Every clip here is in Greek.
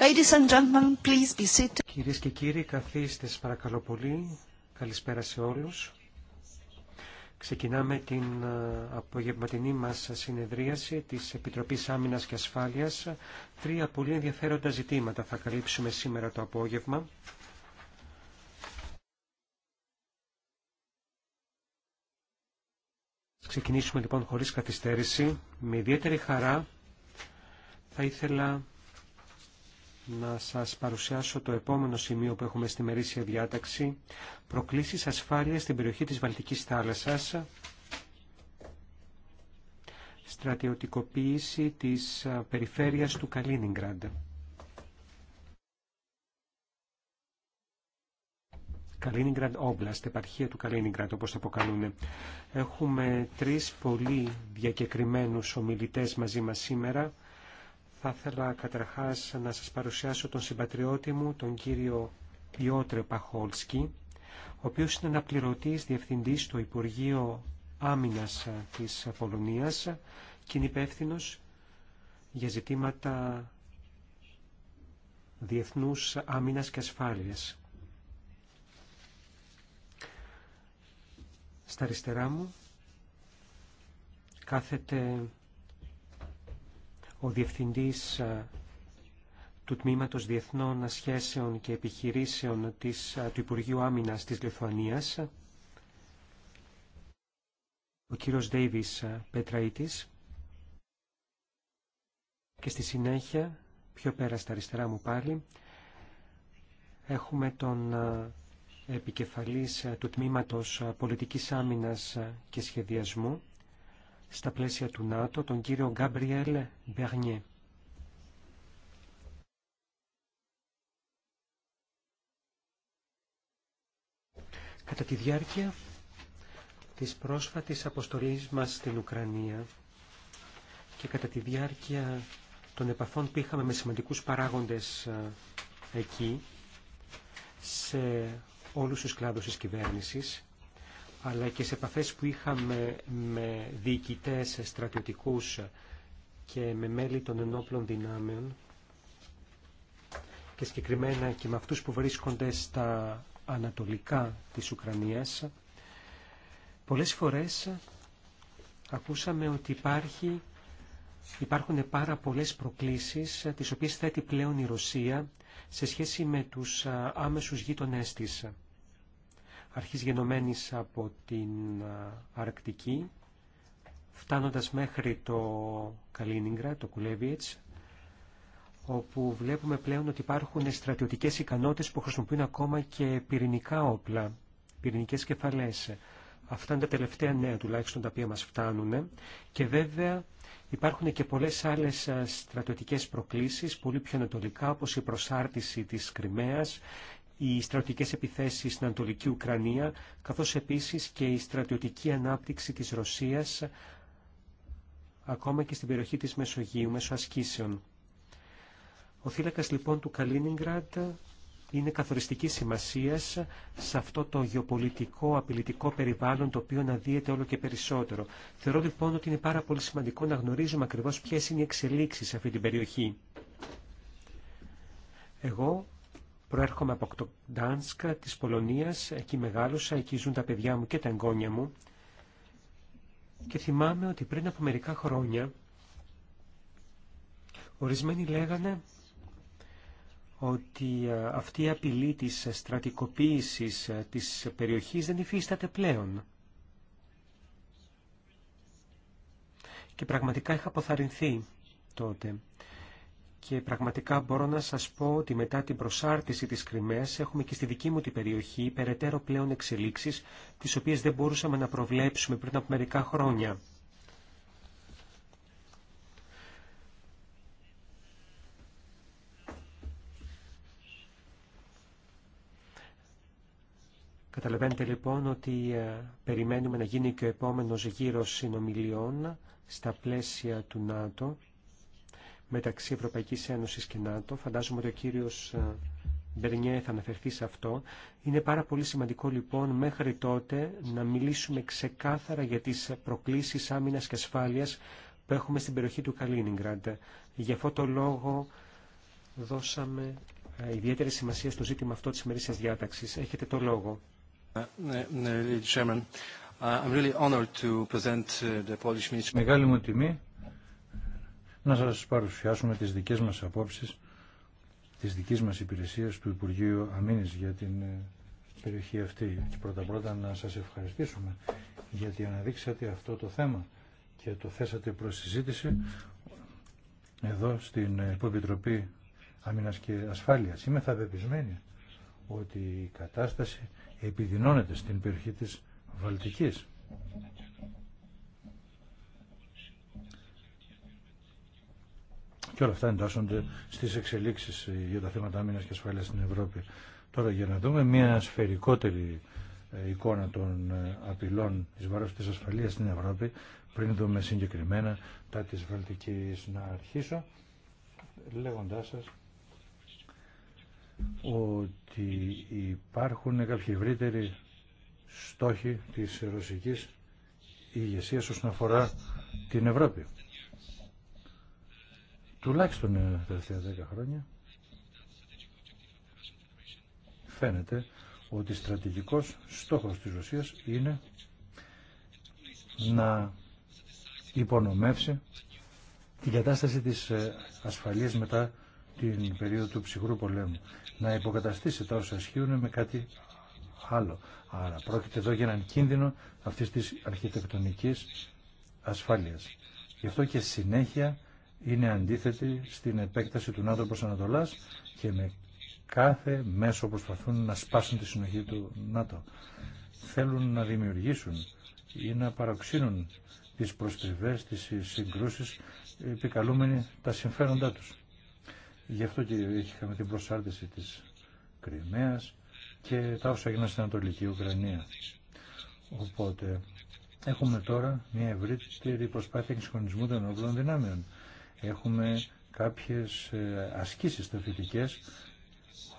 Ladies and gentlemen, please be seated. Κυρίες και κύριοι, καθίστε παρακαλώ πολύ. Καλησπέρα σε όλους. Ξεκινάμε την απογευματινή μας συνεδρίαση της Επιτροπής Άμυνας και Ασφάλειας. Τρία πολύ ενδιαφέροντα ζητήματα θα καλύψουμε σήμερα το απόγευμα. Ξεκινήσουμε λοιπόν χωρίς καθυστέρηση. Με ιδιαίτερη χαρά θα ήθελα να σας παρουσιάσω το επόμενο σημείο που έχουμε στη μερίσια διάταξη, προκλήσεις ασφάλειας στην περιοχή της Βαλτικής θάλασσας, στρατιωτικοποίηση της περιφέρειας του Καλίνιγκραντ. Καλίνιγκραντ Όμπλαστ, επαρχία του Καλίνιγκραντ, όπως το αποκαλούν. Έχουμε τρεις πολύ διακεκριμένους ομιλητές μαζί μας σήμερα. Θα ήθελα καταρχάς να σας παρουσιάσω τον συμπατριώτη μου, τον κύριο Ιώτρε Παχόλσκι, ο οποίος είναι αναπληρωτής διευθυντής στο Υπουργείο Άμυνας της Πολωνίας και είναι υπεύθυνο για ζητήματα διεθνούς άμυνας και ασφάλειας. Στα αριστερά μου κάθεται ο Διευθυντής ε, του Τμήματος Διεθνών Σχέσεων και Επιχειρήσεων της, ε, του Υπουργείου Άμυνας της Λιθουανίας, ο κύριος Ντέιβις ε, Πετραίτης, και στη συνέχεια, πιο πέρα στα αριστερά μου πάλι, έχουμε τον επικεφαλής του Τμήματος Πολιτικής Άμυνας και Σχεδιασμού, στα πλαίσια του ΝΑΤΟ, τον κύριο Γκάμπριελ Μπερνιέ. Κατά τη διάρκεια της πρόσφατης αποστολής μας στην Ουκρανία και κατά τη διάρκεια των επαφών που είχαμε με σημαντικούς παράγοντες ε, εκεί, σε όλους τους κλάδους της κυβέρνησης, αλλά και σε επαφές που είχαμε με διοικητές, στρατιωτικούς και με μέλη των ενόπλων δυνάμεων και συγκεκριμένα και με αυτούς που βρίσκονται στα ανατολικά της Ουκρανίας, πολλές φορές ακούσαμε ότι υπάρχει, υπάρχουν πάρα πολλές προκλήσεις τις οποίες θέτει πλέον η Ρωσία σε σχέση με τους άμεσους γείτονές της αρχής γενομένης από την Αρκτική, φτάνοντας μέχρι το Καλίνιγκρα, το Κουλέβιετς, όπου βλέπουμε πλέον ότι υπάρχουν στρατιωτικές ικανότητες που χρησιμοποιούν ακόμα και πυρηνικά όπλα, πυρηνικές κεφαλές. Αυτά είναι τα τελευταία νέα τουλάχιστον τα οποία μας φτάνουν και βέβαια υπάρχουν και πολλές άλλες στρατιωτικές προκλήσεις, πολύ πιο ανατολικά όπως η προσάρτηση της Κρυμαίας, οι στρατιωτικές επιθέσεις στην Ανατολική Ουκρανία, καθώς επίσης και η στρατιωτική ανάπτυξη της Ρωσίας, ακόμα και στην περιοχή της Μεσογείου, μέσω ασκήσεων. Ο θύλακας λοιπόν του Καλίνιγκραντ είναι καθοριστική σημασίας σε αυτό το γεωπολιτικό, απειλητικό περιβάλλον το οποίο αναδύεται όλο και περισσότερο. Θεωρώ λοιπόν ότι είναι πάρα πολύ σημαντικό να γνωρίζουμε ακριβώς ποιες είναι οι εξελίξεις σε αυτή την περιοχή. Εγώ Προέρχομαι από το της Πολωνίας, εκεί μεγάλωσα, εκεί ζουν τα παιδιά μου και τα εγγόνια μου. Και θυμάμαι ότι πριν από μερικά χρόνια, ορισμένοι λέγανε ότι ε, αυτή η απειλή της στρατικοποίησης ε, της περιοχής δεν υφίσταται πλέον. Και πραγματικά είχα αποθαρρυνθεί τότε και πραγματικά μπορώ να σας πω ότι μετά την προσάρτηση της Κρυμαίας έχουμε και στη δική μου την περιοχή περαιτέρω πλέον εξελίξεις, τις οποίες δεν μπορούσαμε να προβλέψουμε πριν από μερικά χρόνια. Καταλαβαίνετε λοιπόν ότι ε, περιμένουμε να γίνει και ο επόμενος γύρος συνομιλιών στα πλαίσια του ΝΑΤΟ μεταξύ Ευρωπαϊκής Ένωσης και ΝΑΤΟ. Φαντάζομαι ότι ο κύριος ε, Μπερνιέ θα αναφερθεί σε αυτό. Είναι πάρα πολύ σημαντικό λοιπόν μέχρι τότε να μιλήσουμε ξεκάθαρα για τις προκλήσεις άμυνας και ασφάλειας που έχουμε στην περιοχή του Καλίνιγκραντ. Γι' αυτό το λόγο δώσαμε ε, ιδιαίτερη σημασία στο ζήτημα αυτό της ημερήσιας διάταξης. Έχετε το λόγο. Μεγάλη μου τιμή να σας παρουσιάσουμε τις δικές μας απόψεις της δικές μας υπηρεσίες του Υπουργείου Αμήνης για την ε, περιοχή αυτή. πρώτα πρώτα να σας ευχαριστήσουμε γιατί αναδείξατε αυτό το θέμα και το θέσατε προς συζήτηση εδώ στην ε, Επιτροπή Αμήνας και Ασφάλειας. Είμαι θα ότι η κατάσταση επιδεινώνεται στην περιοχή της Βαλτικής. Και όλα αυτά εντάσσονται στι εξελίξεις ε, για τα θέματα άμυνας και ασφάλειας στην Ευρώπη. Τώρα για να δούμε μια σφαιρικότερη ε, εικόνα των ε, απειλών της βάρος της ασφαλείας στην Ευρώπη, πριν δούμε συγκεκριμένα τα της Βαλτικής να αρχίσω, λέγοντάς σας ότι υπάρχουν κάποιοι ευρύτεροι στόχοι της ρωσικής ηγεσίας όσον αφορά την Ευρώπη τουλάχιστον ε, τα τελευταία 10 χρόνια φαίνεται ότι στρατηγικός στόχος της Ρωσίας είναι να υπονομεύσει την κατάσταση της ε, ασφαλείας μετά την περίοδο του ψυχρού πολέμου. Να υποκαταστήσει τα όσα ασχύουν με κάτι άλλο. Άρα πρόκειται εδώ για έναν κίνδυνο αυτής της αρχιτεκτονικής ασφάλειας. Γι' αυτό και συνέχεια είναι αντίθετη στην επέκταση του ΝΑΤΟ προς Ανατολάς και με κάθε μέσο προσπαθούν να σπάσουν τη συνοχή του ΝΑΤΟ. Θέλουν να δημιουργήσουν ή να παροξύνουν τις προστριβές, τις συγκρούσεις, επικαλούμενοι τα συμφέροντά τους. Γι' αυτό και είχαμε την προσάρτηση της Κρυμαίας και τα όσα έγιναν στην Ανατολική Ουκρανία. Οπότε έχουμε τώρα μια ευρύτερη προσπάθεια εξυγχρονισμού των όπλων δυνάμεων έχουμε κάποιες ε, ασκήσεις τεωρητικές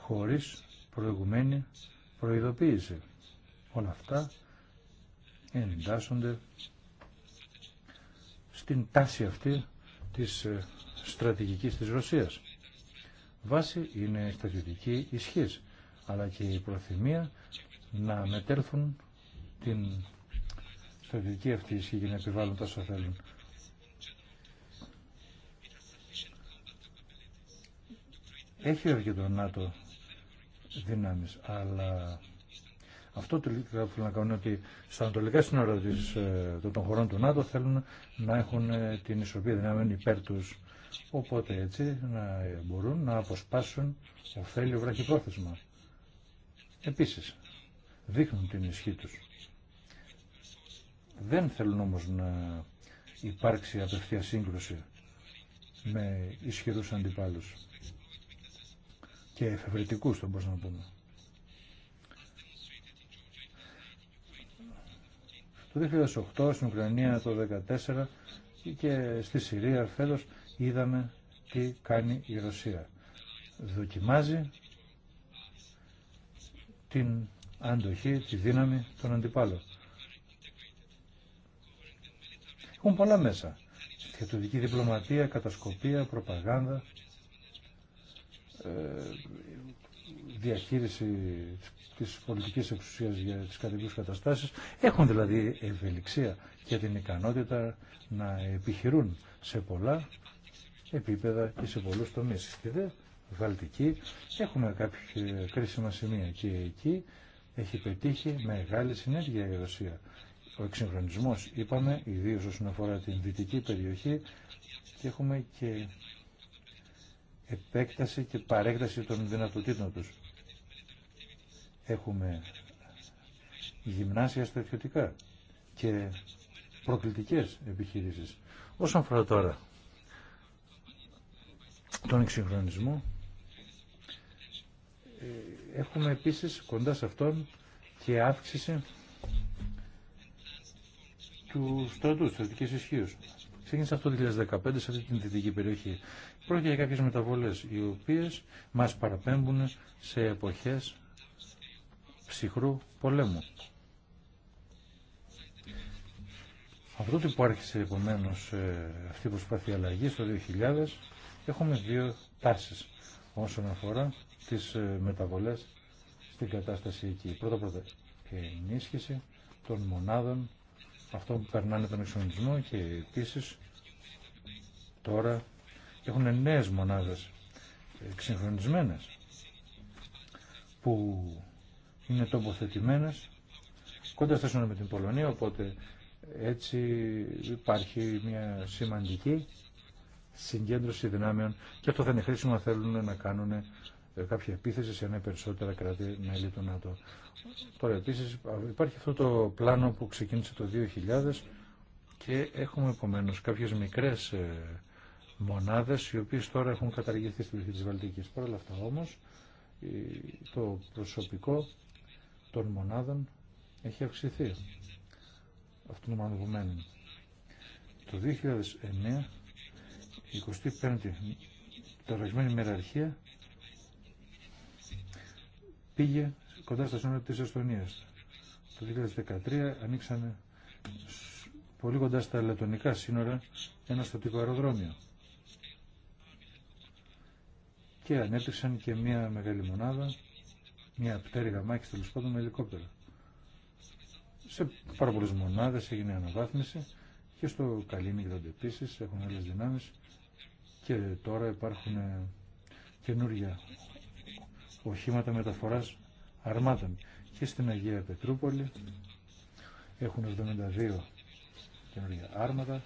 χωρίς προηγουμένη προειδοποίηση. Όλα αυτά εντάσσονται στην τάση αυτή της ε, στρατηγικής της Ρωσίας. Βάση είναι η στρατηγική ισχύς, αλλά και η προθυμία να μετέρθουν την στρατηγική αυτή ισχύ και να επιβάλλουν τόσο θέλουν. Έχει έρθει το ΝΑΤΟ δυνάμεις, αλλά αυτό το λίγο που να κάνουν ότι στα ανατολικά σύνορα της, ε, των χωρών του ΝΑΤΟ θέλουν να έχουν ε, την ισορροπία δυνάμεων υπέρ τους. Οπότε έτσι να ε, μπορούν να αποσπάσουν ωφέλιο βραχυπρόθεσμα. Επίσης, δείχνουν την ισχύ τους. Δεν θέλουν όμως να υπάρξει απευθεία σύγκρουση με ισχυρούς αντιπάλους και εφευρετικούς, το μπορούμε να πούμε. Το 2008 στην Ουκρανία, το 2014 και στη Συρία φέτος είδαμε τι κάνει η Ρωσία. Δοκιμάζει την αντοχή, τη δύναμη των αντιπάλων. Έχουν πολλά μέσα. Στρατιωτική διπλωματία, κατασκοπία, προπαγάνδα, ε, διαχείριση της πολιτικής εξουσίας για τις κατοικούς καταστάσεις έχουν δηλαδή ευελιξία και την ικανότητα να επιχειρούν σε πολλά επίπεδα και σε πολλούς τομείς. και δε Βαλτική έχουμε κάποια κρίσιμα σημεία και εκεί έχει πετύχει μεγάλη συνέργεια η Ρωσία. Ο εξυγχρονισμός είπαμε, ιδίως όσον αφορά την δυτική περιοχή και έχουμε και επέκταση και παρέκταση των δυνατοτήτων τους. Έχουμε γυμνάσια στρατιωτικά και προκλητικές επιχειρήσεις. Όσον αφορά τώρα τον εξυγχρονισμό, ε, έχουμε επίσης κοντά σε αυτόν και αύξηση του στρατού, στρατικής ισχύω. Ξεκίνησε αυτό το 2015 σε αυτή την δυτική περιοχή. Πρόκειται για κάποιες μεταβολές οι οποίες μας παραπέμπουν σε εποχές ψυχρού πολέμου. Από τότε που άρχισε επομένω ε, αυτή η προσπάθεια αλλαγή το 2000 έχουμε δύο τάσεις όσον αφορά τις ε, μεταβολές στην κατάσταση εκεί. Πρώτα πρώτα η ενίσχυση των μονάδων αυτό που περνάνε τον εξοπλισμό και επίση τώρα έχουν νέε μονάδε εξυγχρονισμένε που είναι τοποθετημένες κοντά στα σύνορα με την Πολωνία οπότε έτσι υπάρχει μια σημαντική συγκέντρωση δυνάμεων και αυτό θα είναι χρήσιμο να θέλουν να κάνουν ε, κάποια επίθεση σε ένα περισσότερα κράτη μέλη του ΝΑΤΟ. Τώρα επίση υπάρχει αυτό το πλάνο που ξεκίνησε το 2000 και έχουμε επομένω κάποιες μικρές ε, μονάδες οι οποίες τώρα έχουν καταργηθεί στην περιοχή τη Βαλτική. Παρ' όλα αυτά όμως το προσωπικό των μονάδων έχει αυξηθεί. Αυτό είναι Το 2009 η 25η τεραγμένη ημεραρχία πήγε κοντά στα σύνορα της Εστονίας. Το 2013 ανοίξανε πολύ κοντά στα λετωνικά σύνορα ένα στοτικό αεροδρόμιο. Και ανέπτυξαν και μια μεγάλη μονάδα, μια πτέρυγα μάχη τέλο πάντων με ελικόπτερα. Σε πάρα πολλέ μονάδε έγινε αναβάθμιση και στο Καλίνιγκραντ επίση έχουν άλλε δυνάμει και τώρα υπάρχουν καινούργια οχήματα μεταφοράς αρμάτων. Και στην Αγία Πετρούπολη έχουν 72 καινούργια άρματα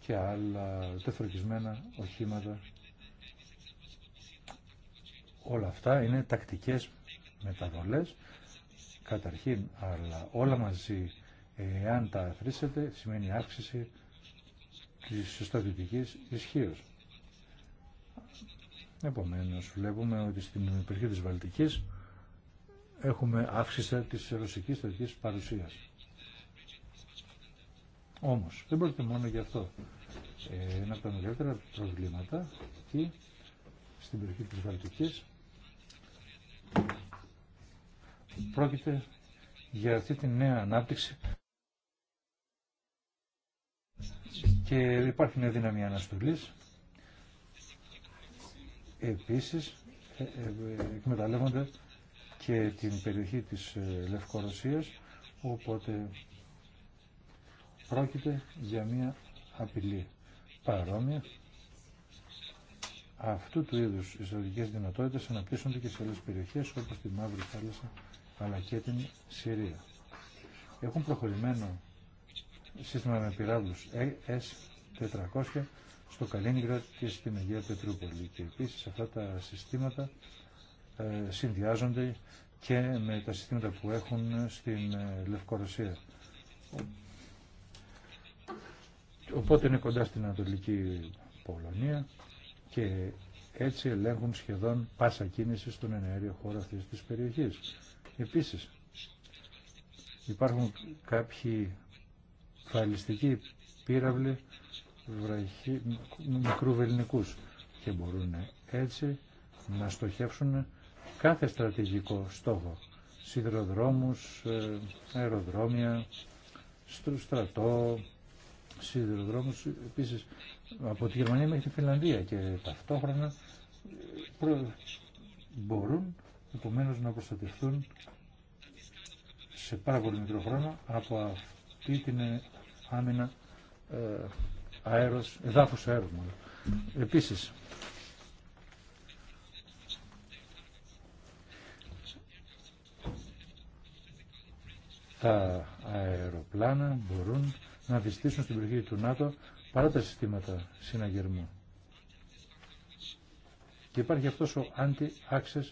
και άλλα τεθροκισμένα οχήματα. Όλα αυτά είναι τακτικές μεταβολές καταρχήν, αλλά όλα μαζί εάν τα αφρίσετε σημαίνει αύξηση της συστατητικής ισχύω. Επομένως βλέπουμε ότι στην περιοχή της Βαλτικής έχουμε αύξηση της ρωσικής στρατηγικής παρουσίας. Όμως δεν πρόκειται μόνο για αυτό. Ε, ένα από τα μεγαλύτερα προβλήματα εκεί στην περιοχή της Βαλτικής πρόκειται για αυτή τη νέα ανάπτυξη και υπάρχει μια δύναμη αναστολής Επίσης ε, ε, εκμεταλλεύονται και την περιοχή της ε, Λευκορωσίας οπότε πρόκειται για μια απειλή παρόμοια αυτού του είδους οι στρατηγικές δυνατότητες αναπτύσσονται και σε άλλες περιοχές όπως τη Μαύρη Θάλασσα αλλά και την Συρία. Έχουν προχωρημένο σύστημα με πυράβλους S-400 στο Καλίνιγκρατ και στην Αγία Πετρούπολη. Και επίσης αυτά τα συστήματα ε, συνδυάζονται και με τα συστήματα που έχουν στην ε, Λευκορωσία. Οπότε είναι κοντά στην Ανατολική Πολωνία και έτσι ελέγχουν σχεδόν πάσα κίνηση στον ενέργειο χώρο αυτής της περιοχής. Επίσης, υπάρχουν κάποιοι φαλιστικοί πύραυλοι μικρού βελνικού και μπορούν έτσι να στοχεύσουν κάθε στρατηγικό στόχο. Σιδηροδρόμους, ε, αεροδρόμια, στρατό, σιδηροδρόμους επίσης από τη Γερμανία μέχρι τη Φιλανδία και ταυτόχρονα ε, μπορούν επομένως να προστατευτούν σε πάρα πολύ μικρό χρόνο από αυτή την ε, άμυνα αέρος, εδάφος αέρος μόνο. Επίσης, τα αεροπλάνα μπορούν να βυστήσουν στην περιοχή του ΝΑΤΟ παρά τα συστήματα συναγερμού. Και υπάρχει αυτός ο anti-access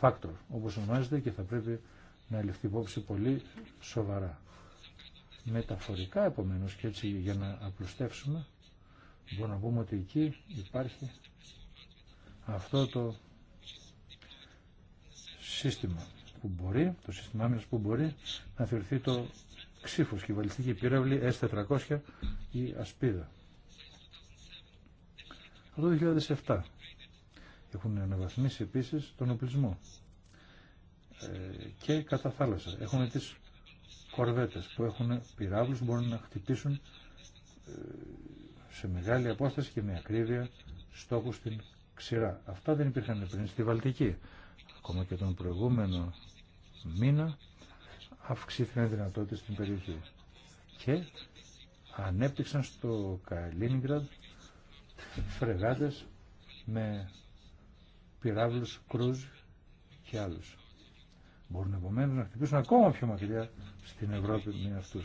factor, όπως ονομάζεται και θα πρέπει να ληφθεί υπόψη πολύ σοβαρά μεταφορικά επομένως και έτσι για να απλουστεύσουμε μπορούμε να πούμε ότι εκεί υπάρχει αυτό το σύστημα που μπορεί, το σύστημα άμυνας που μπορεί να θεωρηθεί το ξύφος και η βαλιστική πύραυλη S400 ή ασπίδα. Από το 2007 έχουν αναβαθμίσει επίσης τον οπλισμό ε, και κατά θάλασσα. Έχουν τις που έχουν πυράβλους, μπορούν να χτυπήσουν ε, σε μεγάλη απόσταση και με ακρίβεια στόχου στην ξηρά. Αυτά δεν υπήρχαν πριν στη Βαλτική. Ακόμα και τον προηγούμενο μήνα αυξήθηκαν οι δυνατότητες στην περιοχή. Και ανέπτυξαν στο Καλίνιγκραντ φρεγάτες με πυράβλους, κρούζ και άλλους μπορούν επομένω να χτυπήσουν ακόμα πιο μακριά στην Ευρώπη με αυτού.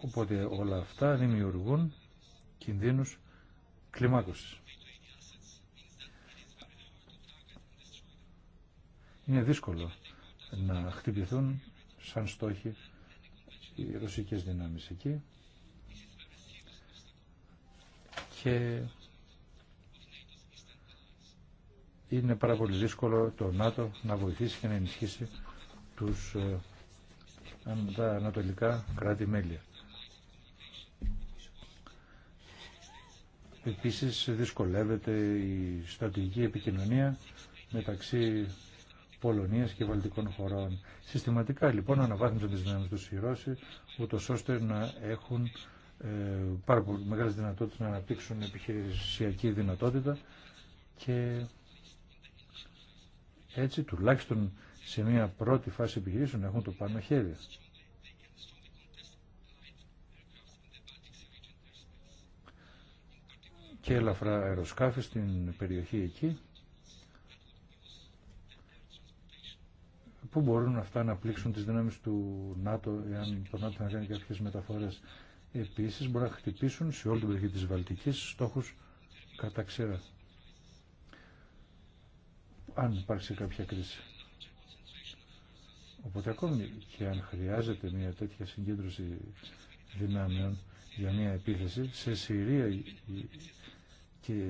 Οπότε όλα αυτά δημιουργούν κινδύνους κλιμάκωσης. Είναι δύσκολο να χτυπηθούν σαν στόχοι οι ρωσικές δυνάμεις εκεί και είναι πάρα πολύ δύσκολο το ΝΑΤΟ να βοηθήσει και να ενισχύσει τους, ε, τα ανατολικά κράτη-μέλη. Επίσης δυσκολεύεται η στρατηγική επικοινωνία μεταξύ Πολωνίας και Βαλτικών χωρών. Συστηματικά λοιπόν αναβάθμιζαν τις δυνάμεις τους οι Ρώσοι, ούτως ώστε να έχουν ε, πάρα πολύ μεγάλες δυνατότητες να αναπτύξουν επιχειρησιακή δυνατότητα και έτσι τουλάχιστον σε μια πρώτη φάση επιχειρήσεων έχουν το πάνω χέρι. και ελαφρά αεροσκάφη στην περιοχή εκεί που μπορούν αυτά να πλήξουν τις δυνάμεις του ΝΑΤΟ εάν το ΝΑΤΟ να κάνει κάποιες μεταφορές. Επίσης μπορούν να χτυπήσουν σε όλη την περιοχή της Βαλτικής στόχους κατά ξέρα αν υπάρξει κάποια κρίση. Οπότε ακόμη και αν χρειάζεται μια τέτοια συγκέντρωση δυνάμεων για μια επίθεση σε Συρία και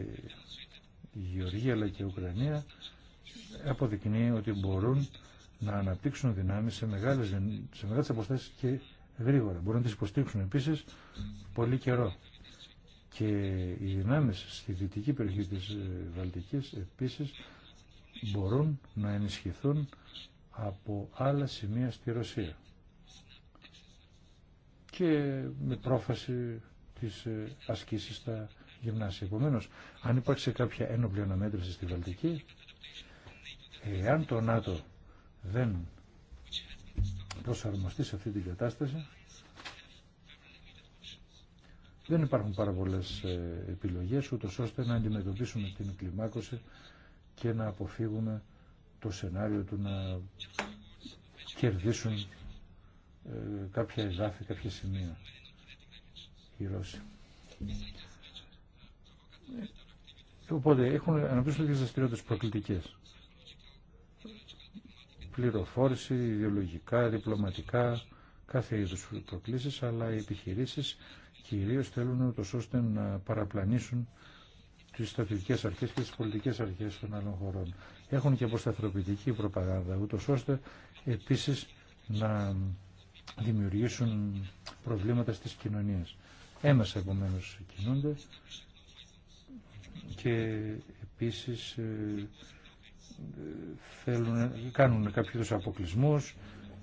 Γεωργία αλλά και Ουκρανία αποδεικνύει ότι μπορούν να αναπτύξουν δυνάμεις σε μεγάλες, σε μεγάλες αποστάσεις και γρήγορα. Μπορούν να τις υποστήριξουν επίσης πολύ καιρό. Και οι δυνάμεις στη δυτική περιοχή της ε, Βαλτικής επίσης μπορούν να ενισχυθούν από άλλα σημεία στη Ρωσία και με πρόφαση της ε, ασκήσεις στα γυμνάσια. Επομένως, αν υπάρξει κάποια ένοπλη αναμέτρηση στη Βαλτική, εάν το ΝΑΤΟ δεν προσαρμοστεί σε αυτή την κατάσταση, δεν υπάρχουν πάρα πολλές ε, επιλογές, ούτως ώστε να αντιμετωπίσουμε την κλιμάκωση και να αποφύγουμε το σενάριο του να κερδίσουν ε, κάποια εδάφη, κάποια σημεία οι Ρώσοι. Ε, οπότε έχουν αναπτύσσουν τις δραστηριότητες προκλητικές. Πληροφόρηση, ιδεολογικά, διπλωματικά, κάθε είδους προκλήσεις, αλλά οι επιχειρήσεις κυρίως θέλουν ούτως ώστε να παραπλανήσουν τι στρατιωτικές αρχές και τι πολιτικέ αρχές των άλλων χωρών. Έχουν και αποσταθεροποιητική προπαγάνδα, ούτως ώστε επίσης να δημιουργήσουν προβλήματα στις κοινωνίες. Έμεσα επομένως κινούνται και επίσης ε, ε, θέλουν, κάνουν κάποιους αποκλεισμούς,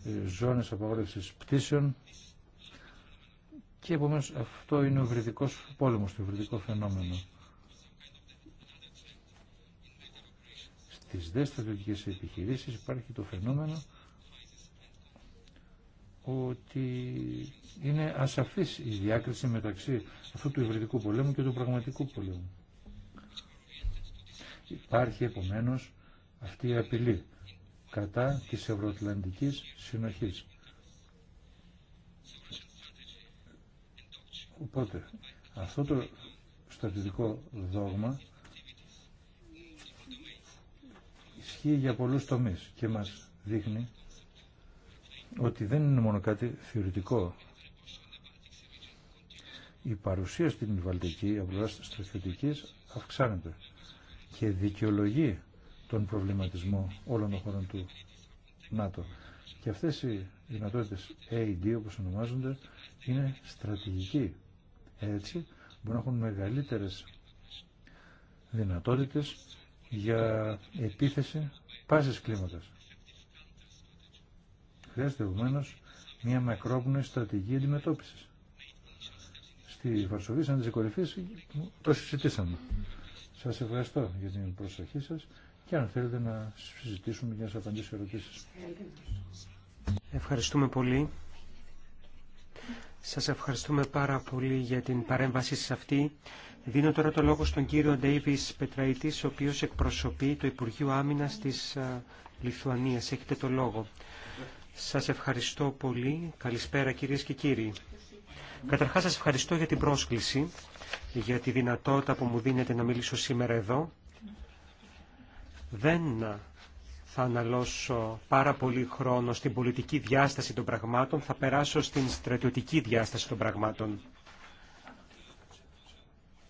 ε, ζώνες απαγόρευσης πτήσεων και επομένως αυτό είναι ο υβριδικός πόλεμος, το υβριδικό φαινόμενο. τις δε στρατιωτικές επιχειρήσεις υπάρχει το φαινόμενο ότι είναι ασαφής η διάκριση μεταξύ αυτού του υβριδικού πολέμου και του πραγματικού πολέμου. Υπάρχει επομένως αυτή η απειλή κατά της ευρωατλαντικής συνοχής. Οπότε αυτό το στρατιωτικό δόγμα ισχύει για πολλούς τομείς και μας δείχνει ότι δεν είναι μόνο κάτι θεωρητικό. Η παρουσία στην Βαλτική από στρατιωτικής αυξάνεται και δικαιολογεί τον προβληματισμό όλων των χωρών του ΝΑΤΟ. Και αυτές οι δυνατότητες AD όπως ονομάζονται είναι στρατηγική. Έτσι μπορούν να έχουν μεγαλύτερες δυνατότητες για επίθεση πάσης κλίματος. Χρειάζεται επομένω μια μακρόπνοη στρατηγική αντιμετώπισης. Στη Βαρσοβή, σαν της κορυφής, το συζητήσαμε. Σας ευχαριστώ για την προσοχή σας και αν θέλετε να συζητήσουμε για να σας απαντήσω ερωτήσεις. Ευχαριστούμε πολύ. Σας ευχαριστούμε πάρα πολύ για την παρέμβασή σας αυτή. Δίνω τώρα το λόγο στον κύριο Ντέιβις Πετραϊτής, ο οποίος εκπροσωπεί το Υπουργείο Άμυνας της ε, Λιθουανίας. Έχετε το λόγο. Σας ευχαριστώ πολύ. Καλησπέρα κυρίες και κύριοι. Καταρχάς σας ευχαριστώ για την πρόσκληση, για τη δυνατότητα που μου δίνετε να μιλήσω σήμερα εδώ. Δεν θα αναλώσω πάρα πολύ χρόνο στην πολιτική διάσταση των πραγμάτων, θα περάσω στην στρατιωτική διάσταση των πραγμάτων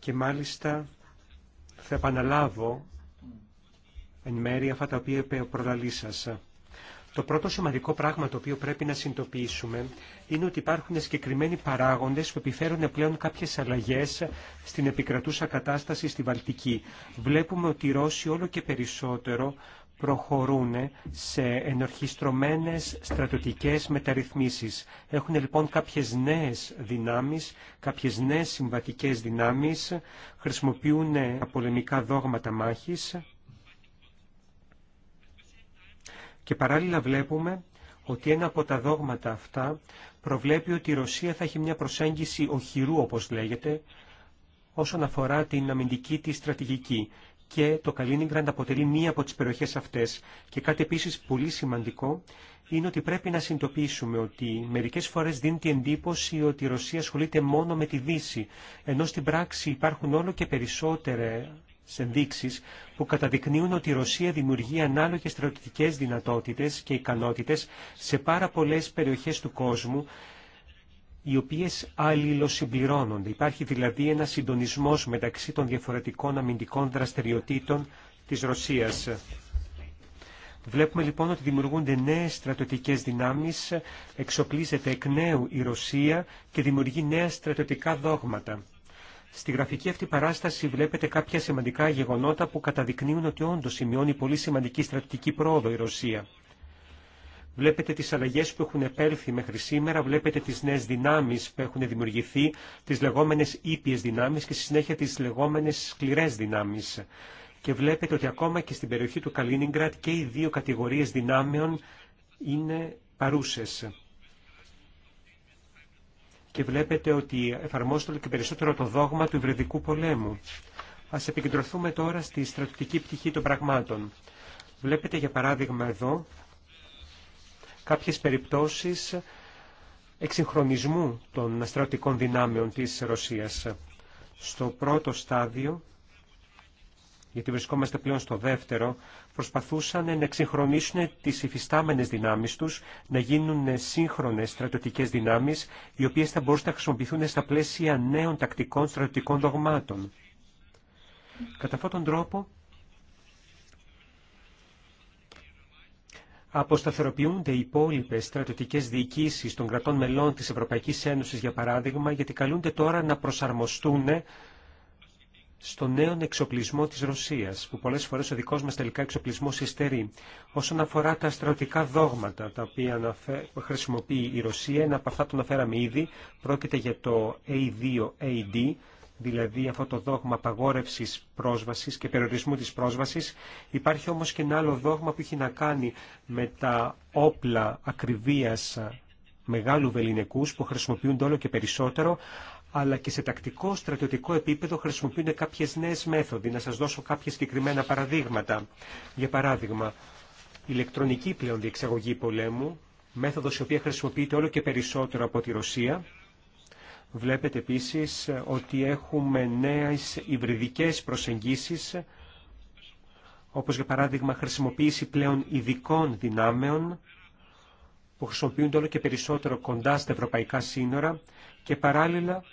και μάλιστα θα επαναλάβω εν μέρει αυτά τα οποία είπε Το πρώτο σημαντικό πράγμα το οποίο πρέπει να συντοπίσουμε είναι ότι υπάρχουν συγκεκριμένοι παράγοντε που επιφέρουν πλέον κάποιε αλλαγέ στην επικρατούσα κατάσταση στη Βαλτική. Βλέπουμε ότι οι Ρώσοι όλο και περισσότερο προχωρούν σε ενορχιστρωμένες στρατιωτικές μεταρρυθμίσεις. Έχουν λοιπόν κάποιες νέες δυνάμεις, κάποιες νέες συμβατικές δυνάμεις, χρησιμοποιούν πολεμικά δόγματα μάχης και παράλληλα βλέπουμε ότι ένα από τα δόγματα αυτά προβλέπει ότι η Ρωσία θα έχει μια προσέγγιση οχυρού όπως λέγεται όσον αφορά την αμυντική της στρατηγική και το Καλίνιγκραντ αποτελεί μία από τις περιοχές αυτές. Και κάτι επίσης πολύ σημαντικό είναι ότι πρέπει να συνειδητοποιήσουμε ότι μερικές φορές δίνει την εντύπωση ότι η Ρωσία ασχολείται μόνο με τη Δύση, ενώ στην πράξη υπάρχουν όλο και περισσότερες ενδείξεις που καταδεικνύουν ότι η Ρωσία δημιουργεί ανάλογες στρατιωτικές δυνατότητες και ικανότητες σε πάρα πολλές περιοχές του κόσμου οι οποίες αλληλοσυμπληρώνονται. Υπάρχει δηλαδή ένα συντονισμός μεταξύ των διαφορετικών αμυντικών δραστηριοτήτων της Ρωσίας. Βλέπουμε λοιπόν ότι δημιουργούνται νέες στρατιωτικές δυνάμεις, εξοπλίζεται εκ νέου η Ρωσία και δημιουργεί νέα στρατιωτικά δόγματα. Στη γραφική αυτή παράσταση βλέπετε κάποια σημαντικά γεγονότα που καταδεικνύουν ότι όντω σημειώνει πολύ σημαντική στρατιωτική πρόοδο η Ρωσία. Βλέπετε τις αλλαγές που έχουν επέλθει μέχρι σήμερα, βλέπετε τις νέες δυνάμεις που έχουν δημιουργηθεί, τις λεγόμενες ήπιες δυνάμεις και στη συνέχεια τις λεγόμενες σκληρές δυνάμεις. Και βλέπετε ότι ακόμα και στην περιοχή του Καλίνιγκρατ και οι δύο κατηγορίες δυνάμεων είναι παρούσες. Και βλέπετε ότι εφαρμόζεται και περισσότερο το δόγμα του υβριδικού πολέμου. Ας επικεντρωθούμε τώρα στη στρατιωτική πτυχή των πραγμάτων. Βλέπετε για παράδειγμα εδώ κάποιες περιπτώσεις εξυγχρονισμού των στρατιωτικών δυνάμεων της Ρωσίας. Στο πρώτο στάδιο, γιατί βρισκόμαστε πλέον στο δεύτερο, προσπαθούσαν να εξυγχρονίσουν τις υφιστάμενες δυνάμεις τους, να γίνουν σύγχρονες στρατιωτικές δυνάμεις, οι οποίες θα μπορούσαν να χρησιμοποιηθούν στα πλαίσια νέων τακτικών στρατιωτικών δογμάτων. Κατά αυτόν τον τρόπο, αποσταθεροποιούνται οι υπόλοιπε στρατιωτικέ διοικήσει των κρατών μελών τη Ευρωπαϊκή Ένωση, για παράδειγμα, γιατί καλούνται τώρα να προσαρμοστούν στο νέο εξοπλισμό της Ρωσίας, που πολλές φορές ο δικό μας τελικά εξοπλισμός υστερεί. Όσον αφορά τα στρατιωτικά δόγματα τα οποία χρησιμοποιεί η Ρωσία, ένα από αυτά το αναφέραμε ήδη, πρόκειται για το A2AD, δηλαδή αυτό το δόγμα απαγόρευση πρόσβασης και περιορισμού της πρόσβασης. Υπάρχει όμως και ένα άλλο δόγμα που έχει να κάνει με τα όπλα ακριβίας μεγάλου βεληνικούς που χρησιμοποιούνται όλο και περισσότερο, αλλά και σε τακτικό στρατιωτικό επίπεδο χρησιμοποιούνται κάποιες νέες μέθοδοι. Να σας δώσω κάποια συγκεκριμένα παραδείγματα. Για παράδειγμα, ηλεκτρονική πλέον διεξαγωγή πολέμου, μέθοδος η οποία χρησιμοποιείται όλο και περισσότερο από τη Ρωσία, Βλέπετε επίσης ότι έχουμε νέες υβριδικές προσεγγίσεις, όπως για παράδειγμα χρησιμοποίηση πλέον ειδικών δυνάμεων, που χρησιμοποιούνται όλο και περισσότερο κοντά στα ευρωπαϊκά σύνορα και παράλληλα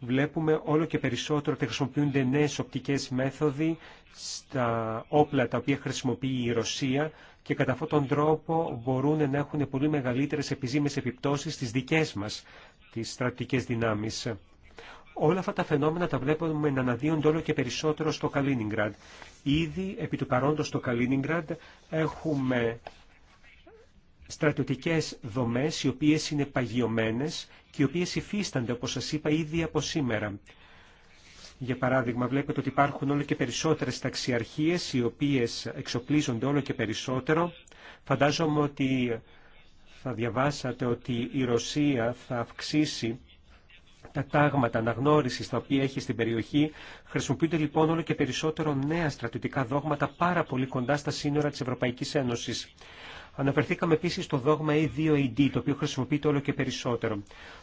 βλέπουμε όλο και περισσότερο ότι χρησιμοποιούνται νέες οπτικές μέθοδοι στα όπλα τα οποία χρησιμοποιεί η Ρωσία και κατά αυτόν τον τρόπο μπορούν να έχουν πολύ μεγαλύτερες επιζήμες επιπτώσεις στις δικές μας τις δυνάμεις. Όλα αυτά τα φαινόμενα τα βλέπουμε να αναδύονται όλο και περισσότερο στο Καλίνιγκραντ. Ήδη επί του παρόντος στο Καλίνιγκραντ έχουμε στρατιωτικές δομές οι οποίες είναι παγιωμένες και οι οποίες υφίστανται, όπως σας είπα, ήδη από σήμερα. Για παράδειγμα, βλέπετε ότι υπάρχουν όλο και περισσότερες ταξιαρχίες οι οποίες εξοπλίζονται όλο και περισσότερο. Φαντάζομαι ότι θα διαβάσατε ότι η Ρωσία θα αυξήσει τα τάγματα αναγνώριση τα οποία έχει στην περιοχή. Χρησιμοποιούνται λοιπόν όλο και περισσότερο νέα στρατιωτικά δόγματα πάρα πολύ κοντά στα σύνορα τη Ευρωπαϊκή Ένωση. Αναφερθήκαμε επίση στο δόγμα A2AD, το οποίο χρησιμοποιείται όλο και περισσότερο.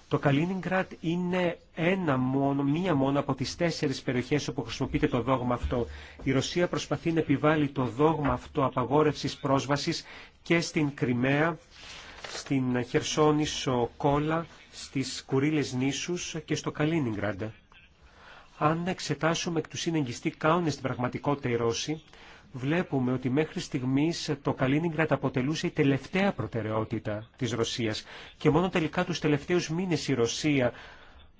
Το Καλίνιγκρατ είναι ένα μόνο, μία μόνο από τι τέσσερι περιοχέ όπου χρησιμοποιείται το δόγμα αυτό. Η Ρωσία προσπαθεί να επιβάλλει το δόγμα αυτό απαγόρευση πρόσβαση και στην Κρυμαία στην Χερσόνησο Κόλα, στις Κουρίλες Νήσους και στο Καλίνιγκραντ. Αν εξετάσουμε εκ του συνεγγιστή κάουνε στην πραγματικότητα οι Ρώσοι, βλέπουμε ότι μέχρι στιγμής το Καλίνιγκραντ αποτελούσε η τελευταία προτεραιότητα της Ρωσίας και μόνο τελικά τους τελευταίους μήνες η Ρωσία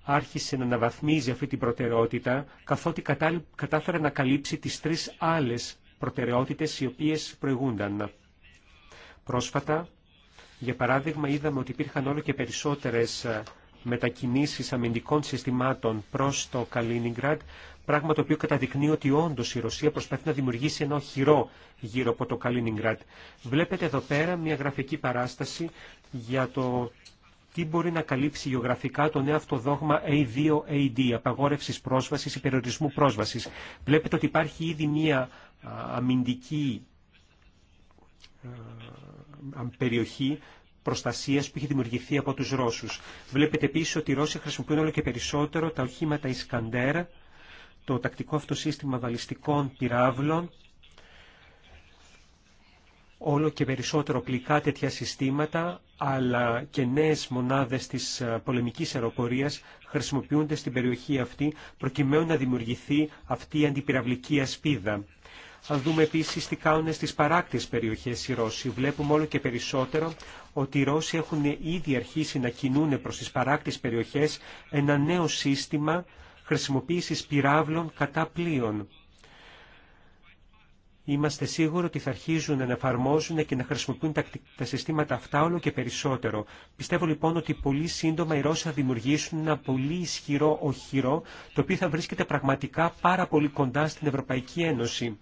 άρχισε να αναβαθμίζει αυτή την προτεραιότητα καθότι κατάφερε να καλύψει τις τρεις άλλες προτεραιότητες οι οποίες προηγούνταν. Πρόσφατα για παράδειγμα, είδαμε ότι υπήρχαν όλο και περισσότερες ε, μετακινήσεις αμυντικών συστημάτων προς το Καλίνιγκραντ, πράγμα το οποίο καταδεικνύει ότι όντως η Ρωσία προσπαθεί να δημιουργήσει ένα οχυρό γύρω από το Καλίνιγκραντ. Βλέπετε εδώ πέρα μια γραφική παράσταση για το τι μπορεί να καλύψει γεωγραφικά το νεο αυτοδογμα δόγμα A2AD, απαγόρευσης πρόσβασης ή περιορισμού πρόσβασης. Βλέπετε ότι υπάρχει ήδη μια αμυντική περιοχή προστασία που είχε δημιουργηθεί από του Ρώσου. Βλέπετε επίση ότι οι Ρώσοι χρησιμοποιούν όλο και περισσότερο τα οχήματα Ισκαντέρ, το τακτικό αυτοσύστημα βαλιστικών πυράβλων. Όλο και περισσότερο πλικά τέτοια συστήματα, αλλά και νέες μονάδες της ε, πολεμικής αεροπορίας χρησιμοποιούνται στην περιοχή αυτή, προκειμένου να δημιουργηθεί αυτή η αντιπυραυλική ασπίδα. Αν δούμε επίση τι κάνουν στι παράκτε περιοχέ οι Ρώσοι, βλέπουμε όλο και περισσότερο ότι οι Ρώσοι έχουν ήδη αρχίσει να κινούν προ τι παράκτε περιοχέ ένα νέο σύστημα χρησιμοποίηση πυράβλων κατά πλοίων. Είμαστε σίγουροι ότι θα αρχίζουν να εφαρμόζουν και να χρησιμοποιούν τα, συστήματα αυτά όλο και περισσότερο. Πιστεύω λοιπόν ότι πολύ σύντομα οι Ρώσοι θα δημιουργήσουν ένα πολύ ισχυρό οχυρό, το οποίο θα βρίσκεται πραγματικά πάρα πολύ κοντά στην Ευρωπαϊκή Ένωση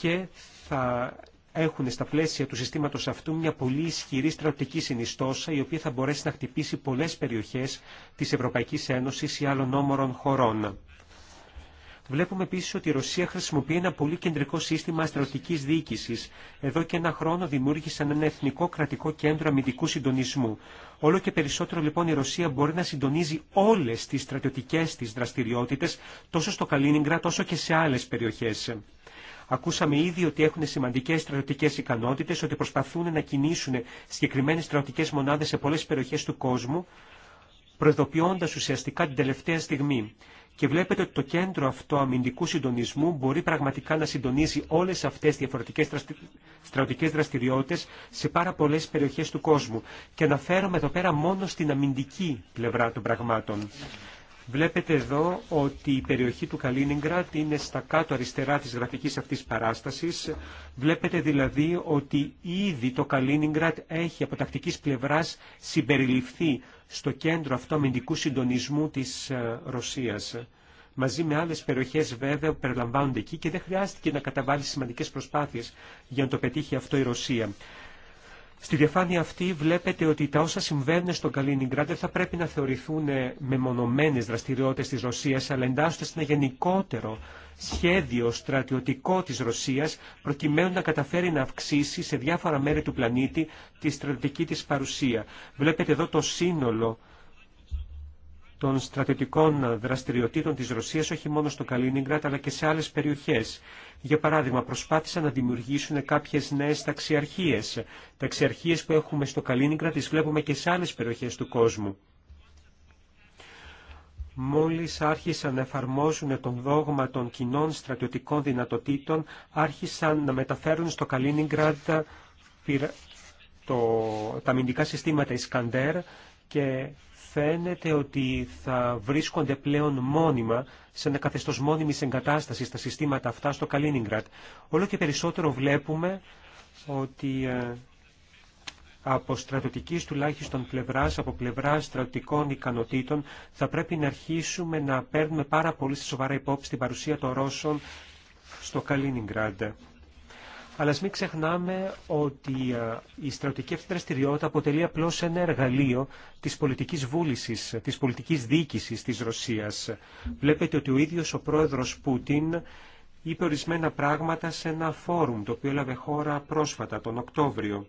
και θα έχουν στα πλαίσια του συστήματος αυτού μια πολύ ισχυρή στρατιωτική συνιστόσα η οποία θα μπορέσει να χτυπήσει πολλές περιοχές της Ευρωπαϊκής Ένωσης ή άλλων όμορων χωρών. Βλέπουμε επίση ότι η Ρωσία χρησιμοποιεί ένα πολύ κεντρικό σύστημα στρατιωτική διοίκηση. Εδώ και ένα χρόνο δημιούργησαν ένα εθνικό κρατικό κέντρο αμυντικού συντονισμού. Όλο και περισσότερο λοιπόν η ρωσια χρησιμοποιει ενα πολυ κεντρικο συστημα στρατιωτικης διοικησης εδω και ενα χρονο δημιουργησαν μπορεί να συντονίζει όλες τις στρατιωτικέ τη δραστηριότητε τόσο στο Καλίνιγκρα όσο και σε άλλες περιοχές. Ακούσαμε ήδη ότι έχουν σημαντικέ στρατιωτικέ ικανότητε, ότι προσπαθούν να κινήσουν συγκεκριμένε στρατιωτικέ μονάδε σε πολλέ περιοχέ του κόσμου, προειδοποιώντα ουσιαστικά την τελευταία στιγμή. Και βλέπετε ότι το κέντρο αυτό αμυντικού συντονισμού μπορεί πραγματικά να συντονίζει όλε αυτέ τι διαφορετικέ στρατιωτικέ δραστηριότητε σε πάρα πολλέ περιοχέ του κόσμου. Και αναφέρομαι εδώ πέρα μόνο στην αμυντική πλευρά των πραγμάτων. Βλέπετε εδώ ότι η περιοχή του Καλίνιγκρατ είναι στα κάτω αριστερά της γραφικής αυτής παράστασης. Βλέπετε δηλαδή ότι ήδη το Καλίνιγκρατ έχει από τακτικής πλευράς συμπεριληφθεί στο κέντρο αυτού συντονισμού της ε, Ρωσίας. Μαζί με άλλες περιοχές βέβαια που περιλαμβάνονται εκεί και δεν χρειάστηκε να καταβάλει σημαντικές προσπάθειες για να το πετύχει αυτό η Ρωσία. Στη διαφάνεια αυτή βλέπετε ότι τα όσα συμβαίνουν στον Καλίνιγκραντ δεν θα πρέπει να θεωρηθούν ε, μεμονωμένες δραστηριότητες της Ρωσίας, αλλά εντάσσονται σε ένα γενικότερο σχέδιο στρατιωτικό της Ρωσίας, προκειμένου να καταφέρει να αυξήσει σε διάφορα μέρη του πλανήτη τη στρατιωτική της παρουσία. Βλέπετε εδώ το σύνολο των στρατιωτικών δραστηριοτήτων της Ρωσίας όχι μόνο στο Καλίνιγκρατ αλλά και σε άλλες περιοχές. Για παράδειγμα, προσπάθησαν να δημιουργήσουν κάποιες νέες ταξιαρχίες. Ταξιαρχίες που έχουμε στο Καλίνιγκρατ τις βλέπουμε και σε άλλες περιοχές του κόσμου. Μόλις άρχισαν να εφαρμόζουν τον δόγμα των κοινών στρατιωτικών δυνατοτήτων, άρχισαν να μεταφέρουν στο Καλίνιγκραντ τα αμυντικά συστήματα Ισκαντέρ και φαίνεται ότι θα βρίσκονται πλέον μόνιμα σε ένα καθεστώς μόνιμης εγκατάστασης στα συστήματα αυτά στο Καλίνιγκρατ. Όλο και περισσότερο βλέπουμε ότι ε, από στρατοτικής τουλάχιστον πλευράς, από πλευρά στρατοτικών ικανοτήτων, θα πρέπει να αρχίσουμε να παίρνουμε πάρα πολύ στη σοβαρά υπόψη την παρουσία των Ρώσων στο Καλίνιγκραντ. Αλλά ας μην ξεχνάμε ότι ε, η στρατιωτική αυτή δραστηριότητα αποτελεί απλώς ένα εργαλείο της πολιτικής βούλησης, της πολιτικής διοίκησης της Ρωσίας. Βλέπετε ότι ο ίδιος ο πρόεδρος Πούτιν είπε ορισμένα πράγματα σε ένα φόρουμ το οποίο έλαβε χώρα πρόσφατα τον Οκτώβριο.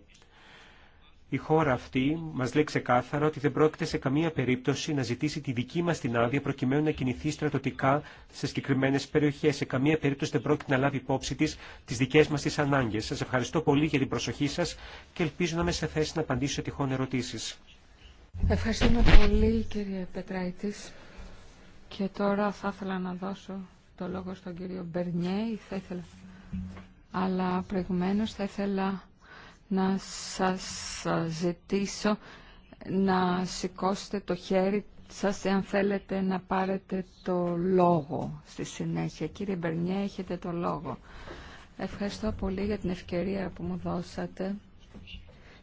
Η χώρα αυτή μας λέει ξεκάθαρα ότι δεν πρόκειται σε καμία περίπτωση να ζητήσει τη δική μας την άδεια προκειμένου να κινηθεί στρατοτικά σε συγκεκριμένες περιοχές. Σε καμία περίπτωση δεν πρόκειται να λάβει υπόψη της τις δικές μας τις ανάγκες. Σας ευχαριστώ πολύ για την προσοχή σας και ελπίζω να είμαι σε θέση να απαντήσω σε τυχόν ερωτήσεις. Ευχαριστούμε πολύ κύριε Πετράητης. Και τώρα θα ήθελα να δώσω το λόγο στον κύριο Μπερνιέ. θα ήθελα. Αλλά προηγουμένω θα ήθελα να σας ε, ζητήσω να σηκώσετε το χέρι σας αν θέλετε να πάρετε το λόγο στη συνέχεια. Κύριε Μπερνιέ, έχετε το λόγο. Ευχαριστώ πολύ για την ευκαιρία που μου δώσατε,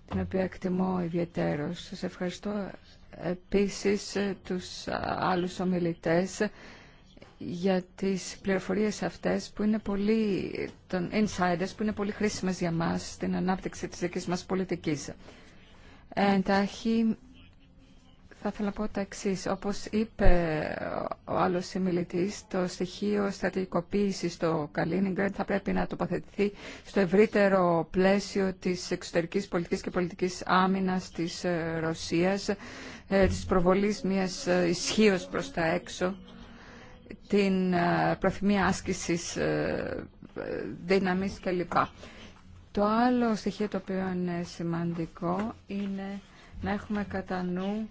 την οποία εκτιμώ ιδιαίτερως. Σας ευχαριστώ επίσης ε, τους ε, άλλους ομιλητές για τις πληροφορίες αυτές που είναι πολύ, των insiders που είναι πολύ χρήσιμες για μας στην ανάπτυξη της δικής μας πολιτικής. Εντάχει, θα ήθελα να πω τα εξή. Όπως είπε ο άλλος συμμιλητής, το στοιχείο στρατηγικοποίησης στο Καλίνιγκρεντ θα πρέπει να τοποθετηθεί στο ευρύτερο πλαίσιο της εξωτερικής πολιτικής και πολιτικής άμυνας της ε, Ρωσίας, ε, της προβολής μιας ε, ισχύω προς τα έξω την ε, προθυμία άσκησης ε, δύναμης κλπ. Το άλλο στοιχείο το οποίο είναι σημαντικό είναι να έχουμε κατά νου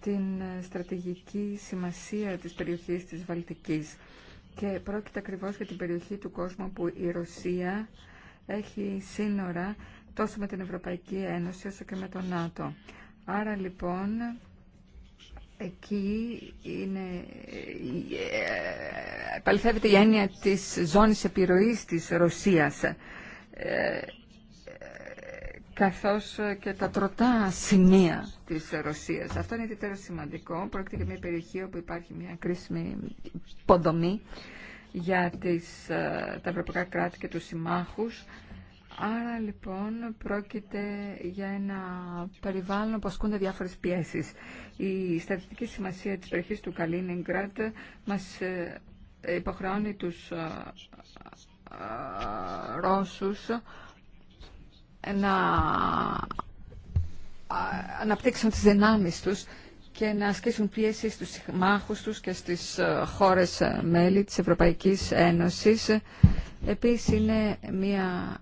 την ε, στρατηγική σημασία της περιοχής της Βαλτικής. Και πρόκειται ακριβώς για την περιοχή του κόσμου που η Ρωσία έχει σύνορα τόσο με την Ευρωπαϊκή Ένωση όσο και με τον ΝΑΤΟ. Άρα λοιπόν Εκεί είναι, ε, η έννοια της ζώνης επιρροής της Ρωσίας ε, καθώς και τα τροτά σημεία της Ρωσίας. Αυτό είναι ιδιαίτερα σημαντικό. Πρόκειται για μια περιοχή όπου υπάρχει μια κρίσιμη υποδομή για τις, ε, τα ευρωπαϊκά κράτη και τους συμμάχους Άρα λοιπόν πρόκειται για ένα περιβάλλον που ασκούνται διάφορες πιέσεις. Η στατιστική σημασία της περιοχής του Καλίνιγκρατ μας ε, υποχρεώνει τους ε, ε, Ρώσους να αναπτύξουν τις δυνάμεις τους και να ασκήσουν πίεση στους μάχους τους και στις χώρες μέλη της Ευρωπαϊκής Ένωσης. Επίσης είναι μια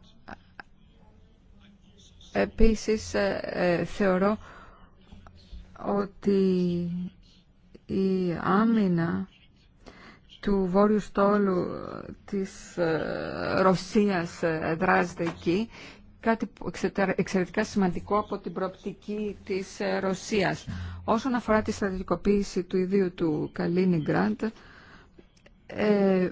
Επίσης ε, ε, θεωρώ ότι η άμυνα του Βόρειου Στόλου της ε, Ρωσίας δράζεται εκεί κάτι εξαιρετικά σημαντικό από την προοπτική της Ρωσίας. Όσον αφορά τη στρατηγικοποίηση του ιδίου του Καλίνιγκραντ, ε,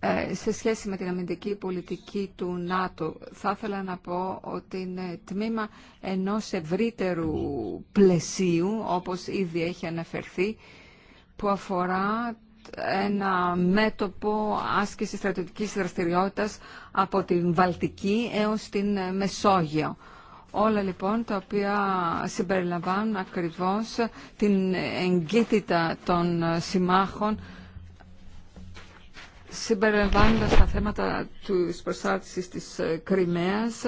ε, σε σχέση με την αμυντική πολιτική του ΝΑΤΟ, θα ήθελα να πω ότι είναι τμήμα ενός ευρύτερου πλαισίου, όπως ήδη έχει αναφερθεί, που αφορά ένα μέτωπο άσκηση στρατιωτικής δραστηριότητας από την Βαλτική έως την Μεσόγειο. Όλα λοιπόν τα οποία συμπεριλαμβάνουν ακριβώς την εγκύτητα των συμμάχων συμπεριλαμβάνοντας τα θέματα της προσάρτησης της ε, Κρυμαίας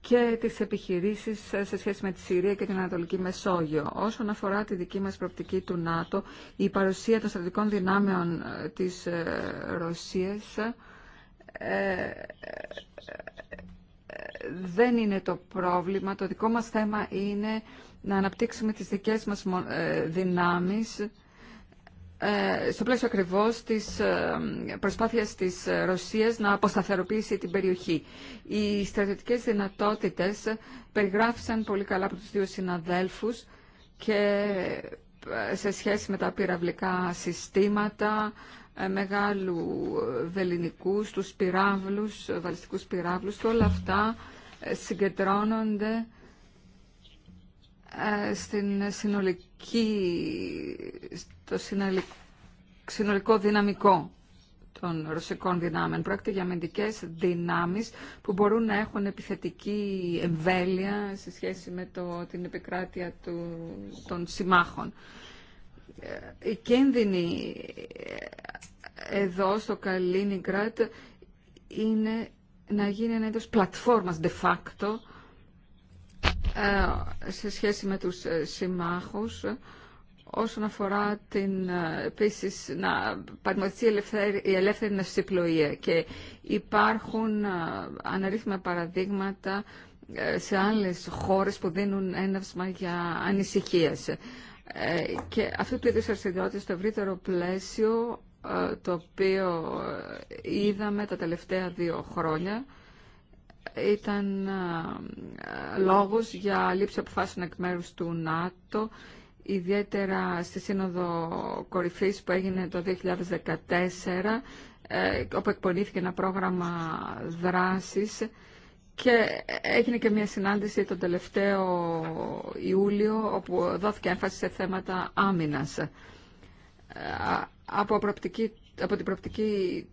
και τις επιχειρήσεις ε, σε σχέση με τη Συρία και την Ανατολική Μεσόγειο. Όσον αφορά τη δική μας προοπτική του ΝΑΤΟ, η παρουσία των στρατικών δυνάμεων ε, της Ρωσίας δεν είναι το πρόβλημα. Το δικό μας θέμα είναι να αναπτύξουμε τις δικές μας δυνάμεις ε, στο πλαίσιο ακριβώς της ε, προσπάθειας της Ρωσίας να αποσταθεροποιήσει την περιοχή. Οι στρατιωτικές δυνατότητες περιγράφησαν πολύ καλά από τους δύο συναδέλφους και ε, σε σχέση με τα πυραυλικά συστήματα μεγάλου βεληνικού, τους πυράβλους, βαλιστικούς πυράβλους και όλα αυτά συγκεντρώνονται ε, στην συνολική, στο συνολικό δυναμικό των ρωσικών δυνάμεων. Πρόκειται για αμυντικές δυνάμεις που μπορούν να έχουν επιθετική εμβέλεια σε σχέση με το, την επικράτεια του, των συμμάχων. Η ε, κίνδυνη ε, εδώ στο Καλίνιγκρατ είναι να γίνει ένα είδος πλατφόρμας de facto ε, σε σχέση με τους ε, συμμάχους όσον αφορά την ε, επίσης να η ελεύθερη ναυσιπλοεία και υπάρχουν αναρίθμητα παραδείγματα σε άλλες χώρες που δίνουν έναυσμα για ανησυχίες. Και αυτού του είδους αρσιδιότητες στο ευρύτερο πλαίσιο το οποίο είδαμε τα τελευταία δύο χρόνια ήταν λόγος για λήψη αποφάσεων εκ μέρους του ΝΑΤΟ, ιδιαίτερα στη Σύνοδο Κορυφής που έγινε το 2014, ε, όπου εκπονήθηκε ένα πρόγραμμα δράσης και έγινε και μια συνάντηση τον τελευταίο Ιούλιο όπου δόθηκε έμφαση σε θέματα άμυνας. Ε, από, από την προπτική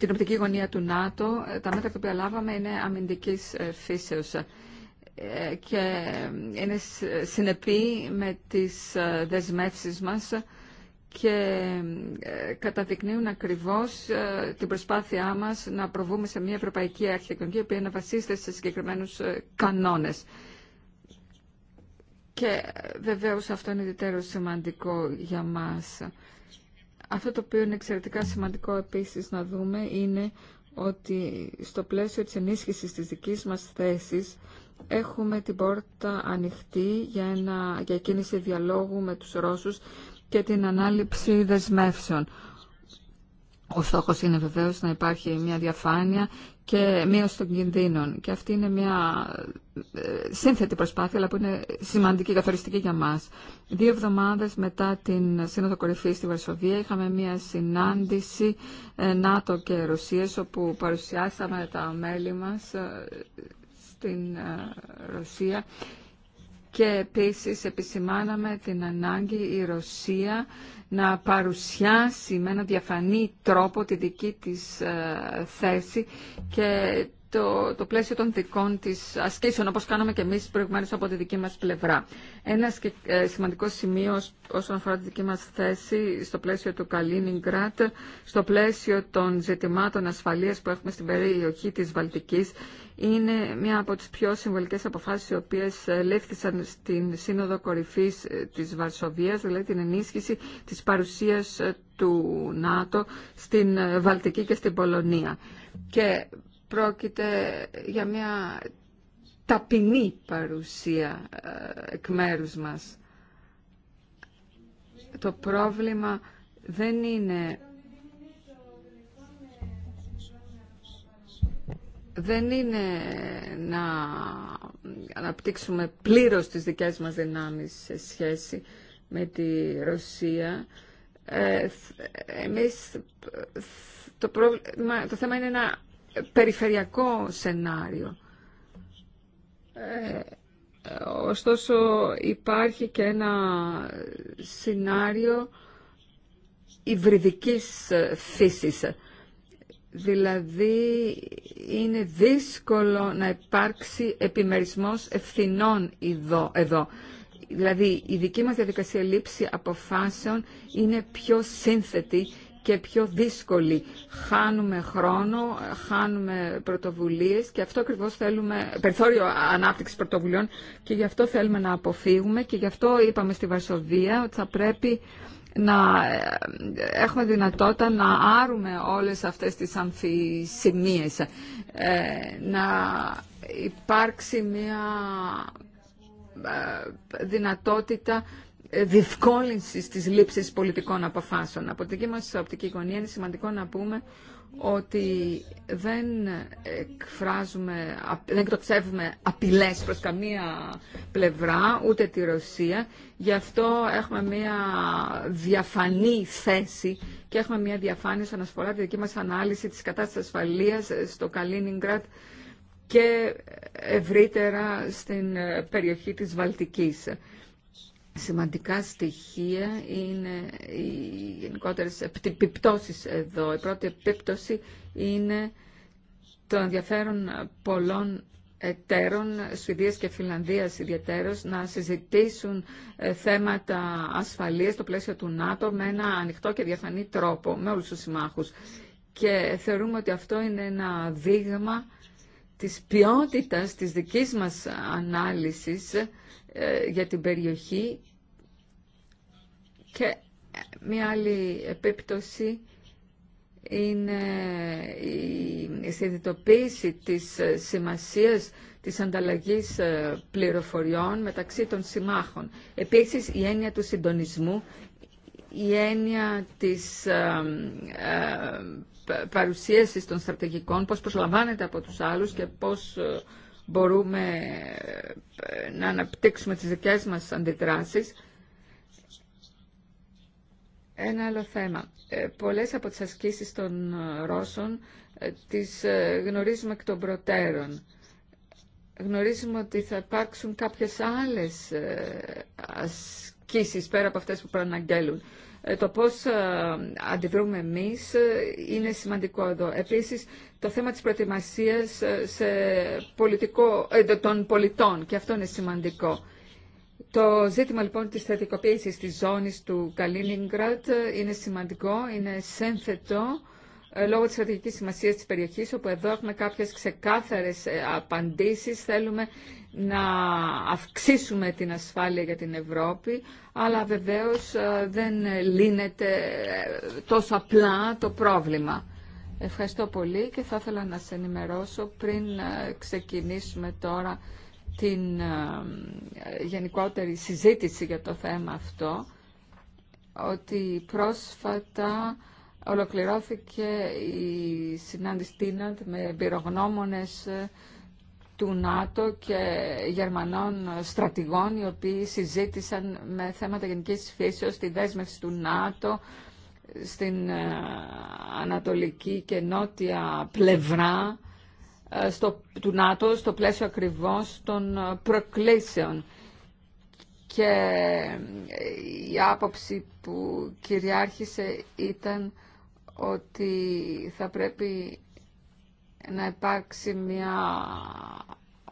την οπτική γωνία του ΝΑΤΟ, τα μέτρα τα οποία λάβαμε είναι αμυντικής ε, φύσεως ε, και είναι συνεπή με τις ε, δεσμεύσεις μας και καταδεικνύουν ακριβώς την προσπάθειά μας να προβούμε σε μια ευρωπαϊκή αρχιτεκτονική η οποία να βασίζεται σε συγκεκριμένους κανόνες. Και βεβαίως αυτό είναι ιδιαίτερο σημαντικό για μας. Αυτό το οποίο είναι εξαιρετικά σημαντικό επίσης να δούμε είναι ότι στο πλαίσιο της ενίσχυσης της δικής μας θέσης έχουμε την πόρτα ανοιχτή για, ένα, για κίνηση διαλόγου με τους Ρώσους και την ανάληψη δεσμεύσεων. Ο στόχος είναι βεβαίως να υπάρχει μια διαφάνεια και μείωση των κινδύνων. Και αυτή είναι μια ε, σύνθετη προσπάθεια, αλλά που είναι σημαντική, καθοριστική για μα. Δύο εβδομάδε μετά την Σύνοδο Κορυφή στη Βαρσοβία είχαμε μια συνάντηση ε, ΝΑΤΟ και Ρωσία, όπου παρουσιάσαμε τα μέλη μας ε, στην Ρωσία και επίσης επισημάναμε την ανάγκη η Ρωσία να παρουσιάσει με ένα διαφανή τρόπο τη δική της ε, θέση και το, το πλαίσιο των δικών της ασκήσεων, όπως κάναμε και εμείς προηγουμένως από τη δική μας πλευρά. Ένα ε, σημαντικό σημείο όσον αφορά τη δική μας θέση στο πλαίσιο του Καλίνιγκρατ, στο πλαίσιο των ζητημάτων ασφαλείας που έχουμε στην περιοχή της Βαλτικής, είναι μια από τις πιο συμβολικές αποφάσεις οι οποίες ε, λήφθησαν στην Σύνοδο Κορυφής της Βαρσοβίας, δηλαδή την ενίσχυση της παρουσίας ε, του ΝΑΤΟ στην ε, Βαλτική και στην Πολωνία. Και πρόκειται για μια ταπεινή παρουσία ε, εκ μέρους μας. Το πρόβλημα δεν είναι δεν είναι να αναπτύξουμε πλήρως τις δικές μας δυνάμεις σε σχέση με τη Ρωσία, ε, εμείς το, θέμα είναι ένα περιφερειακό σενάριο. Ε, ωστόσο υπάρχει και ένα σενάριο υβριδικής φύσης. Δηλαδή είναι δύσκολο να υπάρξει επιμερισμός ευθυνών εδώ δηλαδή η δική μας διαδικασία λήψη αποφάσεων είναι πιο σύνθετη και πιο δύσκολη. Χάνουμε χρόνο, χάνουμε πρωτοβουλίες και αυτό ακριβώ θέλουμε, περιθώριο ανάπτυξης πρωτοβουλειών και γι' αυτό θέλουμε να αποφύγουμε και γι' αυτό είπαμε στη Βαρσοβία ότι θα πρέπει να ε, έχουμε δυνατότητα να άρουμε όλες αυτές τις αμφισημίες, ε, να υπάρξει μια ε, δυνατότητα διευκόλυνσης της λήψης πολιτικών αποφάσεων. Από την δική μας οπτική γωνία είναι σημαντικό να πούμε ότι δεν εκφράζουμε, δεν εκτοξεύουμε απειλές προς καμία πλευρά, ούτε τη Ρωσία. Γι' αυτό έχουμε μια διαφανή θέση και έχουμε μια διαφάνεια σαν ασφορά τη δική μας ανάλυση της κατάστασης ασφαλείας στο Καλίνιγκρατ και ευρύτερα στην ε, περιοχή της Βαλτικής. Σημαντικά στοιχεία είναι οι γενικότερες επιπτώσεις εδώ. Η πρώτη επίπτωση είναι το ενδιαφέρον πολλών εταίρων, Σουηδίας και Φιλανδίας ιδιαίτερως, να συζητήσουν ε, θέματα ασφαλείας στο πλαίσιο του ΝΑΤΟ με ένα ανοιχτό και διαφανή τρόπο, με όλους τους συμμάχους. Και θεωρούμε ότι αυτό είναι ένα δείγμα της ποιότητας της δικής μας ανάλυσης ε, για την περιοχή και μια άλλη επίπτωση είναι η συνειδητοποίηση της σημασίας της ανταλλαγής ε, πληροφοριών μεταξύ των συμμάχων. Επίσης η έννοια του συντονισμού, η έννοια της ε, παρουσίασης των στρατηγικών, πώς προσλαμβάνεται από τους άλλους και πώς ε, μπορούμε ε, να αναπτύξουμε τις δικές μας αντιδράσεις. Ένα άλλο θέμα. Ε, πολλές από τις ασκήσεις των Ρώσων τις γνωρίζουμε εκ των προτέρων. Γνωρίζουμε ότι θα υπάρξουν κάποιες άλλες ασκήσεις πέρα από αυτές που προαναγγέλουν. Ε, το πώς ε, αντιδρούμε εμείς ε, είναι σημαντικό εδώ. Επίσης, το θέμα της προετοιμασίας σε πολιτικό, των πολιτών και αυτό είναι σημαντικό. Το ζήτημα λοιπόν της θετικοποίησης της ζώνης του Καλίνιγκρατ είναι σημαντικό, είναι σύνθετο ε, λόγω της στρατηγικής σημασίας της περιοχής, όπου εδώ έχουμε κάποιες ξεκάθαρες ε, απαντήσεις. Θέλουμε να αυξήσουμε την ασφάλεια για την Ευρώπη, αλλά βεβαίως ε, δεν λύνεται τόσο απλά το πρόβλημα. Ευχαριστώ πολύ και θα ήθελα να σε ενημερώσω πριν ξεκινήσουμε τώρα την γενικότερη συζήτηση για το θέμα αυτό, ότι πρόσφατα ολοκληρώθηκε η συνάντηση Τίναντ με πυρογνώμονες ε, του ΝΑΤΟ και Γερμανών στρατηγών οι οποίοι συζήτησαν με θέματα γενικής φύσεως τη δέσμευση του ΝΑΤΟ στην ε, ανατολική και νότια πλευρά ε, στο, του ΝΑΤΟ στο πλαίσιο ακριβώς των προκλήσεων. Και η άποψη που κυριάρχησε ήταν ότι θα πρέπει να υπάρξει μια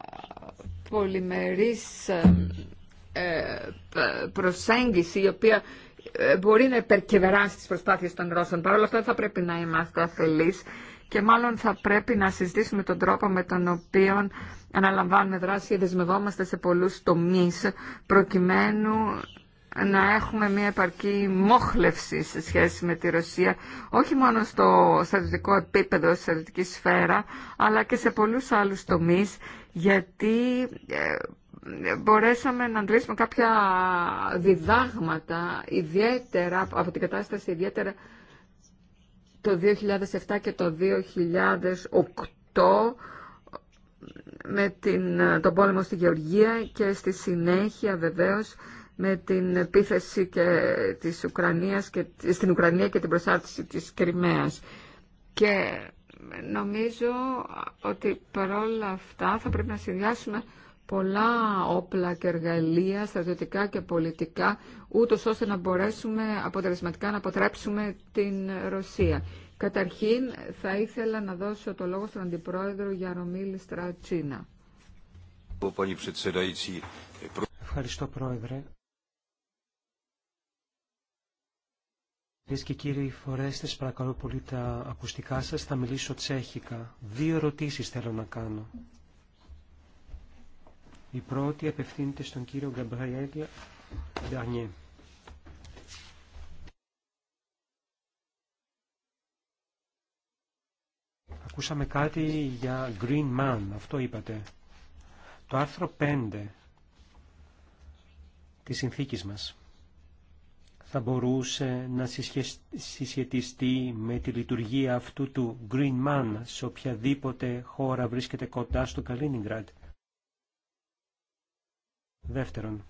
ε, πολυμερής ε, προσέγγιση η οποία ε, μπορεί να υπερκεβεράσει τις προσπάθειες των Ρώσων. Παρ' όλα αυτά θα πρέπει να είμαστε αφελείς και μάλλον θα πρέπει να συζητήσουμε τον τρόπο με τον οποίο αναλαμβάνουμε δράση και δεσμευόμαστε σε πολλούς τομείς προκειμένου να έχουμε μια επαρκή μόχλευση σε σχέση με τη Ρωσία, όχι μόνο στο στρατιωτικό επίπεδο, στη στρατιωτική σφαίρα, αλλά και σε πολλούς άλλους τομείς, γιατί ε, μπορέσαμε να αντλήσουμε κάποια διδάγματα ιδιαίτερα από την κατάσταση ιδιαίτερα το 2007 και το 2008 με την, τον πόλεμο στη Γεωργία και στη συνέχεια βεβαίως με την επίθεση και της Ουκρανίας και, στην Ουκρανία και την προσάρτηση της Κρυμαίας. Και νομίζω ότι παρόλα αυτά θα πρέπει να συνδυάσουμε πολλά όπλα και εργαλεία, στρατιωτικά και πολιτικά, ούτω ώστε να μπορέσουμε αποτελεσματικά να αποτρέψουμε την Ρωσία. Καταρχήν θα ήθελα να δώσω το λόγο στον Αντιπρόεδρο Γιαρομίλη Στρατσίνα. Ευχαριστώ Πρόεδρε. Κυρίε και κύριοι φορέστε, παρακαλώ πολύ τα ακουστικά σα. Θα μιλήσω τσέχικα. Δύο ερωτήσει θέλω να κάνω. Η πρώτη απευθύνεται στον κύριο Γκαμπριέλ Ντανιέ. Ακούσαμε κάτι για Green Man, αυτό είπατε. Το άρθρο 5 της συνθήκης μας θα μπορούσε να συσχετιστεί με τη λειτουργία αυτού του Green Man σε οποιαδήποτε χώρα βρίσκεται κοντά στο Καλίνιγκραντ. Δεύτερον,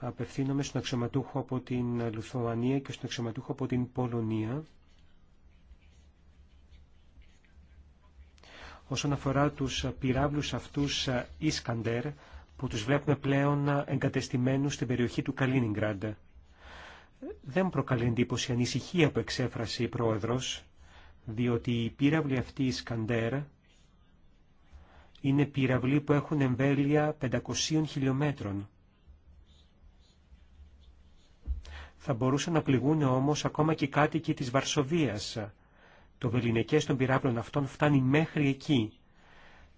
απευθύνομαι στον αξιωματούχο από την Λουθωανία και στον αξιωματούχο από την Πολωνία όσον αφορά τους πυράβλους αυτούς ε, Ισκαντέρ που τους βλέπουμε πλέον εγκατεστημένους στην περιοχή του Καλίνιγκραντ. Δεν προκαλεί εντύπωση ανησυχία που εξέφρασε η πρόεδρος, διότι οι πύραυλοι αυτοί οι Σκαντέρ είναι πύραυλοι που έχουν εμβέλεια 500 χιλιόμετρων. Θα μπορούσαν να πληγούν όμως ακόμα και οι κάτοικοι της Βαρσοβίας. Το βεληνικές των πυράβλων αυτών φτάνει μέχρι εκεί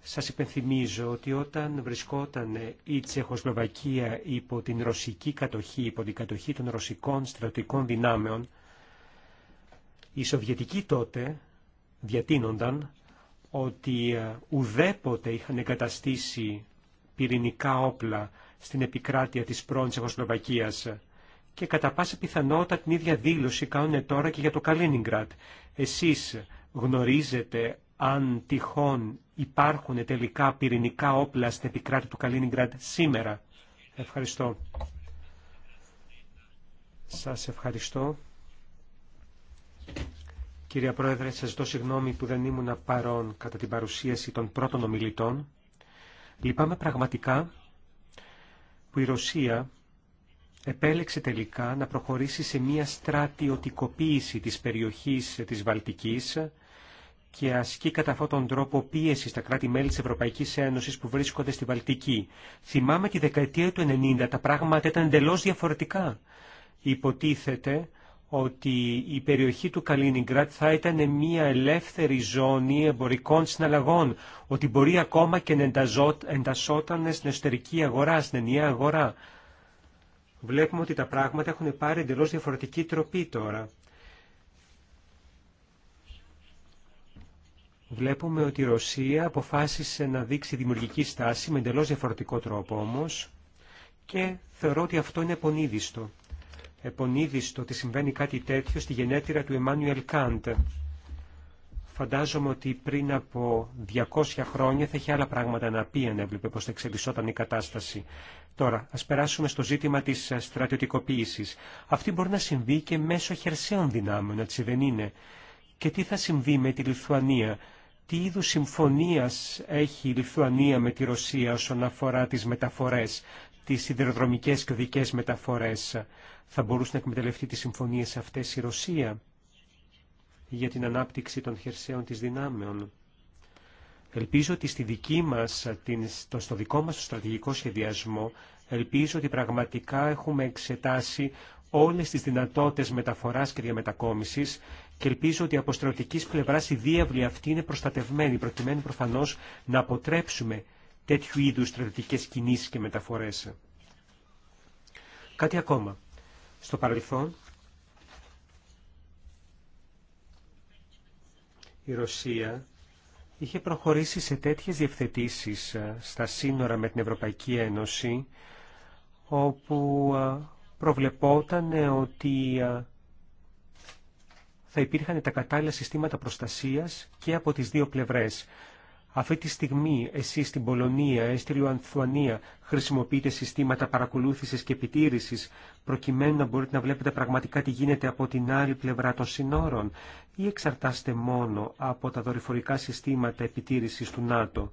σας υπενθυμίζω ότι όταν βρισκόταν η Τσεχοσλοβακία υπό την ρωσική κατοχή, υπό την κατοχή των ρωσικών στρατιωτικών δυνάμεων, οι Σοβιετικοί τότε διατείνονταν ότι ε, ουδέποτε είχαν εγκαταστήσει πυρηνικά όπλα στην επικράτεια της πρώην Τσεχοσλοβακίας και κατά πάσα πιθανότητα την ίδια δήλωση κάνουν τώρα και για το Καλίνιγκρατ. Εσείς γνωρίζετε αν τυχόν υπάρχουν τελικά πυρηνικά όπλα στην επικράτη του Καλίνιγκραντ σήμερα. Ευχαριστώ. Σας ευχαριστώ. Κύριε Πρόεδρε, σας ζητώ συγγνώμη που δεν ήμουν παρόν κατά την παρουσίαση των πρώτων ομιλητών. Λυπάμαι πραγματικά που η Ρωσία επέλεξε τελικά να προχωρήσει σε μια στρατιωτικοποίηση της περιοχής της Βαλτικής, και ασκεί κατά αυτόν τον τρόπο πίεση στα κράτη-μέλη της Ευρωπαϊκής Ένωσης που βρίσκονται στη Βαλτική. Θυμάμαι τη δεκαετία του 90 τα πράγματα ήταν εντελώ διαφορετικά. Υποτίθεται ότι η περιοχή του Καλίνιγκρατ θα ήταν μια ελεύθερη ζώνη εμπορικών συναλλαγών, ότι μπορεί ακόμα και να εντασσόταν στην εσωτερική αγορά, στην ενιαία αγορά. Βλέπουμε ότι τα πράγματα έχουν πάρει εντελώ διαφορετική τροπή τώρα. Βλέπουμε ότι η Ρωσία αποφάσισε να δείξει δημιουργική στάση με εντελώ διαφορετικό τρόπο όμως και θεωρώ ότι αυτό είναι επονίδιστο. Επονίδιστο ότι συμβαίνει κάτι τέτοιο στη γενέτειρα του Εμμάνιουελ Κάντ. Φαντάζομαι ότι πριν από 200 χρόνια θα είχε άλλα πράγματα να πει αν έβλεπε πώς θα εξελισσόταν η κατάσταση. Τώρα, ας περάσουμε στο ζήτημα της στρατιωτικοποίησης. Αυτή μπορεί να συμβεί και μέσω χερσαίων δυνάμεων, έτσι δεν είναι. Και τι θα συμβεί με τη Λιθουανία τι είδους συμφωνίας έχει η Λιθουανία με τη Ρωσία όσον αφορά τις μεταφορές, τις σιδηροδρομικές και δικές μεταφορές. Θα μπορούσε να εκμεταλλευτεί τις συμφωνίες αυτές η Ρωσία για την ανάπτυξη των χερσαίων της δυνάμεων. Ελπίζω ότι στη δική μας, στο δικό μας στρατηγικό σχεδιασμό, ελπίζω ότι πραγματικά έχουμε εξετάσει όλες τις δυνατότητες μεταφοράς και διαμετακόμισης και ελπίζω ότι από στρατιωτική πλευρά η διάβλη αυτή είναι προστατευμένη, προκειμένου προφανώ να αποτρέψουμε τέτοιου είδου στρατιωτικές κινήσεις και μεταφορές. Κάτι ακόμα. Στο παρελθόν, η Ρωσία είχε προχωρήσει σε τέτοιες διευθετήσεις ε, στα σύνορα με την Ευρωπαϊκή Ένωση, όπου ε, προβλεπόταν ότι ε, θα υπήρχαν τα κατάλληλα συστήματα προστασίας και από τις δύο πλευρές. Αυτή τη στιγμή εσείς στην Πολωνία, στη Ανθουανία, χρησιμοποιείτε συστήματα παρακολούθησης και επιτήρησης προκειμένου να μπορείτε να βλέπετε πραγματικά τι γίνεται από την άλλη πλευρά των συνόρων ή εξαρτάστε μόνο από τα δορυφορικά συστήματα επιτήρησης του ΝΑΤΟ.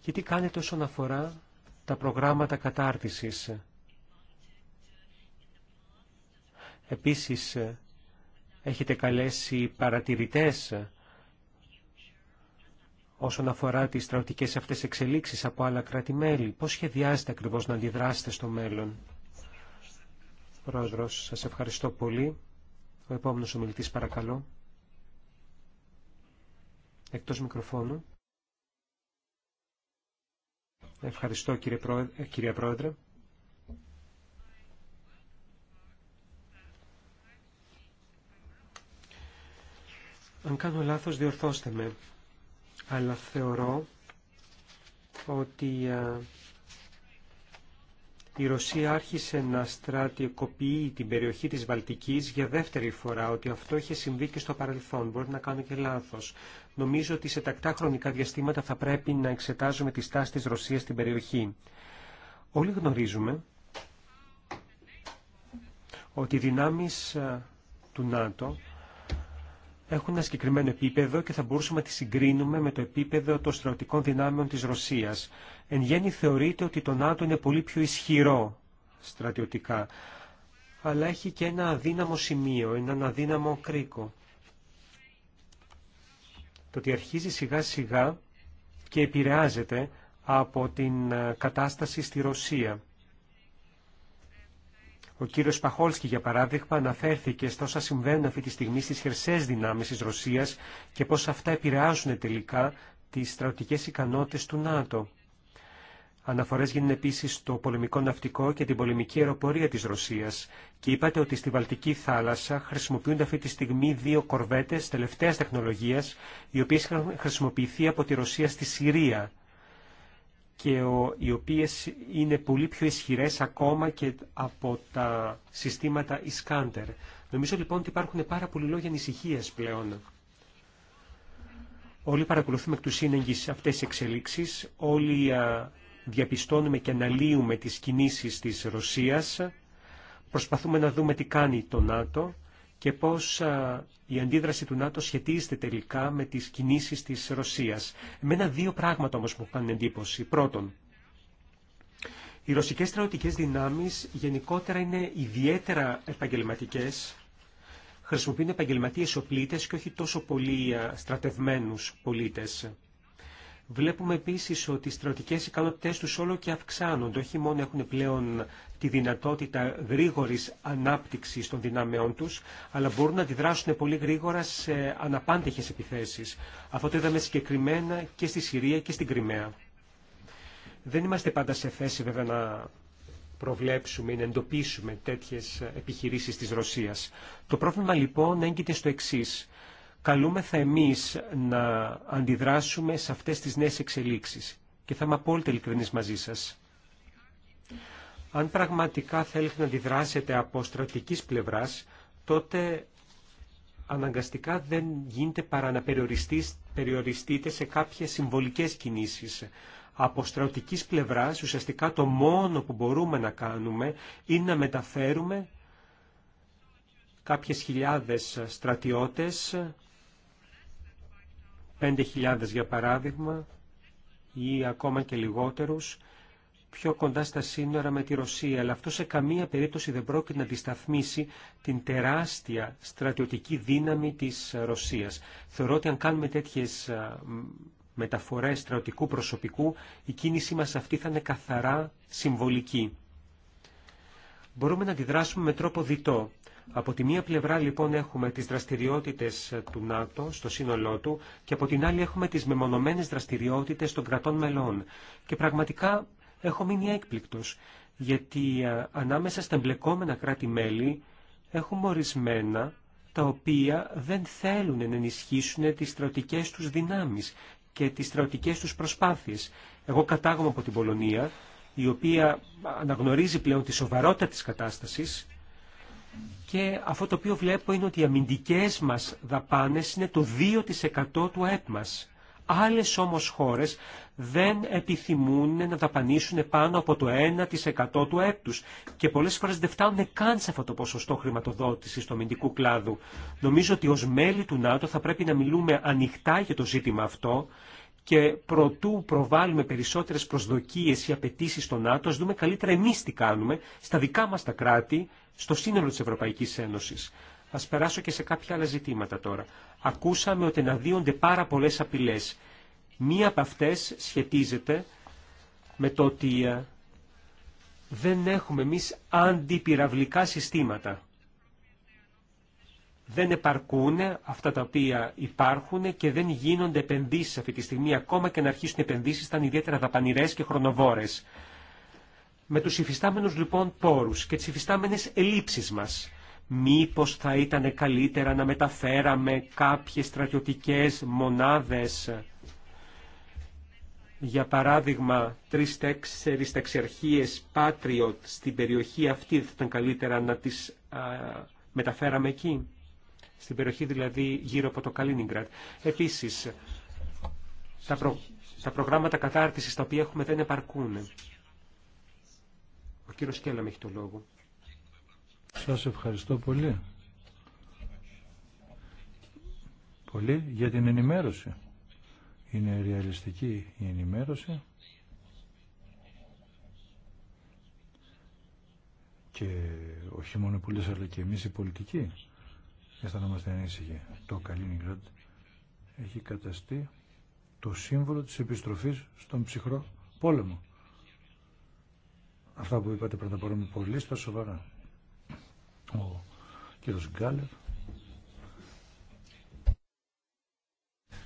Και τι κάνετε όσον αφορά τα προγράμματα κατάρτισης. Επίσης, ε, έχετε καλέσει παρατηρητές ε, όσον αφορά τις στρατιωτικες αυτες αυτές εξελίξεις από άλλα κράτη-μέλη. Πώς σχεδιάζετε ακριβώς να αντιδράσετε στο μέλλον. Πρόεδρος, σας ευχαριστώ πολύ. Ο επόμενος ομιλητής παρακαλώ. Εκτός μικροφώνου. Ευχαριστώ κύριε Πρόεδρε. Ε, Αν κάνω λάθος διορθώστε με, αλλά θεωρώ ότι η Ρωσία άρχισε να στρατιοκοπεί την περιοχή της Βαλτικής για δεύτερη φορά, ότι αυτό είχε συμβεί και στο παρελθόν. Μπορεί να κάνω και λάθος. Νομίζω ότι σε τακτά χρονικά διαστήματα θα πρέπει να εξετάζουμε τη στάση της Ρωσίας στην περιοχή. Όλοι γνωρίζουμε ότι οι δυνάμεις του ΝΑΤΟ έχουν ένα συγκεκριμένο επίπεδο και θα μπορούσαμε να τη συγκρίνουμε με το επίπεδο των στρατιωτικών δυνάμεων της Ρωσίας. Εν γέννη θεωρείται ότι το ΝΑΤΟ είναι πολύ πιο ισχυρό στρατιωτικά, αλλά έχει και ένα αδύναμο σημείο, ένα αδύναμο κρίκο. Το ότι αρχίζει σιγά σιγά και επηρεάζεται από την ε, κατάσταση στη Ρωσία. Ο κύριο Παχόλσκι, για παράδειγμα, αναφέρθηκε στο όσα συμβαίνουν αυτή τη στιγμή στι χερσαίε δυνάμει τη Ρωσία και πώ αυτά επηρεάζουν τελικά τι στρατιωτικέ ικανότητε του ΝΑΤΟ. Αναφορέ γίνουν επίση στο πολεμικό ναυτικό και την πολεμική αεροπορία τη Ρωσία και είπατε ότι στη Βαλτική θάλασσα χρησιμοποιούνται αυτή τη στιγμή δύο κορβέτε τελευταία τεχνολογία, οι οποίε είχαν χρησιμοποιηθεί από τη Ρωσία στη Συρία και ο, οι οποίες είναι πολύ πιο ισχυρές ακόμα και από τα συστήματα Ισκάντερ. Νομίζω λοιπόν ότι υπάρχουν πάρα πολλοί λόγοι ανησυχία πλέον. Όλοι παρακολουθούμε εκ του σύνεγγυς αυτές τις εξελίξεις, όλοι διαπιστώνουμε και αναλύουμε τις κινήσεις της Ρωσίας, προσπαθούμε να δούμε τι κάνει το ΝΑΤΟ, και πώς η αντίδραση του ΝΑΤΟ σχετίζεται τελικά με τις κινήσεις της Ρωσίας. ένα δύο πράγματα όμως μου κάνουν εντύπωση. Πρώτον, οι ρωσικές στρατιωτικές δυνάμεις γενικότερα είναι ιδιαίτερα επαγγελματικές, χρησιμοποιούν επαγγελματίες οπλίτες και όχι τόσο πολύ στρατευμένους πολίτες. Βλέπουμε επίσης ότι οι στρατιωτικές ικανότητές τους όλο και αυξάνονται. Όχι μόνο έχουν πλέον τη δυνατότητα γρήγορης ανάπτυξης των δυνάμεών τους, αλλά μπορούν να αντιδράσουν πολύ γρήγορα σε αναπάντεχες επιθέσεις. Αυτό το είδαμε συγκεκριμένα και στη Συρία και στην Κρυμαία. Δεν είμαστε πάντα σε θέση βέβαια να προβλέψουμε ή να εντοπίσουμε τέτοιες επιχειρήσεις της Ρωσίας. Το πρόβλημα λοιπόν έγκυται στο εξής καλούμεθα εμείς να αντιδράσουμε σε αυτές τις νέες εξελίξεις. Και θα είμαι απόλυτα ειλικρινής μαζί σας. Αν πραγματικά θέλετε να αντιδράσετε από στρατικής πλευράς, τότε αναγκαστικά δεν γίνεται παρά να περιοριστείτε σε κάποιες συμβολικές κινήσεις. Από στρατικής πλευράς, ουσιαστικά το μόνο που μπορούμε να κάνουμε είναι να μεταφέρουμε κάποιες χιλιάδες στρατιώτες 5.000 για παράδειγμα ή ακόμα και λιγότερους πιο κοντά στα σύνορα με τη Ρωσία, αλλά αυτό σε καμία περίπτωση δεν πρόκειται να αντισταθμίσει την τεράστια στρατιωτική δύναμη της Ρωσίας. Θεωρώ ότι αν κάνουμε τέτοιες μεταφορές στρατιωτικού προσωπικού, η κίνησή μας αυτή θα είναι καθαρά συμβολική. Μπορούμε να αντιδράσουμε με τρόπο διτό. Από τη μία πλευρά λοιπόν έχουμε τις δραστηριότητες ε, του ΝΑΤΟ στο σύνολό του και από την άλλη έχουμε τις μεμονωμένες δραστηριότητες των κρατών μελών. Και πραγματικά έχω μείνει έκπληκτος, γιατί ε, ανάμεσα στα εμπλεκόμενα κράτη-μέλη έχουμε ορισμένα τα οποία δεν θέλουν να ενισχύσουν τις στρατικές τους δυνάμεις και τις στρατικές τους προσπάθειες. Εγώ κατάγομαι από την Πολωνία, η οποία αναγνωρίζει πλέον τη σοβαρότητα της κατάστασης και αυτό το οποίο βλέπω είναι ότι οι αμυντικές μας δαπάνες είναι το 2% του ΑΕΠ μας. Άλλες όμως χώρες δεν επιθυμούν να δαπανίσουν πάνω από το 1% του ΑΕΠ τους και πολλές φορές δεν φτάνουν καν σε αυτό το ποσοστό χρηματοδότησης του αμυντικού κλάδου. Νομίζω ότι ως μέλη του ΝΑΤΟ θα πρέπει να μιλούμε ανοιχτά για το ζήτημα αυτό και προτού προβάλλουμε περισσότερες προσδοκίες ή απαιτήσει στο ΝΑΤΟ, ας δούμε καλύτερα εμείς τι κάνουμε στα δικά μας τα κράτη, στο σύνολο της Ευρωπαϊκής Ένωσης. Ας περάσω και σε κάποια άλλα ζητήματα τώρα. Ακούσαμε ότι αναδύονται πάρα πολλές απειλές. Μία από αυτές σχετίζεται με το ότι ε, δεν έχουμε εμεί αντιπυραυλικά συστήματα δεν επαρκούν αυτά τα οποία υπάρχουν και δεν γίνονται επενδύσεις αυτή τη στιγμή, ακόμα και να αρχίσουν οι επενδύσεις ήταν ιδιαίτερα δαπανηρές και χρονοβόρες. Με τους υφιστάμενους λοιπόν πόρους και τις υφιστάμενες ελλείψεις μας, μήπως θα ήταν καλύτερα να μεταφέραμε κάποιες στρατιωτικές μονάδες, για παράδειγμα τρεις-τέσσερις ταξιαρχίες Patriot στην περιοχή αυτή, θα ήταν καλύτερα να τις μεταφέραμε εκεί στην περιοχή δηλαδή γύρω από το Καλίνιγκρατ. Επίσης, τα, τα προγράμματα κατάρτισης τα οποία έχουμε δεν επαρκούν. Ο κύριος Κέλαμ έχει το λόγο. Σας ευχαριστώ πολύ. Πολύ για την ενημέρωση. Είναι ρεαλιστική η ενημέρωση. Και όχι μόνο οι πολίτες αλλά και εμείς οι πολιτικοί αισθανόμαστε ανήσυχοι. Το Καλίνιγκραντ έχει καταστεί το σύμβολο της επιστροφής στον ψυχρό πόλεμο. Αυτά που είπατε πρώτα πάρουμε πολύ στα σοβαρά. Ο κύριος Γκάλερ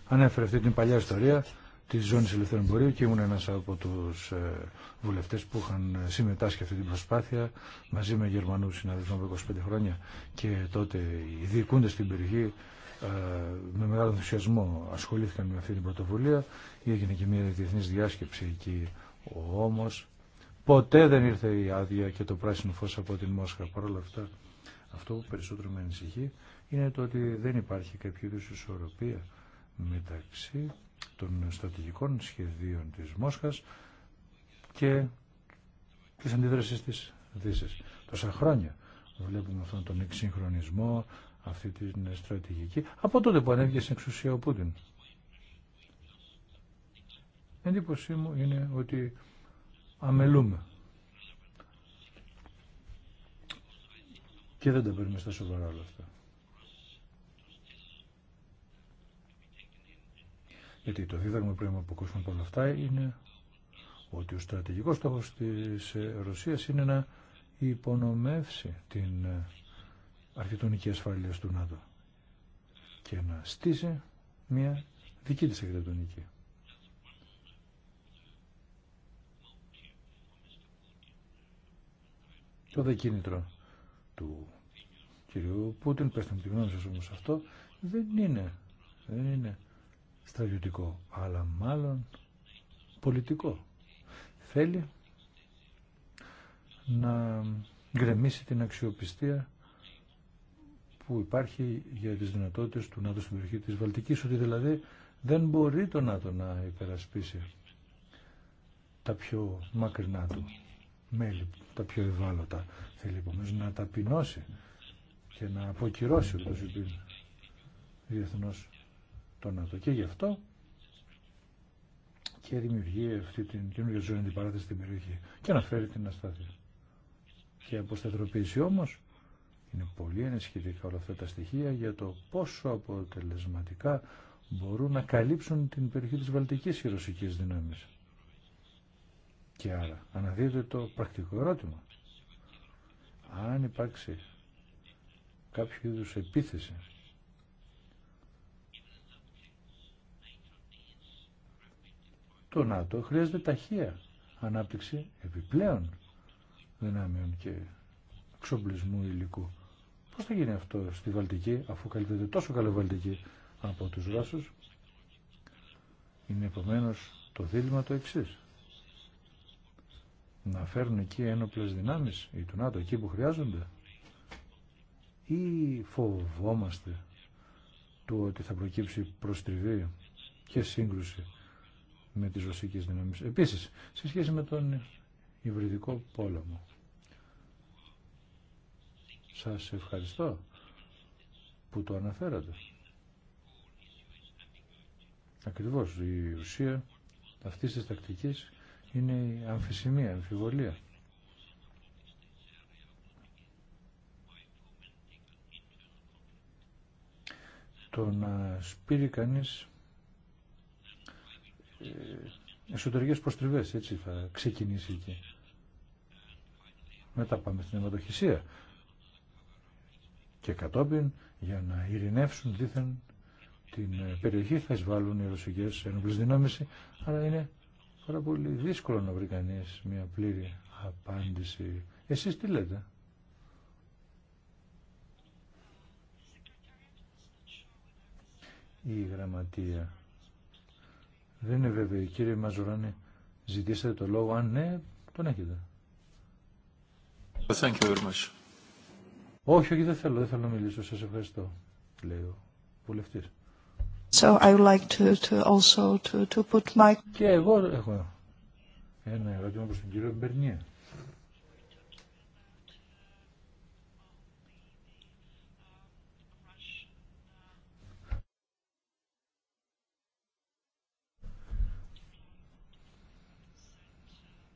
ανέφερε αυτή την παλιά ιστορία τη ζώνη ελευθερών πορείου και ήμουν ένα από του ε, βουλευτέ που είχαν συμμετάσχει αυτή την προσπάθεια μαζί με Γερμανού συναδελφού από 25 χρόνια και τότε οι διοικούντε στην περιοχή ε, με μεγάλο ενθουσιασμό ασχολήθηκαν με αυτή την πρωτοβουλία. Έγινε και μια διεθνή διάσκεψη εκεί όμω. Ποτέ δεν ήρθε η άδεια και το πράσινο φω από την Μόσχα. Παρ' όλα αυτά, αυτό που περισσότερο με ανησυχεί είναι το ότι δεν υπάρχει κάποιο είδου ισορροπία μεταξύ των στρατηγικών σχεδίων της Μόσχας και της αντίδρασης της Δύσης. Τόσα χρόνια βλέπουμε αυτόν τον εξυγχρονισμό, αυτή την στρατηγική, από τότε που ανέβηκε στην εξουσία ο Πούτιν. εντύπωσή μου είναι ότι αμελούμε. Και δεν τα παίρνουμε στα σοβαρά όλα αυτά. Γιατί το δίδαγμα που πρέπει να αποκρούσουμε από όλα αυτά είναι ότι ο στρατηγικός στόχος της ε, Ρωσίας είναι να υπονομεύσει την ε, αρχιτονική ασφάλεια του ΝΑΤΟ και να στήσει μια δική της αρχιτονική. Το δεκίνητρο του κυρίου Πούτιν, πέστε μου τη γνώμη σας όμως αυτό, δεν είναι, δεν είναι στρατιωτικό, αλλά μάλλον πολιτικό. Θέλει να γκρεμίσει την αξιοπιστία που υπάρχει για τις δυνατότητες του ΝΑΤΟ στην περιοχή της Βαλτικής, ότι δηλαδή δεν μπορεί το ΝΑΤΟ να υπερασπίσει τα πιο μακρινά του μέλη, τα πιο ευάλωτα. Θέλει επομένως να ταπεινώσει και να αποκυρώσει ούτως ή διεθνώς το να το Και γι' αυτό και δημιουργεί αυτή την καινούργια ζωή την παράθεση στην περιοχή και αναφέρει την αστάθεια. Και αποσταθεροποίηση όμω είναι πολύ ενισχυτικά όλα αυτά τα στοιχεία για το πόσο αποτελεσματικά μπορούν να καλύψουν την περιοχή της βαλτικής και ρωσικής δυνάμεις. Και άρα αναδείτε το πρακτικό ερώτημα. Αν υπάρξει κάποιο είδου επίθεση το ΝΑΤΟ χρειάζεται ταχεία ανάπτυξη επιπλέον δυνάμεων και εξοπλισμού υλικού. Πώς θα γίνει αυτό στη Βαλτική, αφού καλύπτεται τόσο καλή Βαλτική από τους Ρώσου, Είναι επομένω το δίλημα το εξή. Να φέρουν εκεί ένοπλες δυνάμεις ή του ΝΑΤΟ εκεί που χρειάζονται ή φοβόμαστε το ότι θα προκύψει προστριβή και σύγκρουση με τις ρωσικές δυνάμεις. Επίσης, σε σχέση με τον υβριδικό πόλεμο. Σας ευχαριστώ που το αναφέρατε. Ακριβώς, η ουσία αυτής της τακτικής είναι η αμφισημία, η αμφιβολία. Το να σπείρει κανείς εσωτερικές προστριβές, έτσι θα ξεκινήσει εκεί. Μετά πάμε στην αιματοχυσία και κατόπιν για να ειρηνεύσουν δήθεν την ε, περιοχή θα εισβάλλουν οι ρωσικές ενόπλες δυνάμεις, αλλά είναι πάρα πολύ δύσκολο να βρει κανεί μια πλήρη απάντηση. Εσείς τι λέτε. Η γραμματεία δεν είναι βέβαιο. Κύριε Μαζουράνη, ζητήσατε το λόγο. Αν ναι, τον έχετε. Thank you very much. Όχι, όχι, δεν θέλω, δεν θέλω να μιλήσω. Σας ευχαριστώ, λέει ο βουλευτής. So I would like to, to also to, to put my... Και εγώ έχω ένα ερώτημα προς τον κύριο Μπερνιέ.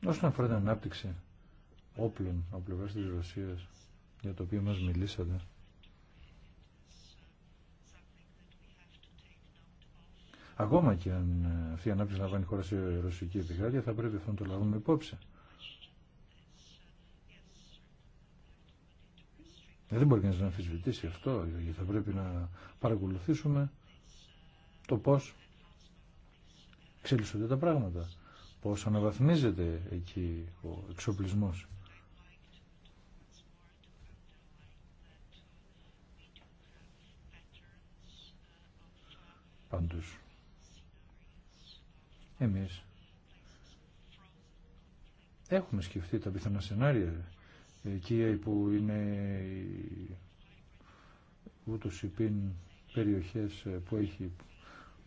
Όσον αφορά την ανάπτυξη όπλων από πλευρά τη Ρωσία για το οποίο μας μιλήσατε ακόμα και αν αυτή η ανάπτυξη λαμβάνει χώρα σε ρωσική επικράτεια θα πρέπει αυτό να το λάβουμε υπόψη δεν μπορεί κανείς να αμφισβητήσει αυτό γιατί θα πρέπει να παρακολουθήσουμε το πώς εξελίσσονται τα πράγματα πώς αναβαθμίζεται εκεί ο εξοπλισμός. Πάντως, εμείς έχουμε σκεφτεί τα πιθανά σενάρια εκεί που είναι ούτως πίν περιοχές που έχει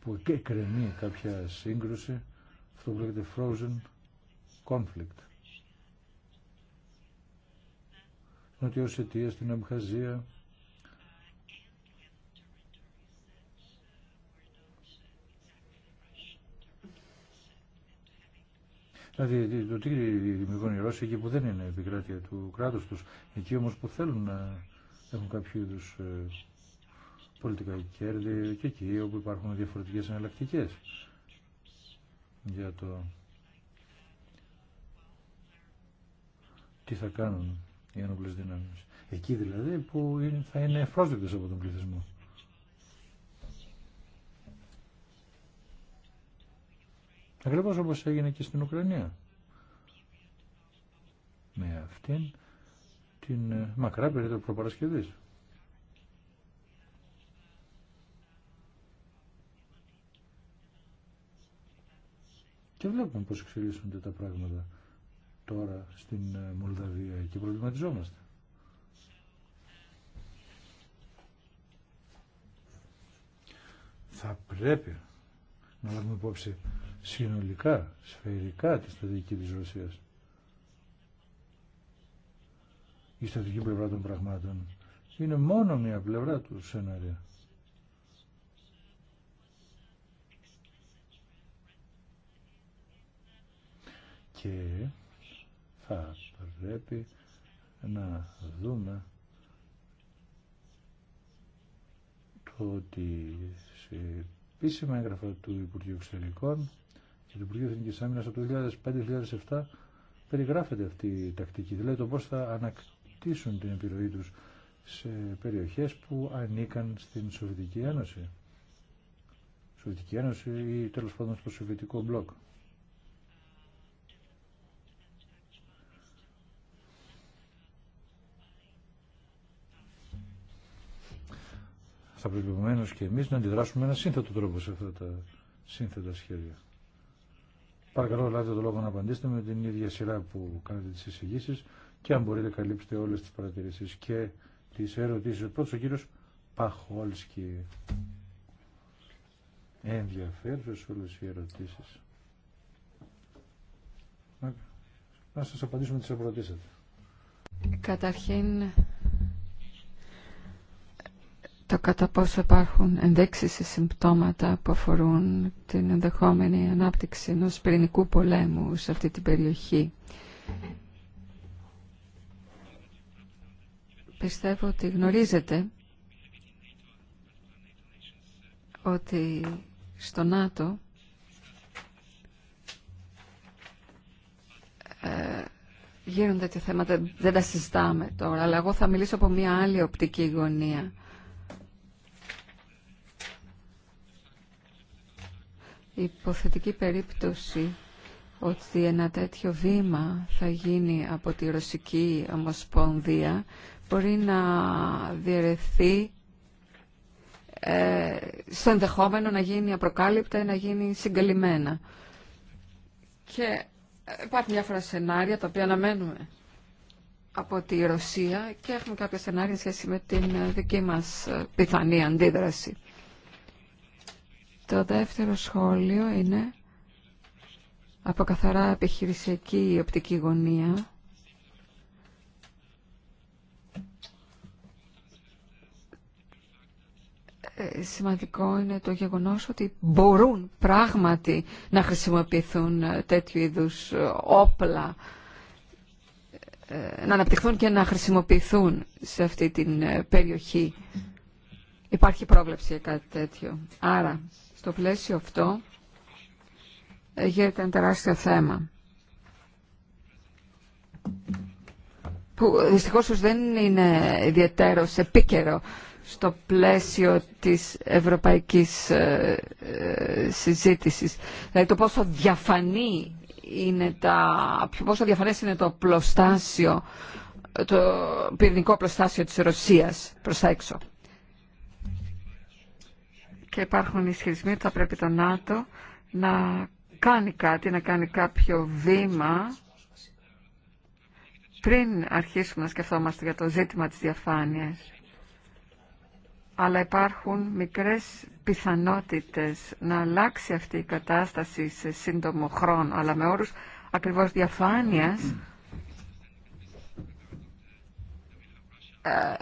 που εκκρεμεί κάποια σύγκρουση αυτό που λέγεται frozen conflict. Ότι ως αιτία στην Αμχαζία, Δηλαδή το τι δημιουργούν οι Ρώσοι εκεί που δεν είναι επικράτεια του κράτους τους, εκεί όμως που θέλουν να έχουν κάποιο είδου ε, πολιτικά κέρδη και εκεί όπου υπάρχουν διαφορετικές εναλλακτικέ για το τι θα κάνουν οι ένοπλες δυνάμεις. Εκεί δηλαδή που θα είναι ευπρόσδεκτες από τον πληθυσμό. Ακριβώς όπως έγινε και στην Ουκρανία. Με αυτήν την μακρά περίοδο προπαρασκευής. Και βλέπουμε πώς εξελίσσονται τα πράγματα τώρα στην ε, Μολδαβία και προβληματιζόμαστε. Θα πρέπει να λάβουμε υπόψη συνολικά, σφαιρικά τη στρατηγική της Ρωσίας. Η στρατηγική πλευρά των πραγμάτων είναι μόνο μία πλευρά του σενάρια. και θα πρέπει να δούμε το ότι σε επίσημα έγγραφα του Υπουργείου Εξωτερικών και του Υπουργείου Εθνικής Άμυνας από το 2005-2007 περιγράφεται αυτή η τακτική, δηλαδή το πώς θα ανακτήσουν την επιρροή τους σε περιοχές που ανήκαν στην Σοβιετική Ένωση. Σοβιετική Ένωση ή τέλος πάντων στο Σοβιετικό Μπλοκ. θα πρέπει επομένω και εμείς να αντιδράσουμε με ένα σύνθετο τρόπο σε αυτά τα σύνθετα σχέδια. Παρακαλώ λάβετε το λόγο να απαντήσετε με την ίδια σειρά που κάνετε τις εισηγήσεις και αν μπορείτε καλύψτε όλες τις παρατηρήσεις και τις ερωτήσεις. Πρώτος ο κύριος Παχόλσκι. Ενδιαφέρουσες όλες οι ερωτήσεις. Να σας απαντήσουμε τις ερωτήσεις. Καταρχήν το κατά πόσο υπάρχουν ενδέξεις ή συμπτώματα που αφορούν την ενδεχόμενη ανάπτυξη ενός πυρηνικού πολέμου σε αυτή την περιοχή. Πιστεύω ότι γνωρίζετε ότι στο ΝΑΤΟ ε, γίνονται τέτοια θέματα, δεν τα συζητάμε τώρα, αλλά εγώ θα μιλήσω από μια άλλη οπτική γωνία. υποθετική περίπτωση ότι ένα τέτοιο βήμα θα γίνει από τη Ρωσική Ομοσπονδία μπορεί να διαιρεθεί ε, στο ενδεχόμενο να γίνει απροκάλυπτα ή να γίνει συγκαλυμμένα. Και ε, υπάρχουν διάφορα σενάρια τα οποία αναμένουμε από τη Ρωσία και έχουμε κάποια σενάρια σχέση με την ε, δική μας ε, πιθανή αντίδραση. Το δεύτερο σχόλιο είναι από καθαρά επιχειρησιακή οπτική γωνία. Ε, σημαντικό είναι το γεγονός ότι μπορούν πράγματι να χρησιμοποιηθούν ε, τέτοιου είδους ε, όπλα, να αναπτυχθούν και να χρησιμοποιηθούν σε αυτή την περιοχή. Υπάρχει πρόβλεψη για κάτι τέτοιο. Άρα, στο πλαίσιο αυτό γίνεται ένα τεράστιο θέμα που δυστυχώς δεν είναι ιδιαίτερος επίκαιρο στο πλαίσιο της ευρωπαϊκής ε, ε συζήτησης. Δηλαδή το πόσο διαφανή είναι τα, πόσο διαφανές είναι το πλωστάσιο, το πυρηνικό πλωστάσιο της Ρωσίας προς τα έξω και υπάρχουν ισχυρισμοί ότι θα πρέπει το ΝΑΤΟ να κάνει κάτι, να κάνει κάποιο βήμα πριν αρχίσουμε να σκεφτόμαστε για το ζήτημα της διαφάνειας. Αλλά υπάρχουν μικρές πιθανότητες να αλλάξει αυτή η κατάσταση σε σύντομο χρόνο, αλλά με όρους ακριβώς διαφάνειας ε,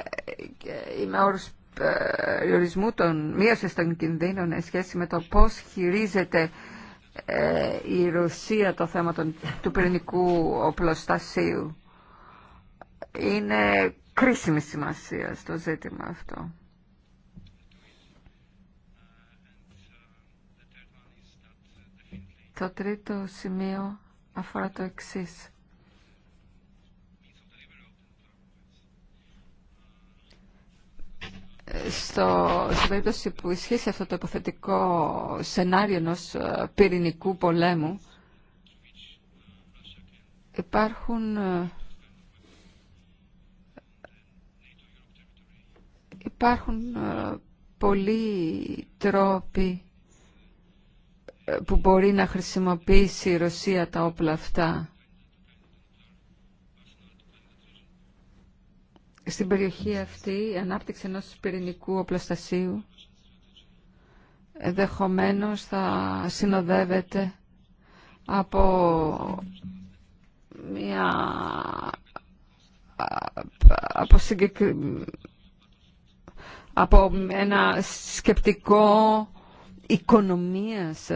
ή με όρους περιορισμού των μείωση των κινδύνων σε σχέση με το πώς χειρίζεται ε, η Ρωσία το θέμα του πυρηνικού οπλοστασίου. Είναι κρίσιμη σημασία στο ζήτημα αυτό. Το τρίτο σημείο αφορά το εξής. στο, στην περίπτωση που ισχύσει αυτό το υποθετικό σενάριο ενό ε, πυρηνικού πολέμου υπάρχουν ε, υπάρχουν ε, πολλοί τρόποι που μπορεί να χρησιμοποιήσει η Ρωσία τα όπλα αυτά στην περιοχή αυτή η ανάπτυξη ενός πυρηνικού οπλοστασίου ενδεχομένω θα συνοδεύεται από μια από, από ένα σκεπτικό οικονομίας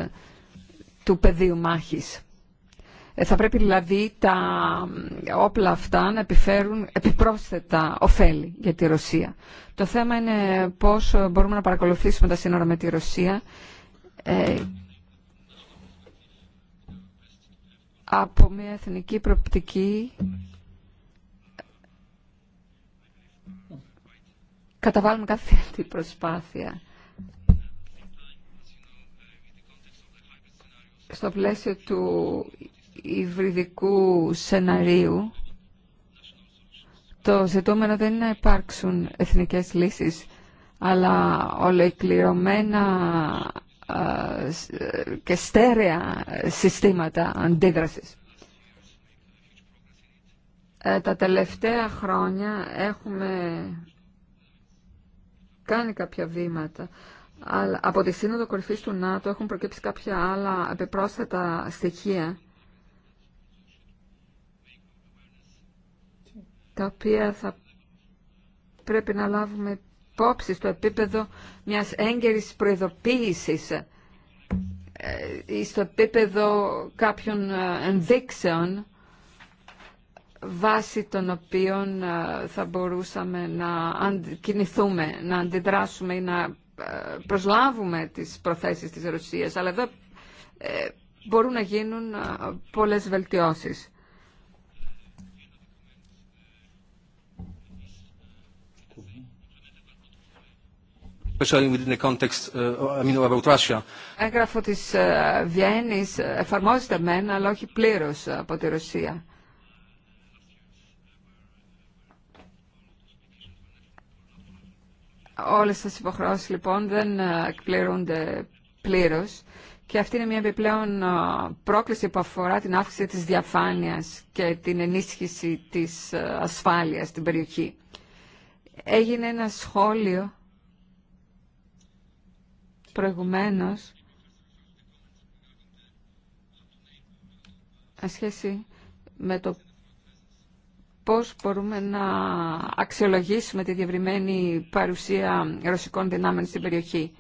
του πεδίου μάχης. Ε, θα πρέπει δηλαδή τα όπλα αυτά να επιφέρουν επιπρόσθετα ωφέλη για τη Ρωσία. Το θέμα είναι πώς ε, μπορούμε να παρακολουθήσουμε τα σύνορα με τη Ρωσία ε, από μια εθνική προοπτική καταβάλουμε κάθε τη προσπάθεια. Στο πλαίσιο του υβριδικού σεναρίου το ζητούμενο δεν είναι να υπάρξουν εθνικές λύσεις αλλά ολοκληρωμένα και στέρεα συστήματα αντίδρασης. Ε, τα τελευταία χρόνια έχουμε κάνει κάποια βήματα. Αλλά από τη Σύνοδο Κορυφής του ΝΑΤΟ έχουν προκύψει κάποια άλλα επιπρόσθετα στοιχεία τα οποία θα πρέπει να λάβουμε υπόψη στο επίπεδο μιας έγκαιρης προειδοποίησης ε, ή στο επίπεδο κάποιων ε, ενδείξεων βάσει των οποίων ε, θα μπορούσαμε να κινηθούμε, να αντιδράσουμε ή να προσλάβουμε τις προθέσεις της Ρωσίας. Αλλά εδώ μπορούν να γίνουν πολλές βελτιώσεις. especially uh, Έγγραφο της ε, Βιέννης ε, εφαρμόζεται μεν, αλλά όχι πλήρως ε, από τη Ρωσία. Όλες τις υποχρεώσεις λοιπόν δεν εκπληρούνται πλήρως και αυτή είναι μια επιπλέον πρόκληση που αφορά την αύξηση της διαφάνειας και την ενίσχυση της ασφάλειας στην περιοχή. Έγινε ένα σχόλιο προηγουμένως σε σχέση με το πώς μπορούμε να αξιολογήσουμε τη διευρυμένη παρουσία ρωσικών δυνάμεων στην περιοχή.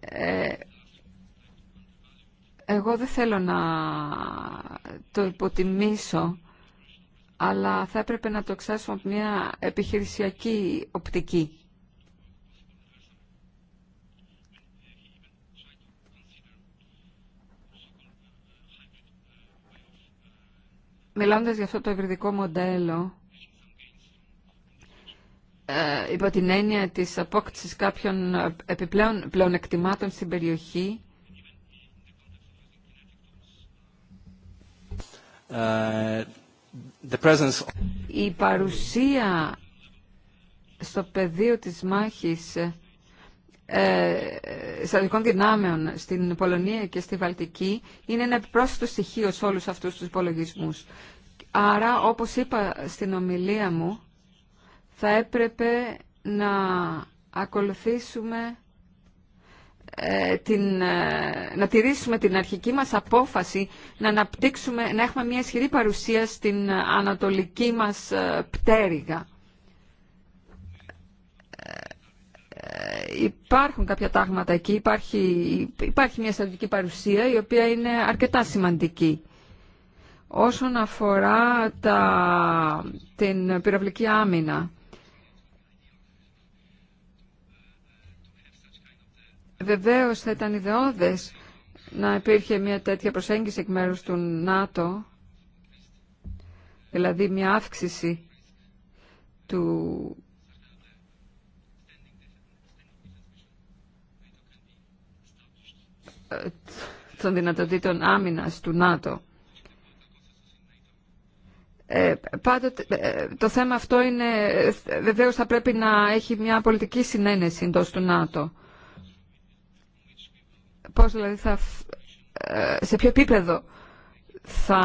Ε, εγώ δεν θέλω να το υποτιμήσω, αλλά θα έπρεπε να το εξάσουμε από μια επιχειρησιακή οπτική. μιλώντας για αυτό το ευρυδικό μοντέλο, ε, υπό την έννοια της απόκτησης κάποιων ε, επιπλέον πλεονεκτημάτων στην περιοχή, ε, η παρουσία στο πεδίο της μάχης ε, στρατικών δυνάμεων στην Πολωνία και στη Βαλτική είναι ένα επιπρόσθετο στοιχείο σε όλους αυτούς τους υπολογισμού. Άρα, όπως είπα στην ομιλία μου, θα έπρεπε να ακολουθήσουμε ε, την, ε, να τηρήσουμε την αρχική μας απόφαση να αναπτύξουμε, να έχουμε μια ισχυρή παρουσία στην ανατολική μας πτέρυγα υπάρχουν κάποια τάγματα εκεί, υπάρχει, υπάρχει μια στρατιωτική παρουσία η οποία είναι αρκετά σημαντική. Όσον αφορά τα, την πυραυλική άμυνα, βεβαίως θα ήταν ιδεώδες να υπήρχε μια τέτοια προσέγγιση εκ μέρους του ΝΑΤΟ, δηλαδή μια αύξηση του των δυνατοτήτων άμυνας του ΝΑΤΟ. Ε, ε, το θέμα αυτό είναι, βεβαίω θα πρέπει να έχει μια πολιτική συνένεση εντό του ΝΑΤΟ. Πώς δηλαδή ε, σε ποιο επίπεδο θα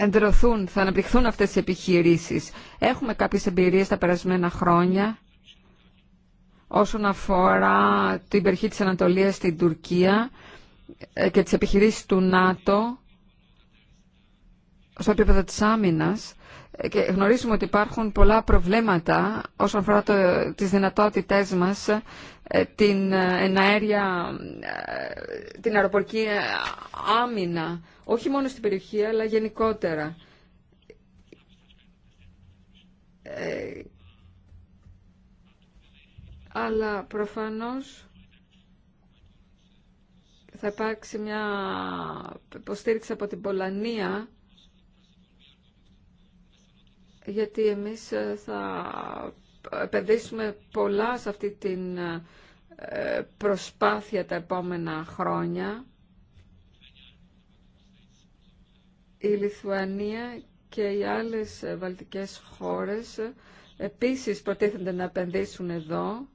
εντερωθούν, θα αναπτυχθούν αυτές οι επιχειρήσεις. Έχουμε κάποιες εμπειρίες τα περασμένα χρόνια όσον αφορά την περιοχή της Ανατολίας στην Τουρκία ε, και τις επιχειρήσεις του ΝΑΤΟ στο επίπεδο της άμυνας ε, και γνωρίζουμε ότι υπάρχουν πολλά προβλήματα όσον αφορά το, τις δυνατότητές μας ε, την εναέρια, την αεροπορική άμυνα, όχι μόνο στην περιοχή αλλά γενικότερα αλλά προφανώς θα υπάρξει μια υποστήριξη από την Πολανία γιατί εμείς ε, θα επενδύσουμε πολλά σε αυτή την ε, προσπάθεια τα επόμενα χρόνια. Η Λιθουανία και οι άλλες βαλτικές χώρες επίσης προτίθενται να επενδύσουν εδώ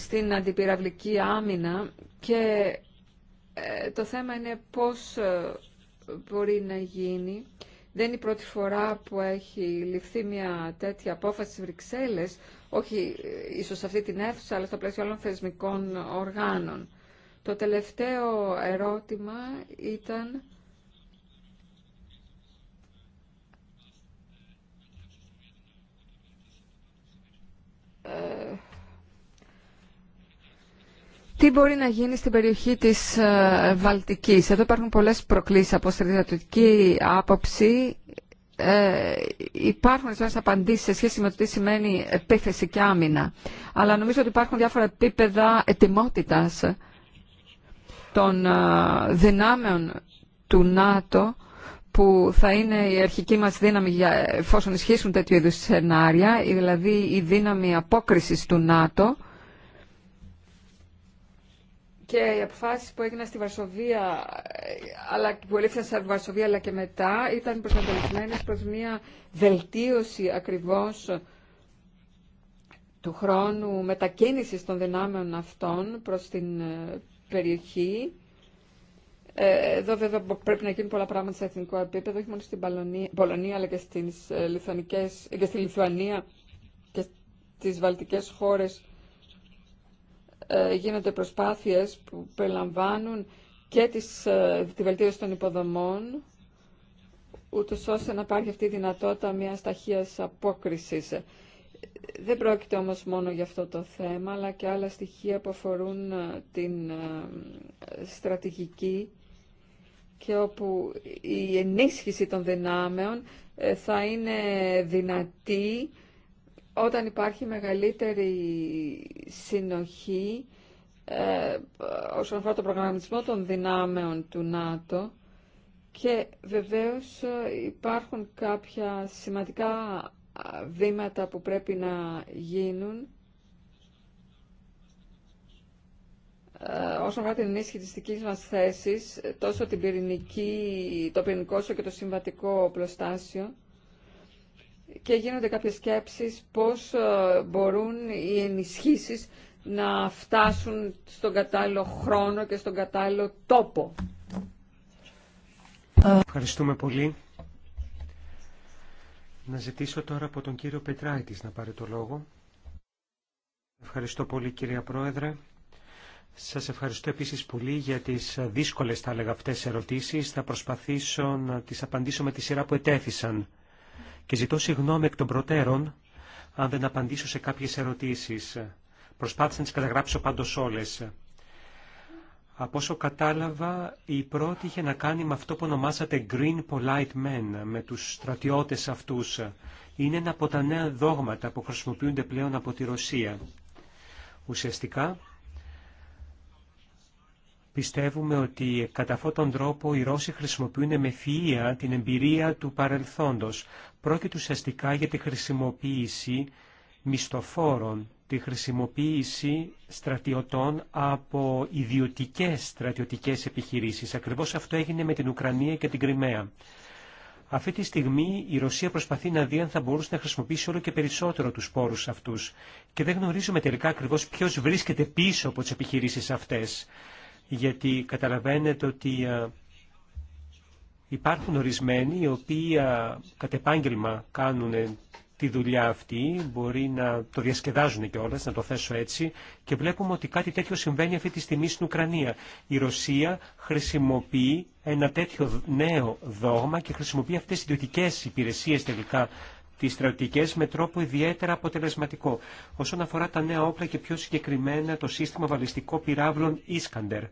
στην αντιπυραυλική άμυνα και ε, το θέμα είναι πώς ε, μπορεί να γίνει. Δεν είναι η πρώτη φορά που έχει ληφθεί μια τέτοια απόφαση στις Βρυξέλλες, όχι ε, ίσως ίσως αυτή την αίθουσα, αλλά στο πλαίσιο άλλων θεσμικών οργάνων. Το τελευταίο ερώτημα ήταν τι μπορεί να γίνει στην περιοχή της ε, Βαλτικής. Εδώ υπάρχουν πολλές προκλήσεις από στρατιωτική άποψη. Ε, υπάρχουν ορισμένε απαντήσεις σε σχέση με το τι σημαίνει επίθεση και άμυνα. Αλλά νομίζω ότι υπάρχουν διάφορα επίπεδα ετοιμότητας των ε, δυνάμεων του ΝΑΤΟ που θα είναι η αρχική μας δύναμη για, εφόσον ισχύσουν τέτοιου είδους σενάρια, δηλαδή η δύναμη απόκρισης του ΝΑΤΟ και οι αποφάσεις που έγιναν στη Βαρσοβία, ε, αλλά που ελήφθησαν στη Βαρσοβία αλλά και μετά, ήταν προσανατολισμένες προς μια βελτίωση ακριβώς του χρόνου μετακίνησης των δυνάμεων αυτών προς την ε, περιοχή ε, εδώ βέβαια πρέπει να γίνουν πολλά πράγματα σε εθνικό επίπεδο, όχι μόνο στην Πολωνία, αλλά και, στις ε, ε, και στη Λιθουανία και στις βαλτικές χώρες γίνονται προσπάθειες που περιλαμβάνουν και τις, τη βελτίωση των υποδομών, ούτω ώστε να υπάρχει αυτή η δυνατότητα μια ταχεία απόκριση. Δεν πρόκειται όμως μόνο για αυτό το θέμα, αλλά και άλλα στοιχεία που αφορούν την στρατηγική και όπου η ενίσχυση των δυνάμεων ε, θα είναι δυνατή όταν υπάρχει μεγαλύτερη συνοχή ε, όσον αφορά το προγραμματισμό των δυνάμεων του ΝΑΤΟ και βεβαίως ε, υπάρχουν κάποια σημαντικά βήματα που πρέπει να γίνουν Ε, όσον αφορά την ενίσχυση της δικής μας θέσης, τόσο την πυρηνική, το πυρηνικό όσο και το συμβατικό πλωστάσιο, και γίνονται κάποιες σκέψεις πώς ε, μπορούν οι ενισχύσεις να φτάσουν στον κατάλληλο χρόνο και στον κατάλληλο τόπο. Ευχαριστούμε πολύ. Να ζητήσω τώρα από τον κύριο Πετράητης να πάρει το λόγο. Ευχαριστώ πολύ κυρία Πρόεδρε. Σας ευχαριστώ επίσης πολύ για τις δύσκολες, θα έλεγα, αυτές ερωτήσεις. Θα προσπαθήσω να τις απαντήσω με τη σειρά που ετέθησαν. Και ζητώ συγγνώμη εκ των προτέρων, αν δεν απαντήσω σε κάποιες ερωτήσεις. Προσπάθησα να τις καταγράψω πάντως όλες. Από όσο κατάλαβα, η πρώτη είχε να κάνει με αυτό που ονομάσατε Green Polite Men, με τους στρατιώτες αυτούς. Είναι ένα από τα νέα δόγματα που χρησιμοποιούνται πλέον από τη Ρωσία. Ουσιαστικά, Πιστεύουμε ότι κατά αυτόν τον τρόπο οι Ρώσοι χρησιμοποιούν με φυΐα την εμπειρία του παρελθόντος. Πρόκειται ουσιαστικά για τη χρησιμοποίηση μισθοφόρων, τη χρησιμοποίηση στρατιωτών από ιδιωτικές στρατιωτικές επιχειρήσεις. Ακριβώς αυτό έγινε με την Ουκρανία και την Κρυμαία. Αυτή τη στιγμή η Ρωσία προσπαθεί να δει αν θα μπορούσε να χρησιμοποιήσει όλο και περισσότερο τους πόρους αυτούς και δεν γνωρίζουμε τελικά ακριβώς ποιος βρίσκεται πίσω από τις επιχειρήσεις αυτές γιατί καταλαβαίνετε ότι ε, υπάρχουν ορισμένοι οι οποίοι ε, κατ' επάγγελμα κάνουν ε, τη δουλειά αυτή, μπορεί να το διασκεδάζουν κιόλα, να το θέσω έτσι, και βλέπουμε ότι κάτι τέτοιο συμβαίνει αυτή τη στιγμή στην Ουκρανία. Η Ρωσία χρησιμοποιεί ένα τέτοιο νέο δόγμα και χρησιμοποιεί αυτές τις ιδιωτικέ υπηρεσίες τελικά τις στρατιωτικές με τρόπο ιδιαίτερα αποτελεσματικό, όσον αφορά τα νέα όπλα και πιο συγκεκριμένα το σύστημα βαλιστικό πυράβλων Ισκαντερ.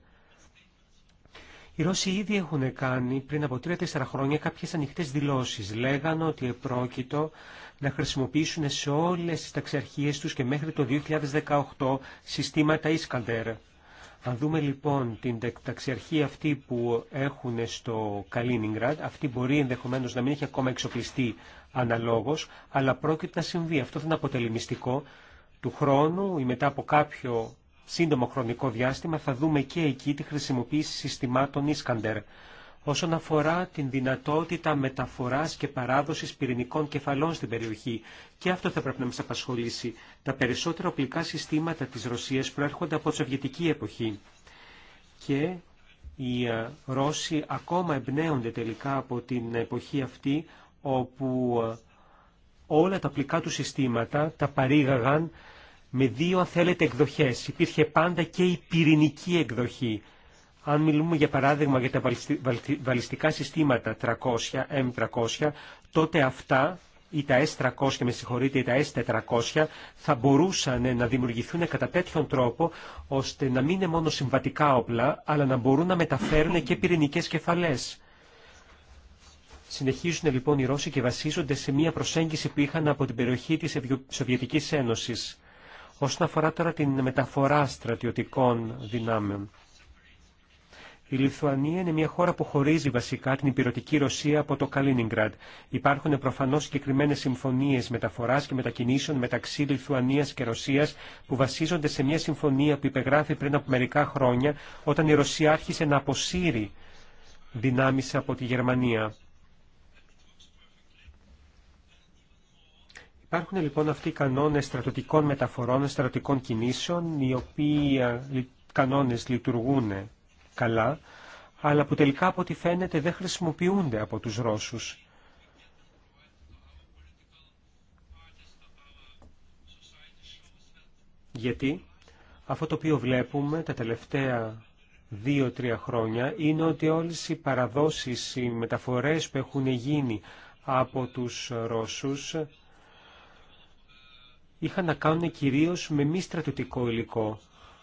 Οι Ρώσοι ήδη έχουν κάνει πριν από 3-4 χρόνια κάποιες ανοιχτές δηλώσεις. Λέγανε ότι επρόκειτο να χρησιμοποιήσουν σε όλες τις ταξιαρχίες τους και μέχρι το 2018 συστήματα Ισκαντερ. Αν δούμε λοιπόν την ταξιαρχία αυτή που έχουν στο Καλίνιγκραντ, αυτή μπορεί ενδεχομένως να μην έχει ακόμα εξοπλιστεί αναλόγως, αλλά πρόκειται να συμβεί. Αυτό θα είναι αποτελεμιστικό του χρόνου ή μετά από κάποιο σύντομο χρονικό διάστημα θα δούμε και εκεί τη χρησιμοποίηση συστημάτων Ισκαντερ. Όσον αφορά την δυνατότητα μεταφοράς και παράδοσης πυρηνικών κεφαλών στην περιοχή, και αυτό θα πρέπει να μας απασχολήσει. Τα περισσότερα οπλικά συστήματα της Ρωσίας προέρχονται από τη Σοβιετική εποχή και οι ε, Ρώσοι ακόμα εμπνέονται τελικά από την εποχή αυτή όπου ε, όλα τα οπλικά του συστήματα τα παρήγαγαν με δύο αν θέλετε εκδοχές. Υπήρχε πάντα και η πυρηνική εκδοχή. Αν μιλούμε για παράδειγμα για τα βαλιστικά συστήματα 300, M300, τότε αυτά ή τα S300, με συγχωρείτε, ή τα S400 θα μπορούσαν να δημιουργηθούν κατά τέτοιον τρόπο ώστε να μην είναι μόνο συμβατικά όπλα, αλλά να μπορούν να μεταφέρουν και πυρηνικέ κεφαλές. Συνεχίζουν λοιπόν οι Ρώσοι και βασίζονται σε μια προσέγγιση που είχαν από την περιοχή της Σοβιετικής Ένωσης. Όσον αφορά τώρα την μεταφορά στρατιωτικών δυνάμεων. Η Λιθουανία είναι μια χώρα που χωρίζει βασικά την υπηρετική Ρωσία από το Καλίνιγκραντ. Υπάρχουν προφανώ συγκεκριμένε συμφωνίε μεταφορά και μετακινήσεων μεταξύ Λιθουανία και Ρωσία που βασίζονται σε μια συμφωνία που υπεγράφει πριν από μερικά χρόνια όταν η Ρωσία άρχισε να αποσύρει δυνάμει από τη Γερμανία. Υπάρχουν λοιπόν αυτοί οι κανόνες στρατιωτικών μεταφορών, στρατιωτικών κινήσεων, οι οποίοι ε, κανόνες λειτουργούν καλά, αλλά που τελικά από ό,τι φαίνεται δεν χρησιμοποιούνται από τους Ρώσους. Γιατί αυτό το οποίο βλέπουμε τα τελευταία δύο-τρία χρόνια είναι ότι όλες οι παραδόσεις, οι μεταφορές που έχουν γίνει από τους Ρώσους είχαν να κάνουν κυρίως με μη στρατιωτικό υλικό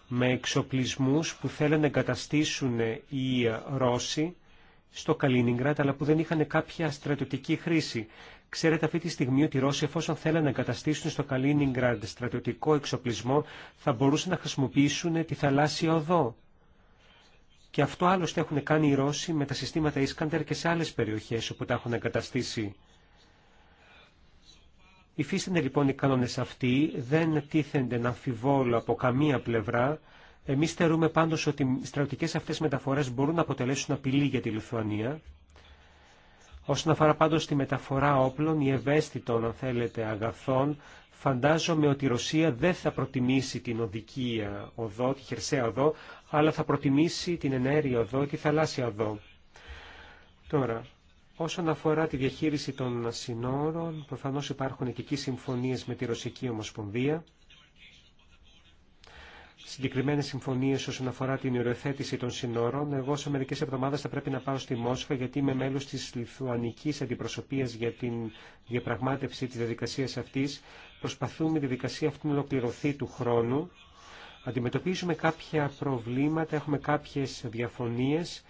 με εξοπλισμούς που θέλουν να εγκαταστήσουν οι Ρώσοι στο Καλίνιγκρατ, αλλά που δεν είχαν κάποια στρατιωτική χρήση. Ξέρετε αυτή τη στιγμή ότι οι Ρώσοι εφόσον θέλαν να εγκαταστήσουν στο Καλίνιγκραντ στρατιωτικό εξοπλισμό θα μπορούσαν να χρησιμοποιήσουν τη θαλάσσια οδό. Και αυτό άλλωστε έχουν κάνει οι Ρώσοι με τα συστήματα Ισκαντερ και σε άλλες περιοχές όπου τα έχουν εγκαταστήσει. Υφίστανται λοιπόν οι κανόνες αυτοί, δεν τίθενται να αμφιβόλω από καμία πλευρά. Εμείς θεωρούμε πάντως ότι οι στρατιωτικές αυτές μεταφορές μπορούν να αποτελέσουν απειλή για τη Λιθουανία. Όσον αφορά πάντως τη μεταφορά όπλων ή ευαίσθητων, αν θέλετε, αγαθών, φαντάζομαι ότι η Ρωσία δεν θα προτιμήσει την οδική οδό, τη χερσαία οδό, αλλά θα προτιμήσει την ενέργεια οδό και τη θαλάσσια οδό. Τώρα, Όσον αφορά τη διαχείριση των συνόρων, προφανώς υπάρχουν και εκεί συμφωνίες με τη Ρωσική Ομοσπονδία. Συγκεκριμένες συμφωνίες όσον αφορά την υιοθέτηση των συνόρων. Εγώ σε μερικές εβδομάδες θα πρέπει να πάω στη Μόσχα γιατί είμαι μέλος της Λιθουανικής Αντιπροσωπείας για την διαπραγμάτευση της διαδικασίας αυτής. Προσπαθούμε τη διαδικασία αυτή να ολοκληρωθεί του χρόνου. Αντιμετωπίζουμε κάποια προβλήματα, έχουμε κάποιες διαφωνίες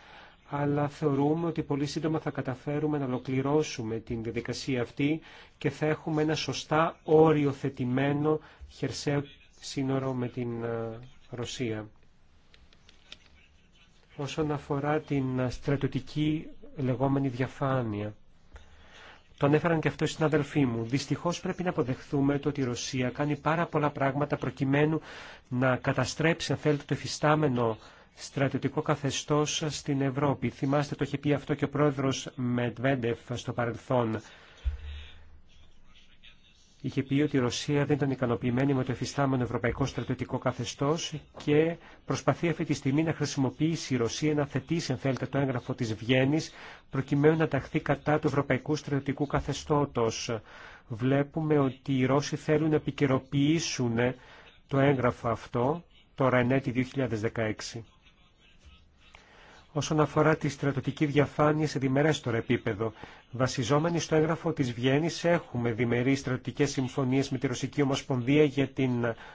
αλλά θεωρούμε ότι πολύ σύντομα θα καταφέρουμε να ολοκληρώσουμε την διαδικασία αυτή και θα έχουμε ένα σωστά όριοθετημένο χερσαίο σύνορο με την ε, Ρωσία. Όσον αφορά την ε, στρατιωτική λεγόμενη διαφάνεια, το ανέφεραν και αυτό οι συναδελφοί μου. Δυστυχώ πρέπει να αποδεχθούμε το ότι η Ρωσία κάνει πάρα πολλά πράγματα προκειμένου να καταστρέψει, αν θέλετε, το εφιστάμενο στρατιωτικό καθεστώς στην Ευρώπη. Θυμάστε το είχε πει αυτό και ο πρόεδρος Μετβέντεφ στο παρελθόν. Είχε πει ότι η Ρωσία δεν ήταν ικανοποιημένη με το εφιστάμενο ευρωπαϊκό στρατιωτικό καθεστώς και προσπαθεί αυτή τη στιγμή να χρησιμοποιήσει η Ρωσία, να θετήσει, αν θέλετε, το έγγραφο της Βιέννη, προκειμένου να ταχθεί κατά του ευρωπαϊκού στρατιωτικού καθεστώτος. Βλέπουμε ότι οι Ρώσοι θέλουν να επικαιροποιήσουν το έγγραφο αυτό, τώρα εν 2016 όσον αφορά τη στρατοτική διαφάνεια σε διμερέστορο επίπεδο. Βασιζόμενοι στο έγγραφο της Βιέννης έχουμε διμερεί στρατιωτικές συμφωνίες με τη Ρωσική Ομοσπονδία για την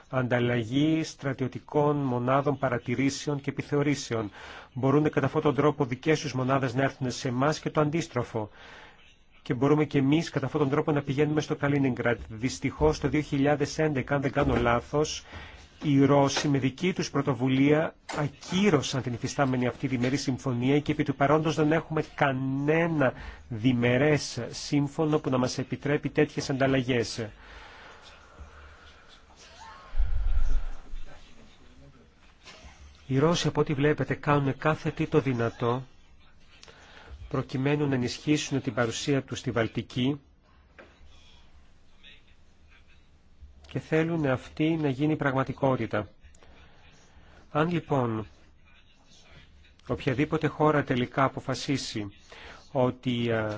ανταλλαγή στρατιωτικών μονάδων παρατηρήσεων και επιθεωρήσεων. Μπορούν κατά αυτόν τον τρόπο δικές τους μονάδες να έρθουν σε εμά και το αντίστροφο. Και μπορούμε και εμείς κατά αυτόν τον τρόπο να πηγαίνουμε στο Καλίνιγκρατ. Δυστυχώς το 2011, αν δεν κάνω λάθος, οι Ρώσοι με δική του πρωτοβουλία ακύρωσαν την υφιστάμενη αυτή διμερή συμφωνία και επί του παρόντος δεν έχουμε κανένα διμερές σύμφωνο που να μας επιτρέπει τέτοιες ανταλλαγές. Οι Ρώσοι από ό,τι βλέπετε κάνουν κάθε τι το δυνατό προκειμένου να ενισχύσουν την παρουσία του στη Βαλτική και θέλουν αυτή να γίνει πραγματικότητα. Αν λοιπόν οποιαδήποτε χώρα τελικά αποφασίσει ότι ε,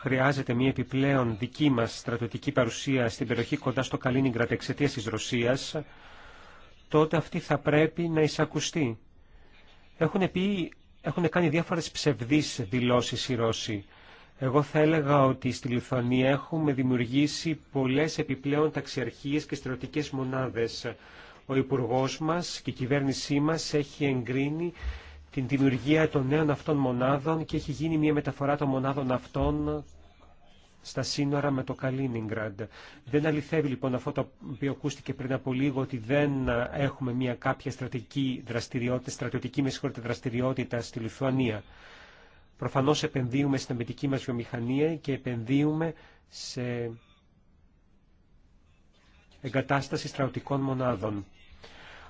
χρειάζεται μια επιπλέον δική μας στρατιωτική παρουσία στην περιοχή κοντά στο Καλίνιγκρατ εξαιτίας της Ρωσίας, τότε αυτή θα πρέπει να εισακουστεί. Έχουν, πει, έχουν κάνει διάφορες ψευδείς δηλώσεις οι Ρώσοι. Εγώ θα έλεγα ότι στη Λιθουανία έχουμε δημιουργήσει πολλές επιπλέον ταξιαρχίες και στρατιωτικές μονάδες. Ο Υπουργός μας και η κυβέρνησή μας έχει εγκρίνει την δημιουργία των νέων αυτών μονάδων και έχει γίνει μια μεταφορά των μονάδων αυτών στα σύνορα με το Καλίνιγκραντ. Δεν αληθεύει λοιπόν αυτό το οποίο ακούστηκε πριν από λίγο ότι δεν έχουμε μια κάποια στρατηγική δραστηριότητα, στρατιωτική με δραστηριότητα στη Λιθουανία. Προφανώς επενδύουμε στην αμυντική μας βιομηχανία και επενδύουμε σε εγκατάσταση στρατιωτικών μονάδων.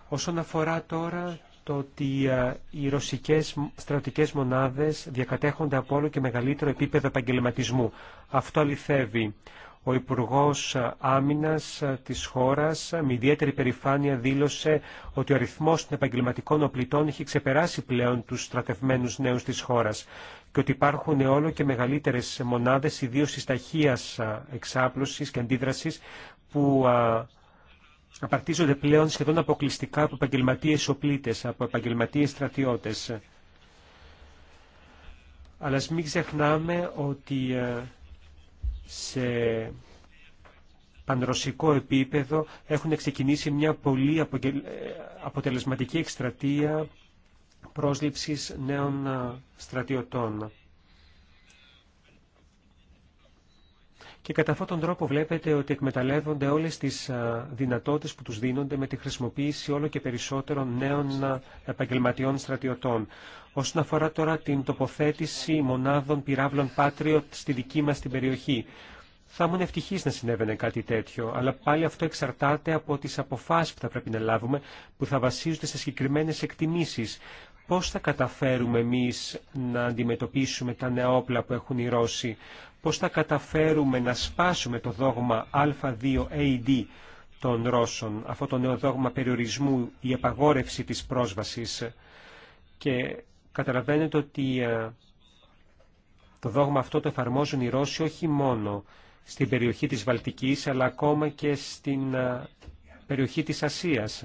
Όσον αφορά τώρα το ότι ε, οι ρωσικές στρατιωτικές μονάδες διακατέχονται από όλο και μεγαλύτερο επίπεδο επαγγελματισμού. Αυτό αληθεύει. Ο Υπουργός Άμυνα της χώρας με ιδιαίτερη περηφάνεια δήλωσε ότι ο αριθμός των επαγγελματικών οπλητών έχει ξεπεράσει πλέον τους στρατευμένου νέους της χώρας και ότι υπάρχουν όλο και μεγαλύτερες μονάδες, ιδίως της ταχείας εξάπλωσης και αντίδρασης, που απαρτίζονται πλέον σχεδόν αποκλειστικά από επαγγελματίε οπλίτες, από επαγγελματίε στρατιώτες. Αλλά μην ξεχνάμε ότι σε πανρωσικό επίπεδο έχουν ξεκινήσει μια πολύ ε, αποτελεσματική εκστρατεία πρόσληψης νέων ε, στρατιωτών. Και κατά αυτόν τον τρόπο βλέπετε ότι εκμεταλλεύονται όλες τις ε, δυνατότητες που τους δίνονται με τη χρησιμοποίηση όλο και περισσότερων νέων ε, επαγγελματιών στρατιωτών. Όσον αφορά τώρα την τοποθέτηση μονάδων πυράβλων Patriot στη δική μας την περιοχή, θα ήμουν ευτυχή να συνέβαινε κάτι τέτοιο, αλλά πάλι αυτό εξαρτάται από τι αποφάσει που θα πρέπει να λάβουμε, που θα βασίζονται σε συγκεκριμένε εκτιμήσει πώς θα καταφέρουμε εμείς να αντιμετωπίσουμε τα νέα όπλα που έχουν οι Ρώσοι, πώς θα καταφέρουμε να σπάσουμε το δόγμα α2AD των Ρώσων, αυτό το νέο δόγμα περιορισμού, η επαγόρευση της πρόσβασης. Και καταλαβαίνετε ότι ε, το δόγμα αυτό το εφαρμόζουν οι Ρώσοι όχι μόνο στην περιοχή της Βαλτικής, αλλά ακόμα και στην ε, περιοχή της Ασίας.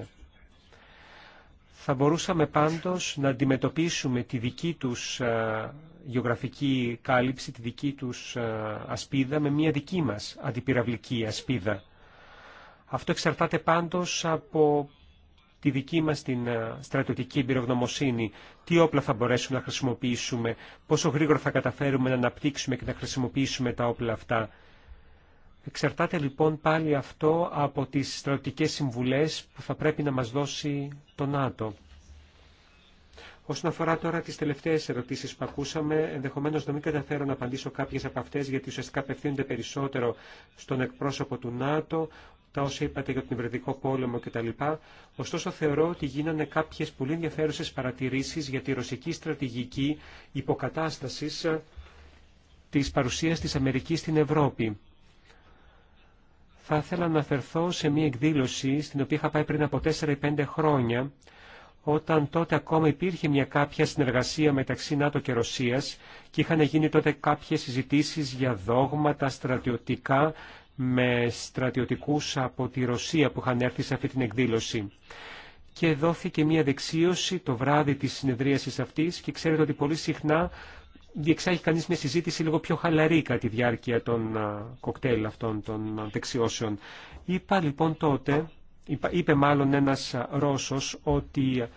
Θα μπορούσαμε πάντως να αντιμετωπίσουμε τη δική τους ε, γεωγραφική κάλυψη, τη δική τους ε, ασπίδα με μια δική μας αντιπυραυλική ασπίδα. Αυτό εξαρτάται πάντως από τη δική μας την ε, στρατιωτική εμπειρογνωμοσύνη, τι όπλα θα μπορέσουμε να χρησιμοποιήσουμε, πόσο γρήγορα θα καταφέρουμε να αναπτύξουμε και να χρησιμοποιήσουμε τα όπλα αυτά. Εξαρτάται λοιπόν πάλι αυτό από τις στρατιωτικές συμβουλές που θα πρέπει να μας δώσει το ΝΑΤΟ. Όσον αφορά τώρα τι τελευταίε ερωτήσει που ακούσαμε, ενδεχομένω να μην καταφέρω να απαντήσω κάποιες από αυτές, γιατί ουσιαστικά απευθύνονται περισσότερο στον εκπρόσωπο του ΝΑΤΟ, τα όσα είπατε για τον Ιβρετικό πόλεμο κτλ. Ωστόσο, θεωρώ ότι γίνανε κάποιες πολύ ενδιαφέρουσε παρατηρήσεις για τη ρωσική στρατηγική υποκατάσταση της παρουσίας τη Αμερική στην Ευρώπη θα ήθελα να αναφερθώ σε μία εκδήλωση στην οποία είχα πάει πριν από 4 ή 5 χρόνια, όταν τότε ακόμα υπήρχε μια κάποια συνεργασία μεταξύ ΝΑΤΟ και Ρωσίας και είχαν γίνει τότε κάποιες συζητήσεις για δόγματα στρατιωτικά με στρατιωτικούς από τη Ρωσία που είχαν έρθει σε αυτή την εκδήλωση. Και δόθηκε μια δεξίωση το βράδυ της συνεδρίασης αυτής και ξέρετε ότι πολύ συχνά διεξάγει κανείς μια συζήτηση λίγο πιο χαλαρή κατά τη διάρκεια των κοκτέιλ αυτών των δεξιώσεων. Είπα λοιπόν τότε, είπε μάλλον ένας Ρώσος ότι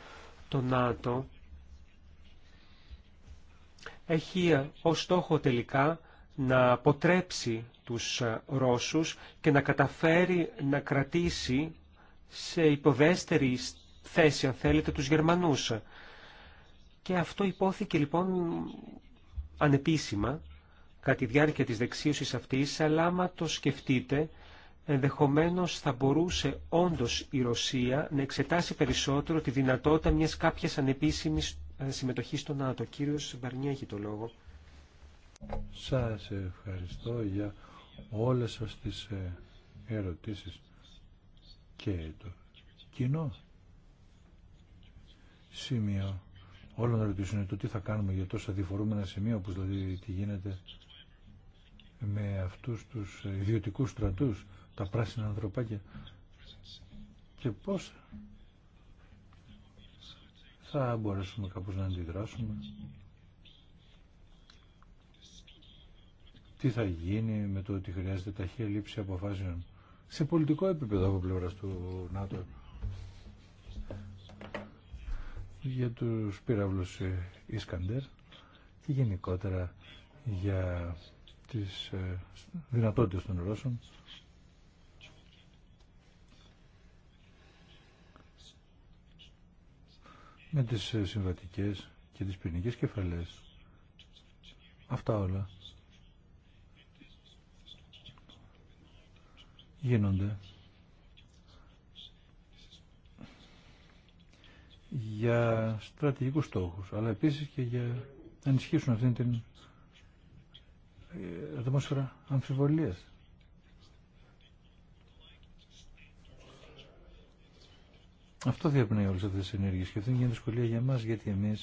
το ΝΑΤΟ έχει ως στόχο τελικά να αποτρέψει τους Ρώσους και να καταφέρει να κρατήσει σε υποδέστερη θέση, αν θέλετε, τους Γερμανούς. Και αυτό υπόθηκε λοιπόν ανεπίσημα κατά τη διάρκεια της δεξίωσης αυτής, αλλά άμα το σκεφτείτε, ενδεχομένως θα μπορούσε όντως η Ρωσία να εξετάσει περισσότερο τη δυνατότητα μιας κάποιας ανεπίσημης ε, συμμετοχής στο ΝΑΤΟ. Κύριος Μπαρνιά έχει το λόγο. Σας ευχαριστώ για όλες σας τις ε, ερωτήσεις και το κοινό σημείο όλων να ρωτήσουν το τι θα κάνουμε για τόσα διφορούμενα σημεία, όπως δηλαδή τι γίνεται με αυτούς τους ιδιωτικούς στρατούς, τα πράσινα ανθρωπάκια και πώς θα μπορέσουμε κάπως να αντιδράσουμε. Τι θα γίνει με το ότι χρειάζεται ταχεία λήψη αποφάσεων σε πολιτικό επίπεδο από πλευρά του ΝΑΤΟ για τους πύραυλους ε, Ισκαντέρ και γενικότερα για τις ε, δυνατότητες των Ρώσων με τις ε, συμβατικές και τις ποινικές κεφαλές. Αυτά όλα γίνονται για στρατηγικού στόχου, αλλά επίση και για να ενισχύσουν αυτήν την ε, ατμόσφαιρα αμφιβολίας. Αυτό διαπνέει όλε αυτέ τι ενέργειε και αυτή είναι μια δυσκολία για μας γιατί εμεί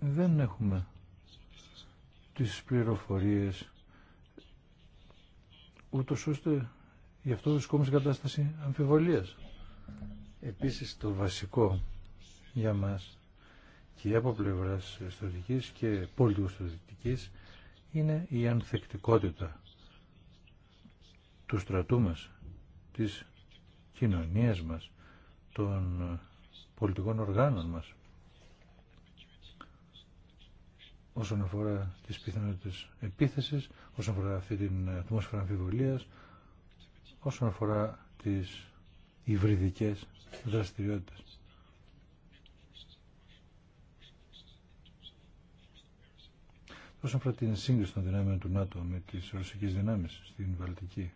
δεν έχουμε τι πληροφορίε, ούτω ώστε γι' αυτό βρισκόμαστε σε κατάσταση αμφιβολίας. Επίσης το βασικό για μας και από πλευράς στρατηγικής και πολιτικοστρατηγικής είναι η ανθεκτικότητα του στρατού μας, της κοινωνίας μας, των πολιτικών οργάνων μας όσον αφορά τις πιθανότητες επίθεσης, όσον αφορά αυτή την ατμόσφαιρα αμφιβολίας, όσον αφορά τις υβριδικές δραστηριότητες. Όσον αφορά την σύγκριση των δυνάμεων του ΝΑΤΟ με τις ρωσικές δυνάμεις στην Βαλτική.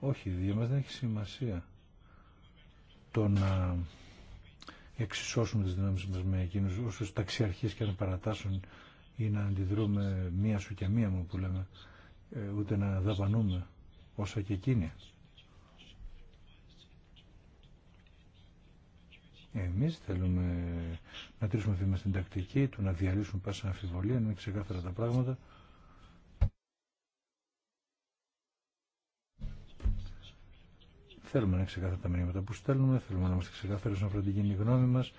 Όχι, για μας δεν έχει σημασία το να εξισώσουμε τις δυνάμεις μας με εκείνους όσους ταξιαρχείς και να παρατάσουν ή να αντιδρούμε μία σου και μία μου που λέμε, ε, ούτε να δαπανούμε όσο και εκείνη. Εμείς θέλουμε να τρίσουμε βήμα στην τακτική του, να διαλύσουμε πάσα αμφιβολία, να είναι ξεκάθαρα τα πράγματα. Θέλουμε να είναι ξεκάθαρα τα μηνύματα που στέλνουμε, θέλουμε να είμαστε ξεκάθαροι όσον αφορά την κοινή γνώμη μας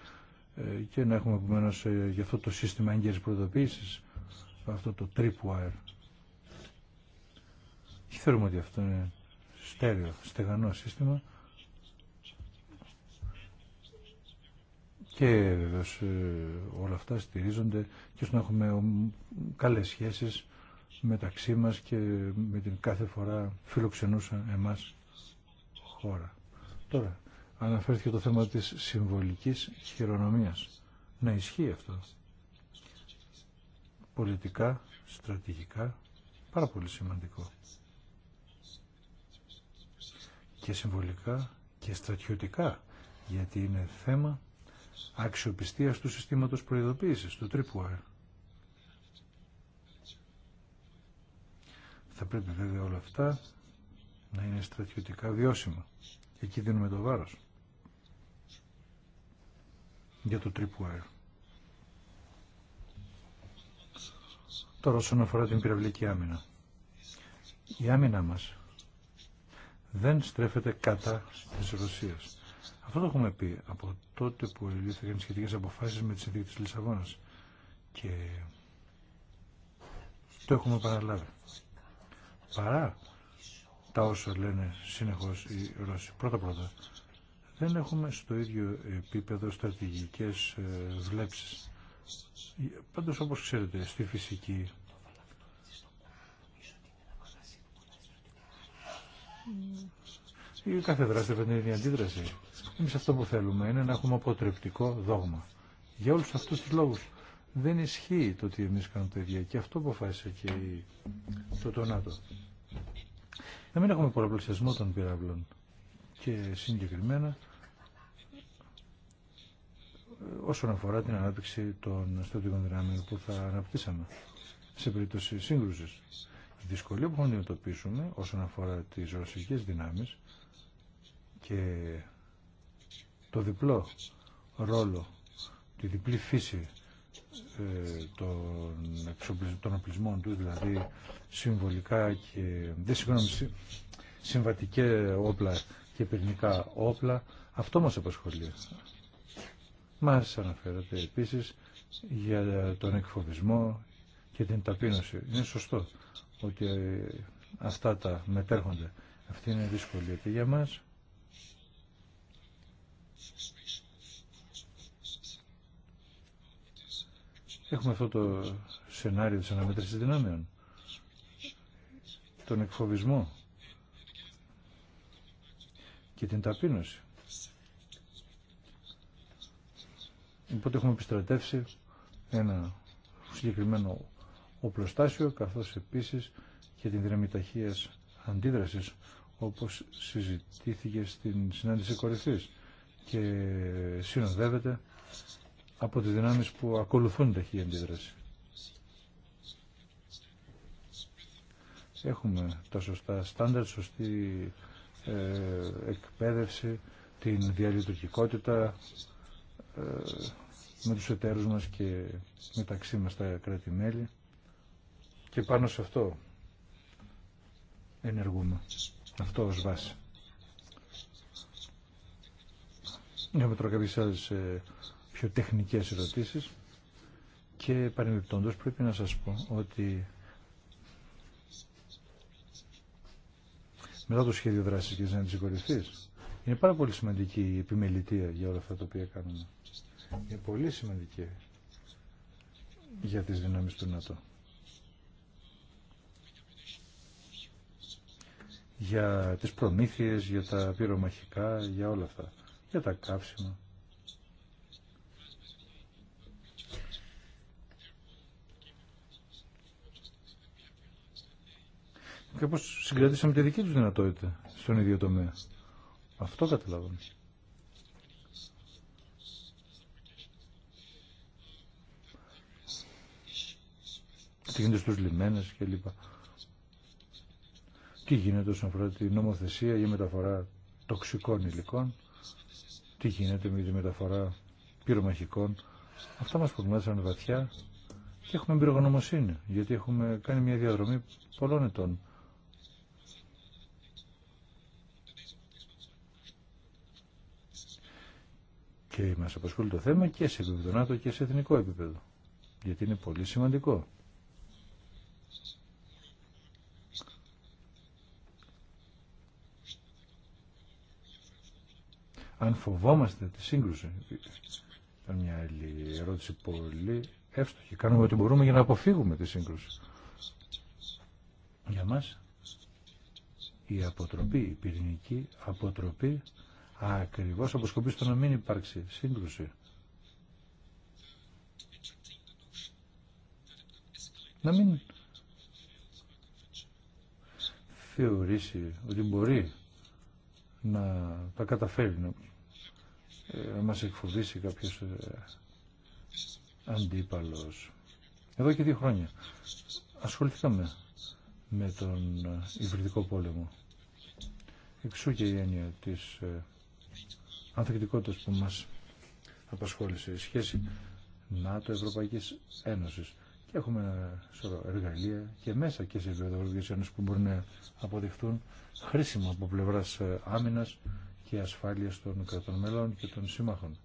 ε, και να έχουμε επομένω ε, γι' αυτό το σύστημα έγκαιρης προειδοποίησης, αυτό το tripwire. Και θεωρούμε ότι αυτό είναι στέρεο, στεγανό σύστημα. Και βεβαίω ε, όλα αυτά στηρίζονται και ώστε να έχουμε ε, καλές σχέσεις μεταξύ μας και με την κάθε φορά φιλοξενούσα εμάς χώρα. Τώρα, αναφέρθηκε το θέμα της συμβολικής χειρονομίας. Να ισχύει αυτό. Πολιτικά, στρατηγικά, πάρα πολύ σημαντικό και συμβολικά και στρατιωτικά, γιατί είναι θέμα αξιοπιστίας του συστήματος προειδοποίησης, του Tripwire. Θα πρέπει βέβαια όλα αυτά να είναι στρατιωτικά βιώσιμα. Εκεί δίνουμε το βάρος για το Tripwire. Τώρα όσον αφορά την πυραυλική άμυνα. Η άμυνα μας δεν στρέφεται κατά τη Ρωσία. Αυτό το έχουμε πει από τότε που ελήφθηκαν οι σχετικές αποφάσεις με τη συνθήκη τη Λισαβόνα. και το έχουμε παραλάβει. Παρά τα όσα λένε συνεχώς οι Ρώσοι. Πρώτα-πρώτα, δεν έχουμε στο ίδιο επίπεδο στρατηγικές ε, βλέψεις. Πάντως, όπως ξέρετε, στη φυσική Η κάθε δράση είναι η αντίδραση. Εμεί αυτό που θέλουμε είναι να έχουμε αποτρεπτικό δόγμα. Για όλου αυτού του λόγου δεν ισχύει το ότι εμεί κάνουμε παιδιά και αυτό αποφάσισε και το, ΤΟΝΑΤΟ Να μην έχουμε πολλαπλασιασμό των πυράβλων και συγκεκριμένα όσον αφορά την ανάπτυξη των στρατιωτικών δυνάμεων που θα αναπτύσσαμε σε περίπτωση σύγκρουση δυσκολία που έχουμε να αντιμετωπίσουμε όσον αφορά τις ρωσικές δυνάμεις και το διπλό ρόλο, τη διπλή φύση ε, των, οπλισμών του, δηλαδή συμβολικά και δεν συγγνώμη, συμβατικέ όπλα και πυρηνικά όπλα, αυτό μας απασχολεί. Μας αναφέρατε επίσης για τον εκφοβισμό και την ταπείνωση. Είναι σωστό ότι αυτά τα μετέρχονται. Αυτή είναι δύσκολη και για μας. Έχουμε αυτό το σενάριο της αναμέτρησης δυνάμεων, τον εκφοβισμό και την ταπείνωση. Οπότε έχουμε επιστρατεύσει ένα συγκεκριμένο οπλοστάσιο καθώς επίσης και την δύναμη ταχείας αντίδρασης όπως συζητήθηκε στην συνάντηση κορυφής και συνοδεύεται από τις δυνάμεις που ακολουθούν ταχεία αντίδραση. Έχουμε τα σωστά στάνταρ, σωστή ε, εκπαίδευση, την διαλειτουργικότητα ε, με τους εταίρους μας και μεταξύ μας τα κράτη-μέλη. Και πάνω σε αυτό ενεργούμε. Αυτό ως βάση. Έχουμε τώρα κάποιες άλλες ε, πιο τεχνικές ερωτήσεις και παρεμπιπτόντως πρέπει να σας πω ότι μετά το σχέδιο δράσης και της κορυφής είναι πάρα πολύ σημαντική η επιμελητία για όλα αυτά τα οποία κάνουμε. Είναι πολύ σημαντική για τις δυνάμεις του ΝΑΤΟ. για τις προμήθειες, για τα πυρομαχικά, για όλα αυτά, για τα καύσιμα. Και πώς συγκρατήσαμε τη δική τους δυνατότητα στον ίδιο τομέα. Αυτό καταλαβαίνω. Τι γίνεται στους λιμένες και λοιπά τι γίνεται όσον αφορά τη νομοθεσία για μεταφορά τοξικών υλικών, τι γίνεται με τη μεταφορά πυρομαχικών. Αυτά μας προβλημάτισαν βαθιά και έχουμε εμπειρογνωμοσύνη, γιατί έχουμε κάνει μια διαδρομή πολλών ετών. Και μας απασχολεί το θέμα και σε επίπεδο ΝΑΤΟ και σε εθνικό επίπεδο, γιατί είναι πολύ σημαντικό. αν φοβόμαστε τη σύγκρουση. Ήταν μια άλλη ερώτηση πολύ εύστοχη. Κάνουμε ό,τι μπορούμε για να αποφύγουμε τη σύγκρουση. Για μας η αποτροπή, η πυρηνική αποτροπή ακριβώς αποσκοπεί στο να μην υπάρξει σύγκρουση. Να μην θεωρήσει ότι μπορεί να τα καταφέρει να, να ε, μας εκφοβήσει κάποιος ε, αντίπαλος. Εδώ και δύο χρόνια ασχοληθήκαμε με τον ε, υβριδικό πόλεμο. Εξού και η έννοια της ανθεκτικότητας που μας απασχόλησε η σχέση ΝΑΤΟ Ευρωπαϊκής Ένωσης. Και έχουμε εργαλεία και μέσα και σε επίπεδο Ευρωπαϊκή που μπορεί να αποδειχθούν χρήσιμα από πλευρά ε, άμυνα και ασφάλεια των κρατών μελών και των σύμμαχων.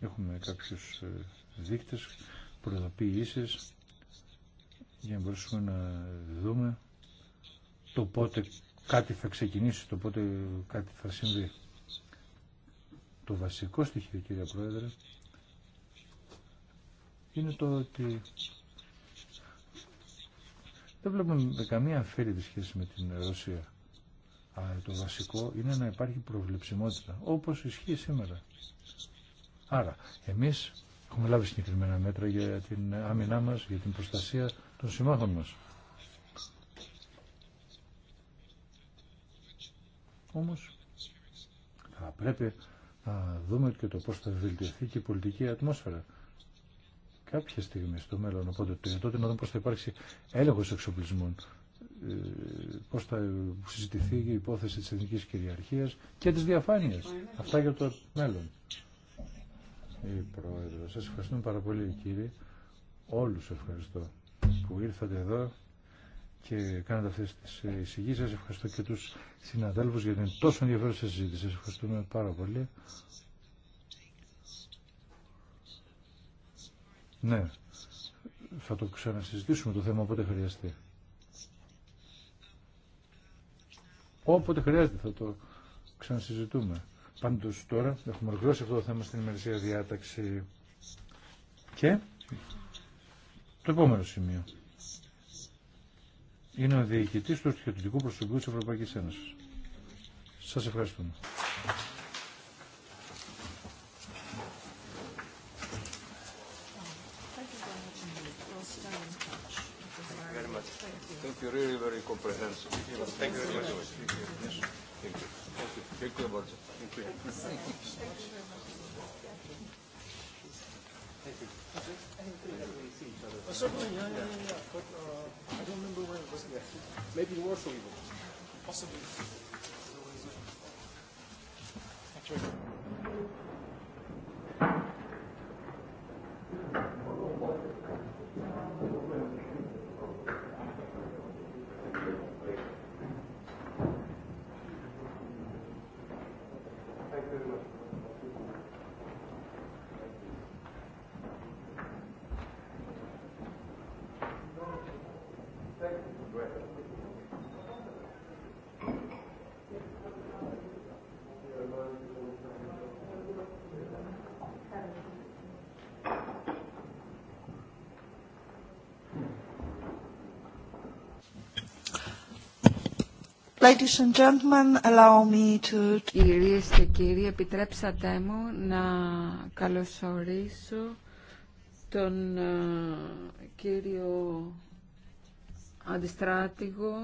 Έχουμε κάποιου ε, δείκτε, προειδοποιήσει για να μπορέσουμε να δούμε το πότε κάτι θα ξεκινήσει, το πότε κάτι θα συμβεί. Το βασικό στοιχείο, κύριε Πρόεδρε, είναι το ότι δεν βλέπουμε καμία αφαίρετη σχέση με την Ρωσία. το βασικό είναι να υπάρχει προβλεψιμότητα, όπως ισχύει σήμερα. Άρα, εμείς έχουμε λάβει συγκεκριμένα μέτρα για την άμυνά μας, για την προστασία των συμμάχων μας. Όμως, θα πρέπει να δούμε και το πώς θα βελτιωθεί και η πολιτική ατμόσφαιρα κάποια στιγμή στο μέλλον. Οπότε το τότε να δούμε πώ θα υπάρξει έλεγχο εξοπλισμών, ε, πώ θα συζητηθεί η υπόθεση τη εθνική κυριαρχία και τη διαφάνεια. Αυτά για το μέλλον. Η ε, Πρόεδρο, σα ευχαριστούμε πάρα πολύ κύριε. Όλου ευχαριστώ που ήρθατε εδώ και κάνατε αυτέ τι ε, εισηγήσει. Σα ευχαριστώ και του συναδέλφου για την τόσο ενδιαφέρουσα συζήτηση. Σα ευχαριστούμε πάρα πολύ. Ναι, θα το ξανασυζητήσουμε το θέμα όποτε χρειαστεί. Όποτε χρειάζεται θα το ξανασυζητούμε. Πάντως τώρα έχουμε ολοκληρώσει αυτό το θέμα στην ημερησία διάταξη και το επόμενο σημείο είναι ο διοικητής του στοιχειωτικού προσωπικού της Ευρωπαϊκής Ένωσης. Σας ευχαριστούμε. really very comprehensive. Thank you very much. Thank you. Thank you. Thank you. Thank you. I don't remember it Maybe Thank you. Possibly. Thank Ladies Κυρίες και κύριοι, επιτρέψατε μου να καλωσορίσω τον ε, κύριο αντιστράτηγο,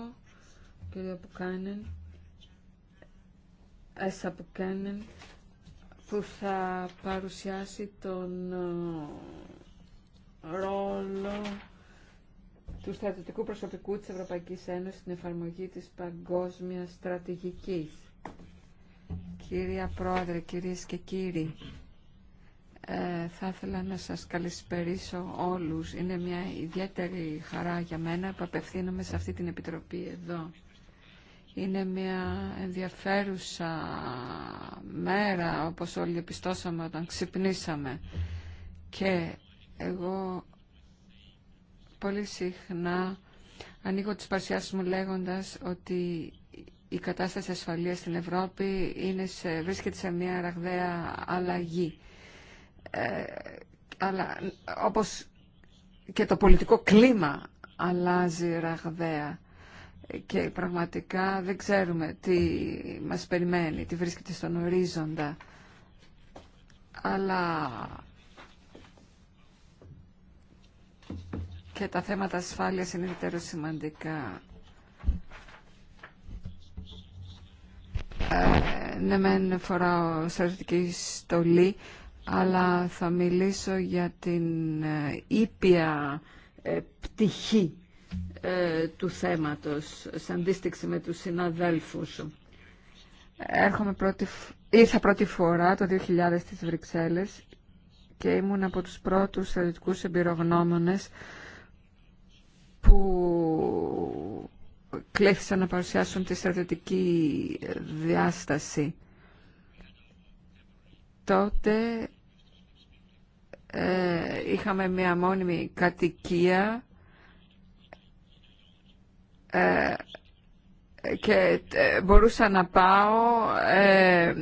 κύριο Αποκάνεν, έσ Πουκάνεν, που θα παρουσιάσει τον ε, ρόλο του στρατιωτικού προσωπικού της Ευρωπαϊκής Ένωσης στην εφαρμογή της παγκόσμιας στρατηγικής. Κυρία Πρόεδρε, κυρίες και κύριοι, ε, θα ήθελα να σας καλησπερίσω όλους. Είναι μια ιδιαίτερη χαρά για μένα που απευθύνομαι σε αυτή την Επιτροπή εδώ. Είναι μια ενδιαφέρουσα μέρα, όπως όλοι επιστώσαμε όταν ξυπνήσαμε. Και εγώ πολύ συχνά ανοίγω τις παρουσιάσεις μου λέγοντας ότι η κατάσταση ασφαλείας στην Ευρώπη είναι σε, βρίσκεται σε μια ραγδαία αλλαγή. Ε, αλλά όπως και το πολιτικό κλίμα αλλάζει ραγδαία και πραγματικά δεν ξέρουμε τι μας περιμένει, τι βρίσκεται στον ορίζοντα. Αλλά και τα θέματα ασφάλειας είναι ιδιαίτερα σημαντικά. Ε, ναι, μεν φοράω στρατιωτική στολή, αλλά θα μιλήσω για την ε, ήπια ε, πτυχή ε, του θέματος, σε αντίστοιξη με τους συναδέλφους. Έρχομαι πρώτη, ήρθα πρώτη φορά το 2000 στις Βρυξέλλες και ήμουν από τους πρώτους στρατιωτικούς εμπειρογνώμονες που κλέθησαν να παρουσιάσουν τη στρατιωτική διάσταση. Τότε ε, είχαμε μία μόνιμη κατοικία ε, και ε, μπορούσα να πάω ε,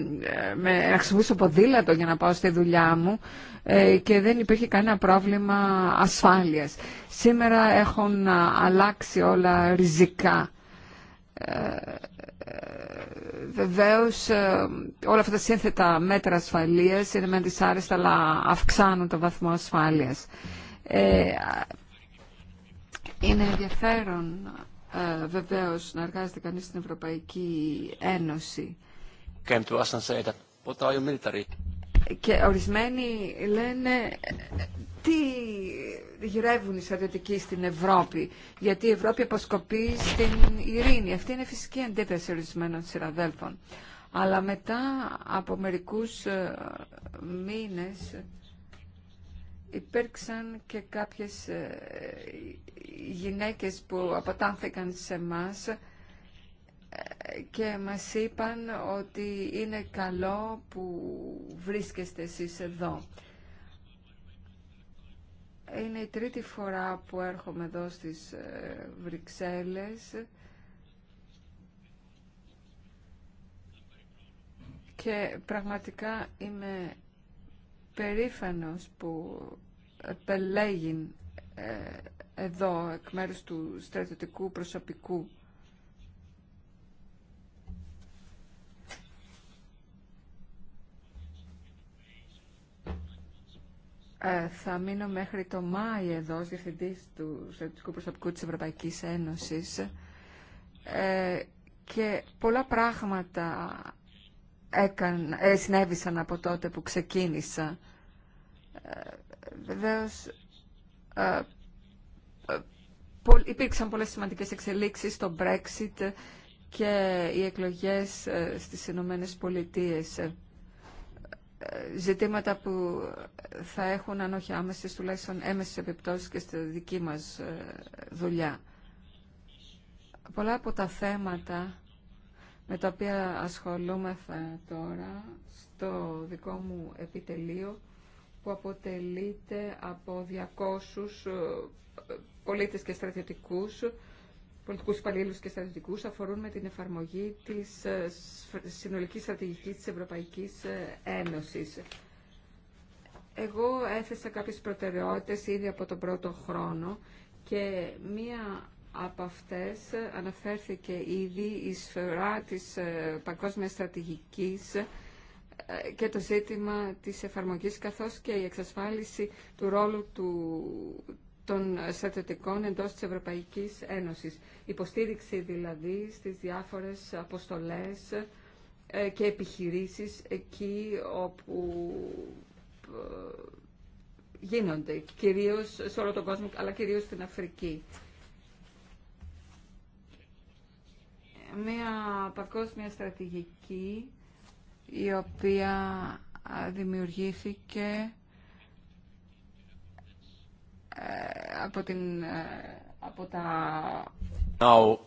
με, να χρησιμοποιήσω ποδήλατο για να πάω στη δουλειά μου ε, και δεν υπήρχε κανένα πρόβλημα ασφάλειας. Σήμερα έχουν αλλάξει όλα ριζικά. Ε, Βεβαίω, όλα αυτά τα σύνθετα μέτρα ασφαλείας είναι με δυσάρεστα αλλά αυξάνουν το βαθμό ασφάλειας. είναι ενδιαφέρον ε, βεβαίως να εργάζεται κανείς στην Ευρωπαϊκή Ένωση. Και ορισμένοι λένε τι γυρεύουν οι στρατιωτικοί στην Ευρώπη, γιατί η Ευρώπη αποσκοπεί στην ειρήνη. Αυτή είναι φυσική αντίθεση ορισμένων συναδέλφων. Αλλά μετά από μερικούς ε, μήνες υπήρξαν και κάποιες ε, γυναίκες που αποτάνθηκαν σε μας ε, και μας είπαν ότι είναι καλό που βρίσκεστε εσείς εδώ. Είναι η τρίτη φορά που έρχομαι εδώ στις ε, Βρυξέλλες και πραγματικά είμαι περήφανος που επελέγει εδώ εκ μέρους του στρατιωτικού προσωπικού. Ε, θα μείνω μέχρι το Μάη εδώ ως Διευθυντής του Στρατιωτικού Προσωπικού της Ευρωπαϊκής Ένωσης ε, και πολλά πράγματα ε, συνέβησαν από τότε που ξεκίνησα Βεβαίως, ε, ε, υπήρξαν πολλές σημαντικές εξελίξεις στο Brexit και οι εκλογές ε, στις Ηνωμένε Πολιτείες. Ζητήματα που θα έχουν, αν όχι άμεσες, τουλάχιστον έμεσες επιπτώσεις και στη δική μας δουλειά. Πολλά από τα θέματα με τα οποία ασχολούμαι τώρα στο δικό μου επιτελείο που αποτελείται από 200 ε, πολίτες και στρατιωτικούς, πολιτικούς υπαλλήλου και στρατιωτικούς, αφορούν με την εφαρμογή της ε, συνολικής στρατηγικής της Ευρωπαϊκής ε, Ένωσης. Εγώ έθεσα κάποιες προτεραιότητες ήδη από τον πρώτο χρόνο και μία από αυτές αναφέρθηκε ήδη η σφαιρά της παγκόσμιας στρατηγικής και το ζήτημα της εφαρμογής καθώς και η εξασφάλιση του ρόλου του, των στρατιωτικών εντός της Ευρωπαϊκής Ένωσης. Υποστήριξη δηλαδή στις διάφορες αποστολές ε, και επιχειρήσεις εκεί όπου ε, γίνονται, κυρίως σε όλο τον κόσμο, αλλά κυρίως στην Αφρική. Μία παγκόσμια στρατηγική η οποία δημιουργήθηκε ε, από την ε, από τα Now,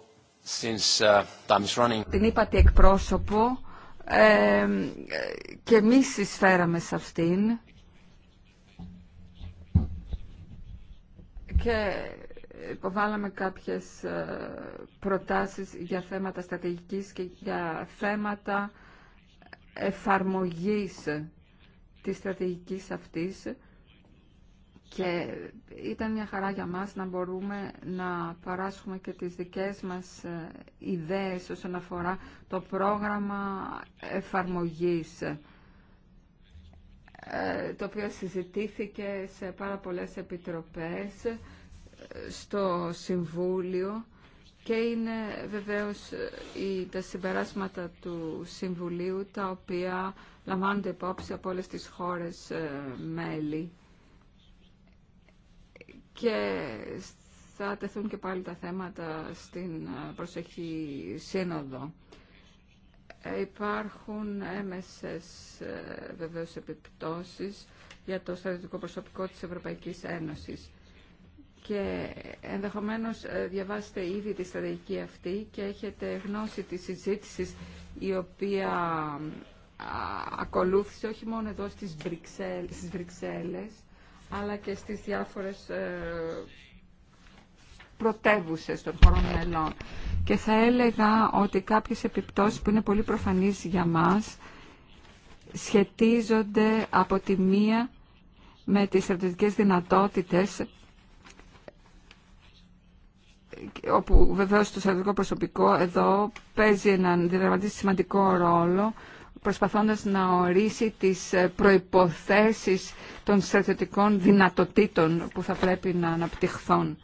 since, uh, running... την είπατε εκπρόσωπο ε, και εμεί εισφέραμε σε αυτήν και υποβάλαμε κάποιες ε, προτάσεις για θέματα στρατηγικής και για θέματα εφαρμογής της στρατηγικής αυτής και ήταν μια χαρά για μας να μπορούμε να παράσχουμε και τις δικές μας ε, ιδέες όσον αφορά το πρόγραμμα εφαρμογής ε, το οποίο συζητήθηκε σε πάρα πολλές επιτροπές ε, στο Συμβούλιο και είναι βεβαίως ε, τα συμπεράσματα του Συμβουλίου τα οποία λαμβάνονται υπόψη από όλες τις χώρες ε, μέλη και θα τεθούν και πάλι τα θέματα στην ε, προσεχή σύνοδο. Υπάρχουν έμεσες βεβαίως επιπτώσεις για το στρατιωτικό προσωπικό της Ευρωπαϊκής Ένωσης και ενδεχομένως ε, διαβάσετε ήδη τη στρατηγική αυτή και έχετε γνώση της συζήτηση η οποία ακολούθησε όχι μόνο εδώ στις Βρυξέλλες, αλλά και στις διάφορες ε, πρωτεύουσε των χωρών μελών. Και θα έλεγα ότι κάποιες επιπτώσεις που είναι πολύ προφανείς για μας σχετίζονται από τη μία με τις στρατιωτικές δυνατότητες όπου βεβαίως το στρατιωτικό προσωπικό εδώ παίζει έναν διδραματίζει σημαντικό ρόλο προσπαθώντας να ορίσει τις προϋποθέσεις των στρατιωτικών δυνατοτήτων που θα πρέπει να αναπτυχθούν.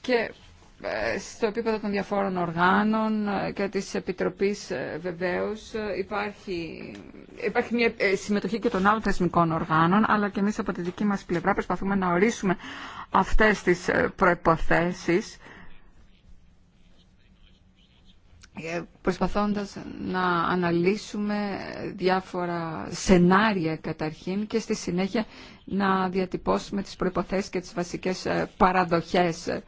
Και ε, στο επίπεδο των διαφόρων οργάνων ε, και της Επιτροπής ε, βεβαίως υπάρχει, υπάρχει μια συμμετοχή και των άλλων θεσμικών οργάνων αλλά και εμείς από τη δική μας πλευρά προσπαθούμε να ορίσουμε αυτές τις προϋποθέσεις ε, προσπαθώντας να αναλύσουμε διάφορα σενάρια καταρχήν και στη συνέχεια να διατυπώσουμε τις προϋποθέσεις και τις βασικές ε, παραδοχές ε,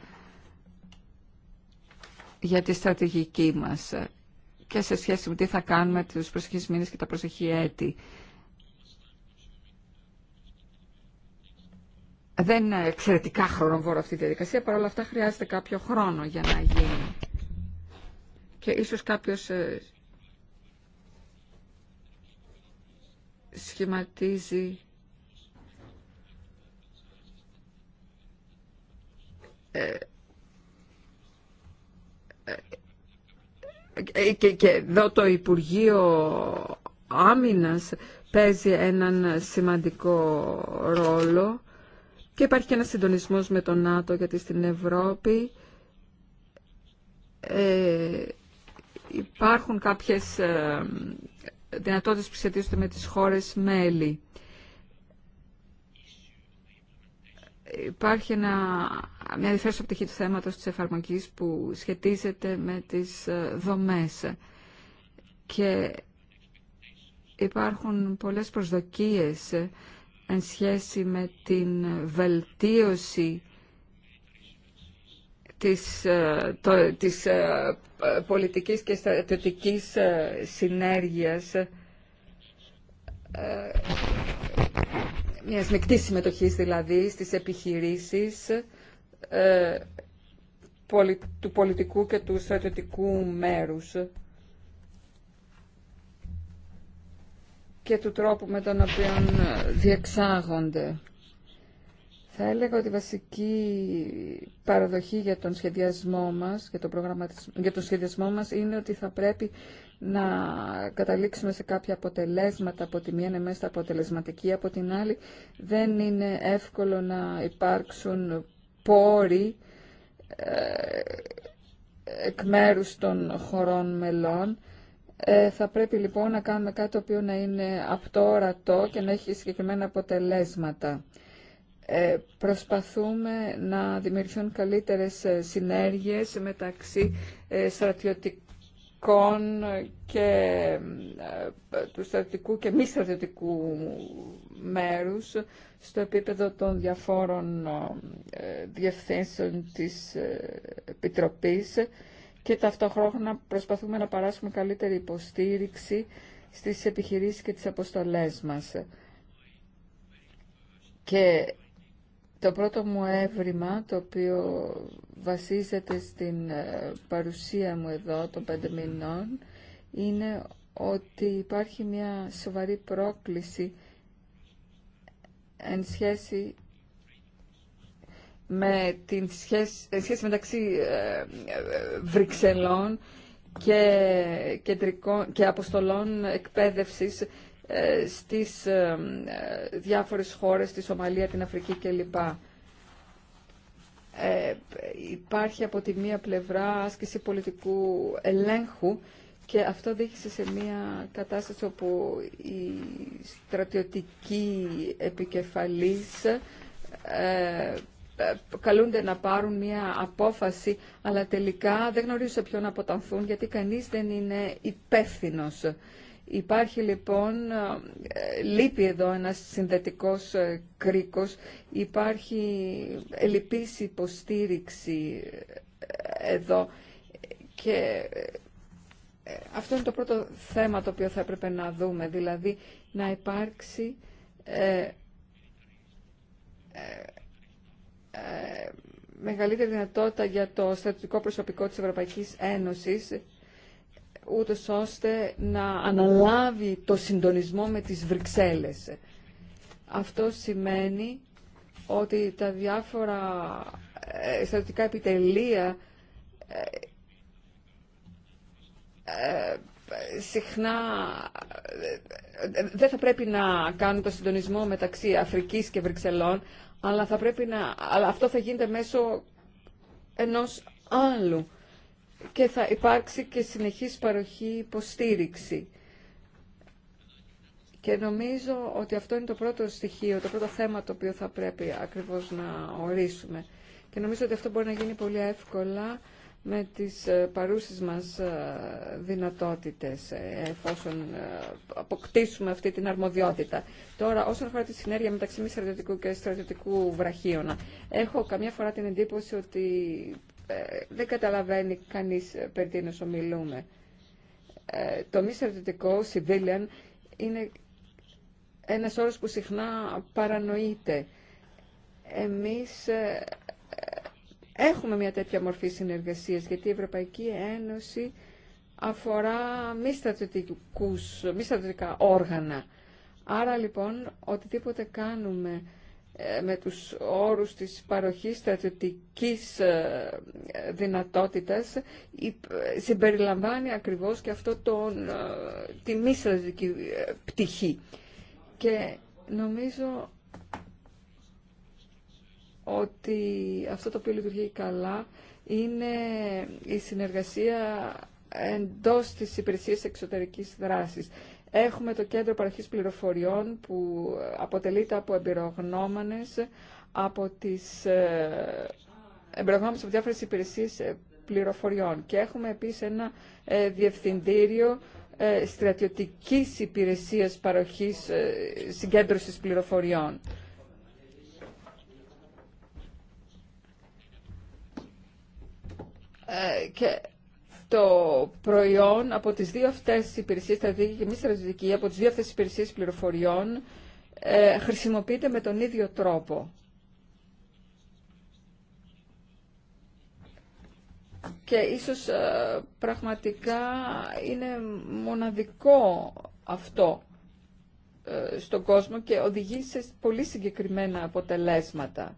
για τη στρατηγική μας και σε σχέση με τι θα κάνουμε τους προσεχείς μήνες και τα προσεχή έτη. Δεν είναι εξαιρετικά χρονοβόρο αυτή η διαδικασία, παρόλα αυτά χρειάζεται κάποιο χρόνο για να γίνει και ίσως κάποιος ε, σχηματίζει ε, ε, και, και εδώ το Υπουργείο Άμυνας παίζει έναν σημαντικό ρόλο και υπάρχει και ένας συντονισμός με τον ΝΑΤΟ γιατί στην Ευρώπη υπάρχουν κάποιες ε, δυνατότητες που σχετίζονται με τις χώρες μέλη. Υπάρχει ένα, μια ενδιαφέρουσα πτυχή του θέματος της εφαρμογής που σχετίζεται με τις ε, δομές και υπάρχουν πολλές προσδοκίες ε, εν σχέση με την βελτίωση της, ε, το, της ε, πολιτικής και στρατιωτικής ε, συνέργειας μιας μεικτής συμμετοχής δηλαδή στις επιχειρήσεις του πολιτικού και του στρατιωτικού μέρους και του τρόπου με τον οποίο διεξάγονται. Θα έλεγα ότι η βασική παραδοχή για τον σχεδιασμό μας, για τον, για τον σχεδιασμό μας είναι ότι θα πρέπει να καταλήξουμε σε κάποια αποτελέσματα από τη μία είναι μέσα αποτελεσματική, από την άλλη δεν είναι εύκολο να υπάρξουν πόροι ε, εκ μέρου των χωρών μελών. Ε, θα πρέπει λοιπόν να κάνουμε κάτι το οποίο να είναι απτόρατο και να έχει συγκεκριμένα αποτελέσματα. Ε, προσπαθούμε να δημιουργηθούν καλύτερες ε, συνέργειες μεταξύ ε, στρατιωτικών και του στρατιωτικού και μη στρατιωτικού μέρους στο επίπεδο των διαφόρων διευθύνσεων της Επιτροπής και ταυτόχρονα προσπαθούμε να παράσουμε καλύτερη υποστήριξη στις επιχειρήσεις και τις αποστολές μας. Και το πρώτο μου έβριμα, το οποίο βασίζεται στην ε, παρουσία μου εδώ των πέντε μηνών, είναι ότι υπάρχει μια σοβαρή πρόκληση εν σχέση με την σχέση, μεταξύ ε, ε, Βρυξελών και, και αποστολών εκπαίδευσης ε, στις ε, ε, διάφορες χώρες, στη Σομαλία, την Αφρική κλπ. υπάρχει από τη μία πλευρά άσκηση πολιτικού ελέγχου και αυτό δείχνει σε μια κατάσταση όπου η στρατιωτική επικεφαλής καλούνται να πάρουν μια απόφαση, αλλά τελικά δεν γνωρίζουν σε ποιον αποτανθούν, γιατί κανείς δεν είναι υπεύθυνος. Υπάρχει λοιπόν, ε, λείπει εδώ ένας συνδετικός ε, κρίκος, υπάρχει λυπής υποστήριξη ε, εδώ και αυτό είναι το πρώτο θέμα το οποίο θα έπρεπε να δούμε, δηλαδή να υπάρξει μεγαλύτερη δυνατότητα για το στρατιωτικό προσωπικό της Ευρωπαϊκής Ένωσης ούτως ώστε να αναλάβει το συντονισμό με τις Βρυξέλλες. Αυτό σημαίνει ότι τα διάφορα ε, στρατιωτικά επιτελεία ε, ε, συχνά δεν θα πρέπει να κάνουν το συντονισμό μεταξύ Αφρικής και Βρυξελών, αλλά, θα πρέπει να, αλλά αυτό θα γίνεται μέσω ενός άλλου και θα υπάρξει και συνεχής παροχή υποστήριξη. Και νομίζω ότι αυτό είναι το πρώτο στοιχείο, το πρώτο θέμα το οποίο θα πρέπει ακριβώς να ορίσουμε. Και νομίζω ότι αυτό μπορεί να γίνει πολύ εύκολα με τις ε, παρούσεις μας ε, δυνατότητες, ε, εφόσον αποκτήσουμε αυτή την αρμοδιότητα. Τώρα, όσον αφορά τη συνέργεια μεταξύ μη στρατιωτικού και στρατιωτικού βραχίωνα, έχω καμιά φορά την εντύπωση ότι ε, δεν καταλαβαίνει κανείς ε, περί τίνος ομιλούμε. Ε, το μη στρατιωτικό, civilian, είναι ένας όρος που συχνά παρανοείται. Εμείς έχουμε μια τέτοια μορφή συνεργασίας, γιατί η Ευρωπαϊκή Ένωση αφορά μη, μη στρατιωτικά όργανα. Άρα λοιπόν, οτιδήποτε κάνουμε με τους όρους της παροχής στρατιωτικής ε, δυνατότητας συμπεριλαμβάνει ακριβώς και αυτό τον, ε, τη μη στρατιωτική ε, πτυχή. Και νομίζω ότι αυτό το οποίο λειτουργεί καλά είναι η συνεργασία εντός της υπηρεσίας εξωτερικής δράσης. Έχουμε το κέντρο παροχής πληροφοριών που αποτελείται από εμπειρογνώμονες, από τις ε, εμπειρογνώμονες από διάφορες υπηρεσίες ε, πληροφοριών. Και έχουμε επίσης ένα ε, διευθυντήριο στρατιωτικής υπηρεσίας παροχής συγκέντρωσης πληροφοριών. και το προϊόν από τις δύο αυτές υπηρεσίες, δική και μη στρατιωτική από τις δύο αυτές υπηρεσίες πληροφοριών, ε, χρησιμοποιείται με τον ίδιο τρόπο. Και ίσως ε, πραγματικά είναι μοναδικό αυτό ε, στον κόσμο και οδηγεί σε πολύ συγκεκριμένα αποτελέσματα.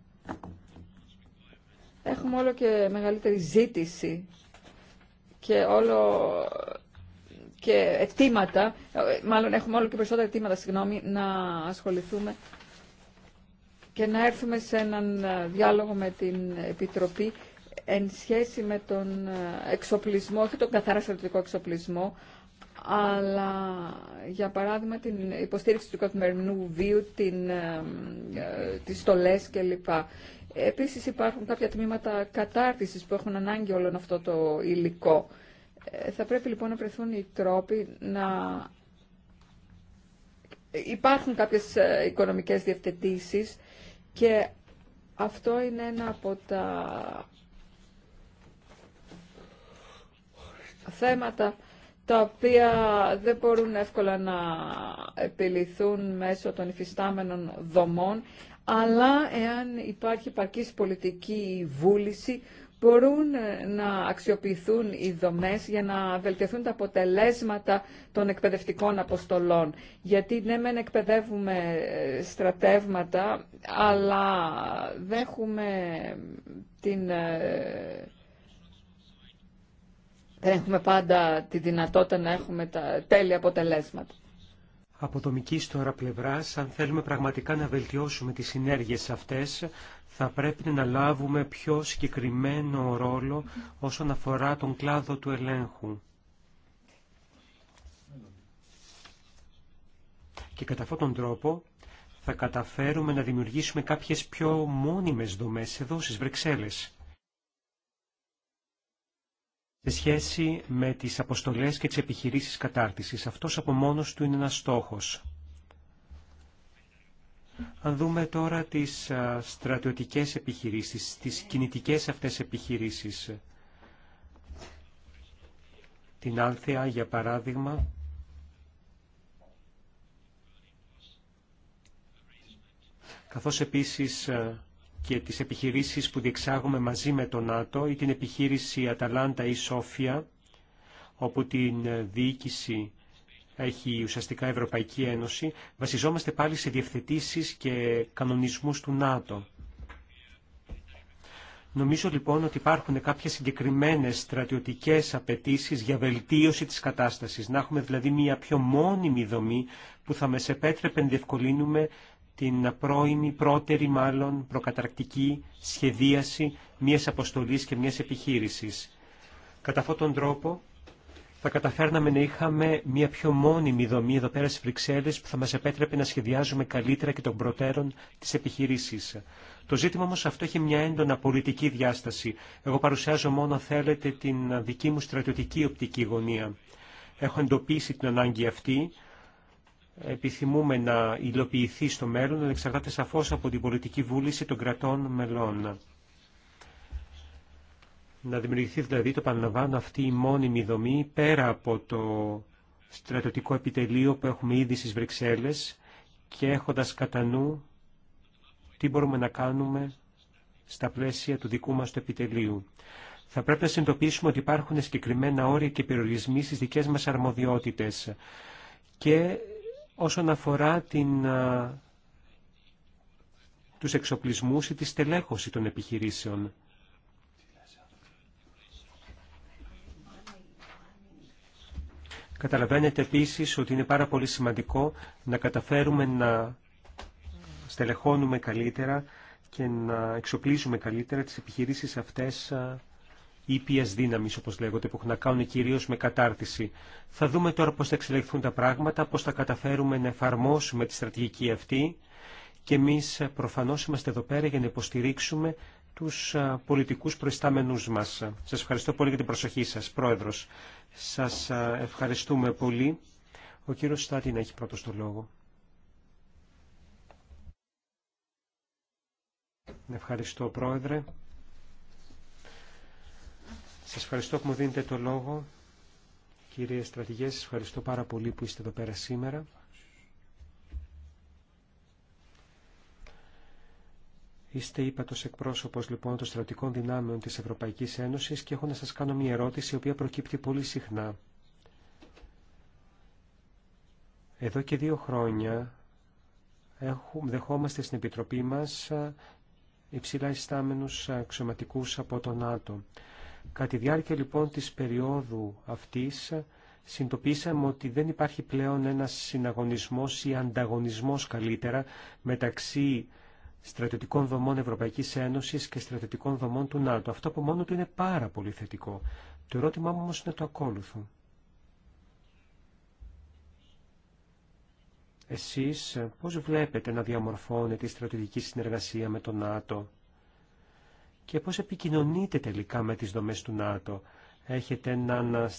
Έχουμε όλο και μεγαλύτερη ζήτηση και όλο και αιτήματα, μάλλον έχουμε όλο και περισσότερα ετήματα, συγγνώμη, να ασχοληθούμε και να έρθουμε σε έναν διάλογο με την Επιτροπή εν σχέση με τον εξοπλισμό, όχι τον καθαρά στρατιωτικό εξοπλισμό, αλλά για παράδειγμα την υποστήριξη του καθημερινού βίου, την, ε, ε, τις στολές κλπ. Επίσης υπάρχουν κάποια τμήματα κατάρτισης που έχουν ανάγκη όλο αυτό το υλικό. Ε, θα πρέπει λοιπόν να βρεθούν οι τρόποι να... Υπάρχουν κάποιες ε, οικονομικές διευθετήσεις και αυτό είναι ένα από τα θέματα τα οποία δεν μπορούν εύκολα να επιληθούν μέσω των υφιστάμενων δομών αλλά εάν υπάρχει παρκής πολιτική βούληση μπορούν ε, να αξιοποιηθούν οι δομές για να βελτιωθούν τα αποτελέσματα των εκπαιδευτικών αποστολών. Γιατί ναι, μεν εκπαιδεύουμε ε, στρατεύματα, αλλά την... Ε, Δεν έχουμε πάντα τη δυνατότητα να έχουμε τα τέλεια αποτελέσματα. Από δομικής τώρα πλευράς, αν θέλουμε πραγματικά να βελτιώσουμε τις συνέργειες αυτές, θα πρέπει να λάβουμε πιο συγκεκριμένο ρόλο όσον αφορά τον κλάδο του ελέγχου. Και κατά αυτόν τον τρόπο θα καταφέρουμε να δημιουργήσουμε κάποιες πιο μόνιμες δομές εδώ στις Βρυξέλλες σε σχέση με τις αποστολές και τις επιχειρήσεις κατάρτισης. Αυτός από μόνος του είναι ένας στόχος. Αν δούμε τώρα τις στρατιωτικές επιχειρήσεις, τις κινητικές αυτές επιχειρήσεις, την Άλθεα, για παράδειγμα, καθώς επίσης και τις επιχειρήσεις που διεξάγουμε μαζί με το ΝΑΤΟ ή την επιχείρηση Αταλάντα ή Σόφια, όπου την διοίκηση έχει η ουσιαστικά Ευρωπαϊκή Ένωση, βασιζόμαστε πάλι σε διευθετήσεις και κανονισμούς του ΝΑΤΟ. Νομίζω λοιπόν ότι υπάρχουν κάποιες συγκεκριμένες στρατιωτικές απαιτήσεις για βελτίωση της κατάστασης. Να έχουμε δηλαδή μια πιο μόνιμη δομή που θα μας επέτρεπε να διευκολύνουμε την πρώιμη, πρώτερη μάλλον προκαταρκτική σχεδίαση μιας αποστολής και μιας επιχείρησης. Κατά αυτόν τον τρόπο θα καταφέρναμε να είχαμε μια πιο μόνιμη δομή εδώ πέρα στις Βρυξέλλες που θα μας επέτρεπε να σχεδιάζουμε καλύτερα και των προτέρων της επιχείρησης. Το ζήτημα όμως αυτό έχει μια έντονα πολιτική διάσταση. Εγώ παρουσιάζω μόνο, θέλετε, την δική μου στρατιωτική οπτική γωνία. Έχω εντοπίσει την ανάγκη αυτή, επιθυμούμε να υλοποιηθεί στο μέλλον εξαρτάται σαφώς από την πολιτική βούληση των κρατών μελών. Να δημιουργηθεί δηλαδή, το παραλαμβάνω, αυτή η μόνιμη δομή πέρα από το στρατιωτικό επιτελείο που έχουμε ήδη στις Βρυξέλλες και έχοντας κατά νου τι μπορούμε να κάνουμε στα πλαίσια του δικού μας του επιτελείου. Θα πρέπει να συνειδητοποιήσουμε ότι υπάρχουν συγκεκριμένα όρια και περιορισμοί στις δικές μας αρμοδιότητες και όσον αφορά την, α, τους εξοπλισμούς ή τη στελέχωση των επιχειρήσεων. Καταλαβαίνετε επίσης ότι είναι πάρα πολύ σημαντικό να καταφέρουμε να στελεχώνουμε καλύτερα και να εξοπλίζουμε καλύτερα τις επιχειρήσεις αυτές ήπια δύναμη, όπω λέγονται, που έχουν να κάνουν κυρίω με κατάρτιση. Θα δούμε τώρα πώ θα εξελιχθούν τα πράγματα, πώ θα καταφέρουμε να εφαρμόσουμε τη στρατηγική αυτή και εμεί ε, προφανώ είμαστε εδώ πέρα για να υποστηρίξουμε του ε, πολιτικού προϊστάμενους μα. Σα ευχαριστώ πολύ για την προσοχή σα, Πρόεδρο. Σα ε, ευχαριστούμε πολύ. Ο κύριο Στάτιν έχει πρώτο το λόγο. Ευχαριστώ, Πρόεδρε. Σας ευχαριστώ που μου δίνετε το λόγο. Κύριε Στρατηγέ, σας ευχαριστώ πάρα πολύ που είστε εδώ πέρα σήμερα. Είστε ύπατο εκπρόσωπο λοιπόν των στρατικών δυνάμεων τη Ευρωπαϊκή Ένωση και έχω να σα κάνω μια ερώτηση η οποία προκύπτει πολύ συχνά. Εδώ και δύο χρόνια έχουμε, δεχόμαστε στην Επιτροπή μας ε, υψηλά ιστάμενους ε, αξιωματικούς από τον ΝΑΤΟ. Κατά τη διάρκεια λοιπόν της περίοδου αυτής συντοπίσαμε ότι δεν υπάρχει πλέον ένας συναγωνισμός ή ανταγωνισμός καλύτερα μεταξύ στρατιωτικών δομών Ευρωπαϊκής Ένωσης και στρατιωτικών δομών του ΝΑΤΟ. Αυτό από μόνο του είναι πάρα πολύ θετικό. Το ερώτημά μου όμως είναι το ακόλουθο. Εσείς πώς βλέπετε να διαμορφώνεται η στρατιωτική συνεργασία με το ΝΑΤΟ και πώς επικοινωνείτε τελικά με τις δομές του ΝΑΤΟ. Έχετε ένα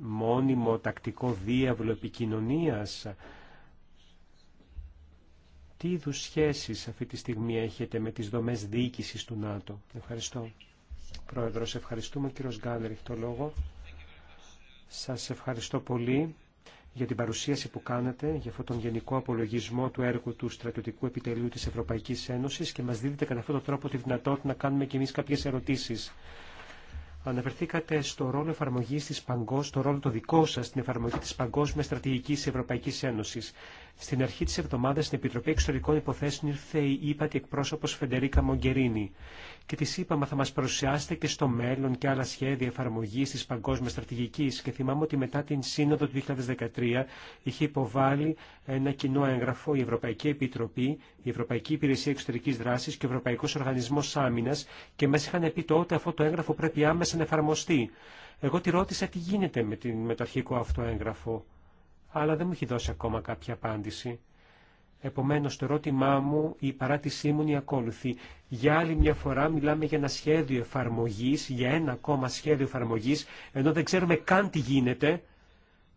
μόνιμο τακτικό διάβλο επικοινωνίας. Τι είδου σχέσεις αυτή τη στιγμή έχετε με τις δομές διοίκησης του ΝΑΤΟ. Ευχαριστώ. Πρόεδρος, ευχαριστούμε. Κύριος Γκάλερ, έχει το λόγο. Σας ευχαριστώ πολύ για την παρουσίαση που κάνατε για αυτόν τον γενικό απολογισμό του έργου του στρατιωτικού επιτελείου της Ευρωπαϊκής Ένωσης και μας δίδεται κατά αυτόν τον τρόπο τη δυνατότητα να κάνουμε κι εμείς κάποιες ερωτήσεις. Αναφερθήκατε στο ρόλο εφαρμογή της παγκόσμια, στο ρόλο το δικό σα στην εφαρμογή τη παγκόσμια στρατηγική Ευρωπαϊκή Ένωση. Στην αρχή τη εβδομάδα στην Επιτροπή Εξωτερικών Υποθέσεων ήρθε η ύπατη εκπρόσωπο Φεντερίκα Μογκερίνη και τη είπαμε θα μα παρουσιάσετε και στο μέλλον και άλλα σχέδια εφαρμογή τη παγκόσμια στρατηγική. Και θυμάμαι ότι μετά την Σύνοδο του 2013 είχε υποβάλει ένα κοινό έγγραφο η Ευρωπαϊκή Επιτροπή, η Ευρωπαϊκή Υπηρεσία Εξωτερική Δράση και ο Ευρωπαϊκό Οργανισμό Άμυνα και μα είχαν πει τότε αυτό το έγγραφο πρέπει άμεσα να εφαρμοστεί. Εγώ τη ρώτησα τι γίνεται με, με το αρχικό αυτό έγγραφο αλλά δεν μου έχει δώσει ακόμα κάποια απάντηση. Επομένως το ερώτημά μου, η παράτησή μου είναι η ακόλουθη. Για άλλη μια φορά μιλάμε για ένα σχέδιο εφαρμογής, για ένα ακόμα σχέδιο εφαρμογής, ενώ δεν ξέρουμε καν τι γίνεται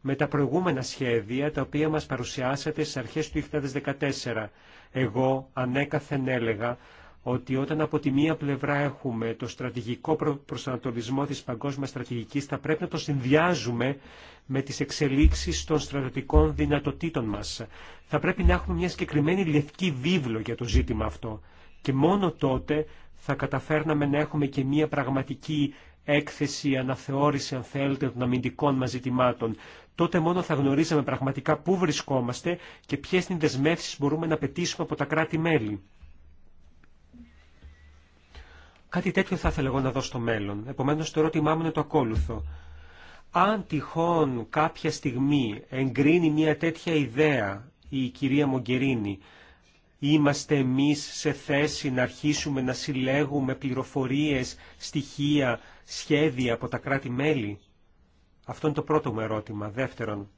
με τα προηγούμενα σχέδια τα οποία μας παρουσιάσατε στις αρχές του 2014. Εγώ ανέκαθεν έλεγα ότι όταν από τη μία πλευρά έχουμε το στρατηγικό προσανατολισμό της παγκόσμιας στρατηγικής θα πρέπει να το συνδυάζουμε με τις εξελίξεις των στρατιωτικών δυνατοτήτων μας. Θα πρέπει να έχουμε μια συγκεκριμένη λευκή βίβλο για το ζήτημα αυτό. Και μόνο τότε θα καταφέρναμε να έχουμε και μια πραγματική έκθεση, αναθεώρηση αν θέλετε των αμυντικών μας ζητημάτων. Τότε μόνο θα γνωρίζαμε πραγματικά πού βρισκόμαστε και ποιες είναι δεσμεύσεις μπορούμε να πετύσουμε από τα κράτη-μέλη. Κάτι τέτοιο θα ήθελα εγώ να δω στο μέλλον. Επομένω, το ερώτημά μου είναι το ακόλουθο. Αν τυχόν κάποια στιγμή εγκρίνει μια τέτοια ιδέα η κυρία Μογκερίνη, είμαστε εμείς σε θέση να αρχίσουμε να συλλέγουμε πληροφορίες, στοιχεία, σχέδια από τα κράτη-μέλη. Αυτό είναι το πρώτο μου ερώτημα. Δεύτερον,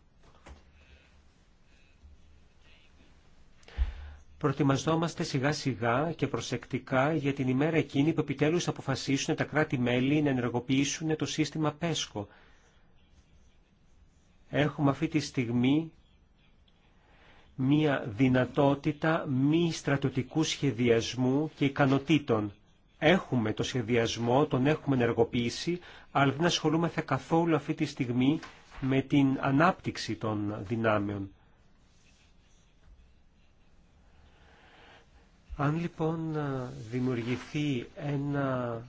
Προετοιμαζόμαστε σιγά σιγά και προσεκτικά για την ημέρα εκείνη που επιτέλους αποφασίσουν τα κράτη-μέλη να ενεργοποιήσουν το σύστημα ΠΕΣΚΟ, έχουμε αυτή τη στιγμή μία δυνατότητα μη στρατιωτικού σχεδιασμού και ικανοτήτων. Έχουμε το σχεδιασμό, τον έχουμε ενεργοποιήσει, αλλά δεν ασχολούμαστε καθόλου αυτή τη στιγμή με την ανάπτυξη των δυνάμεων. Αν λοιπόν δημιουργηθεί ένα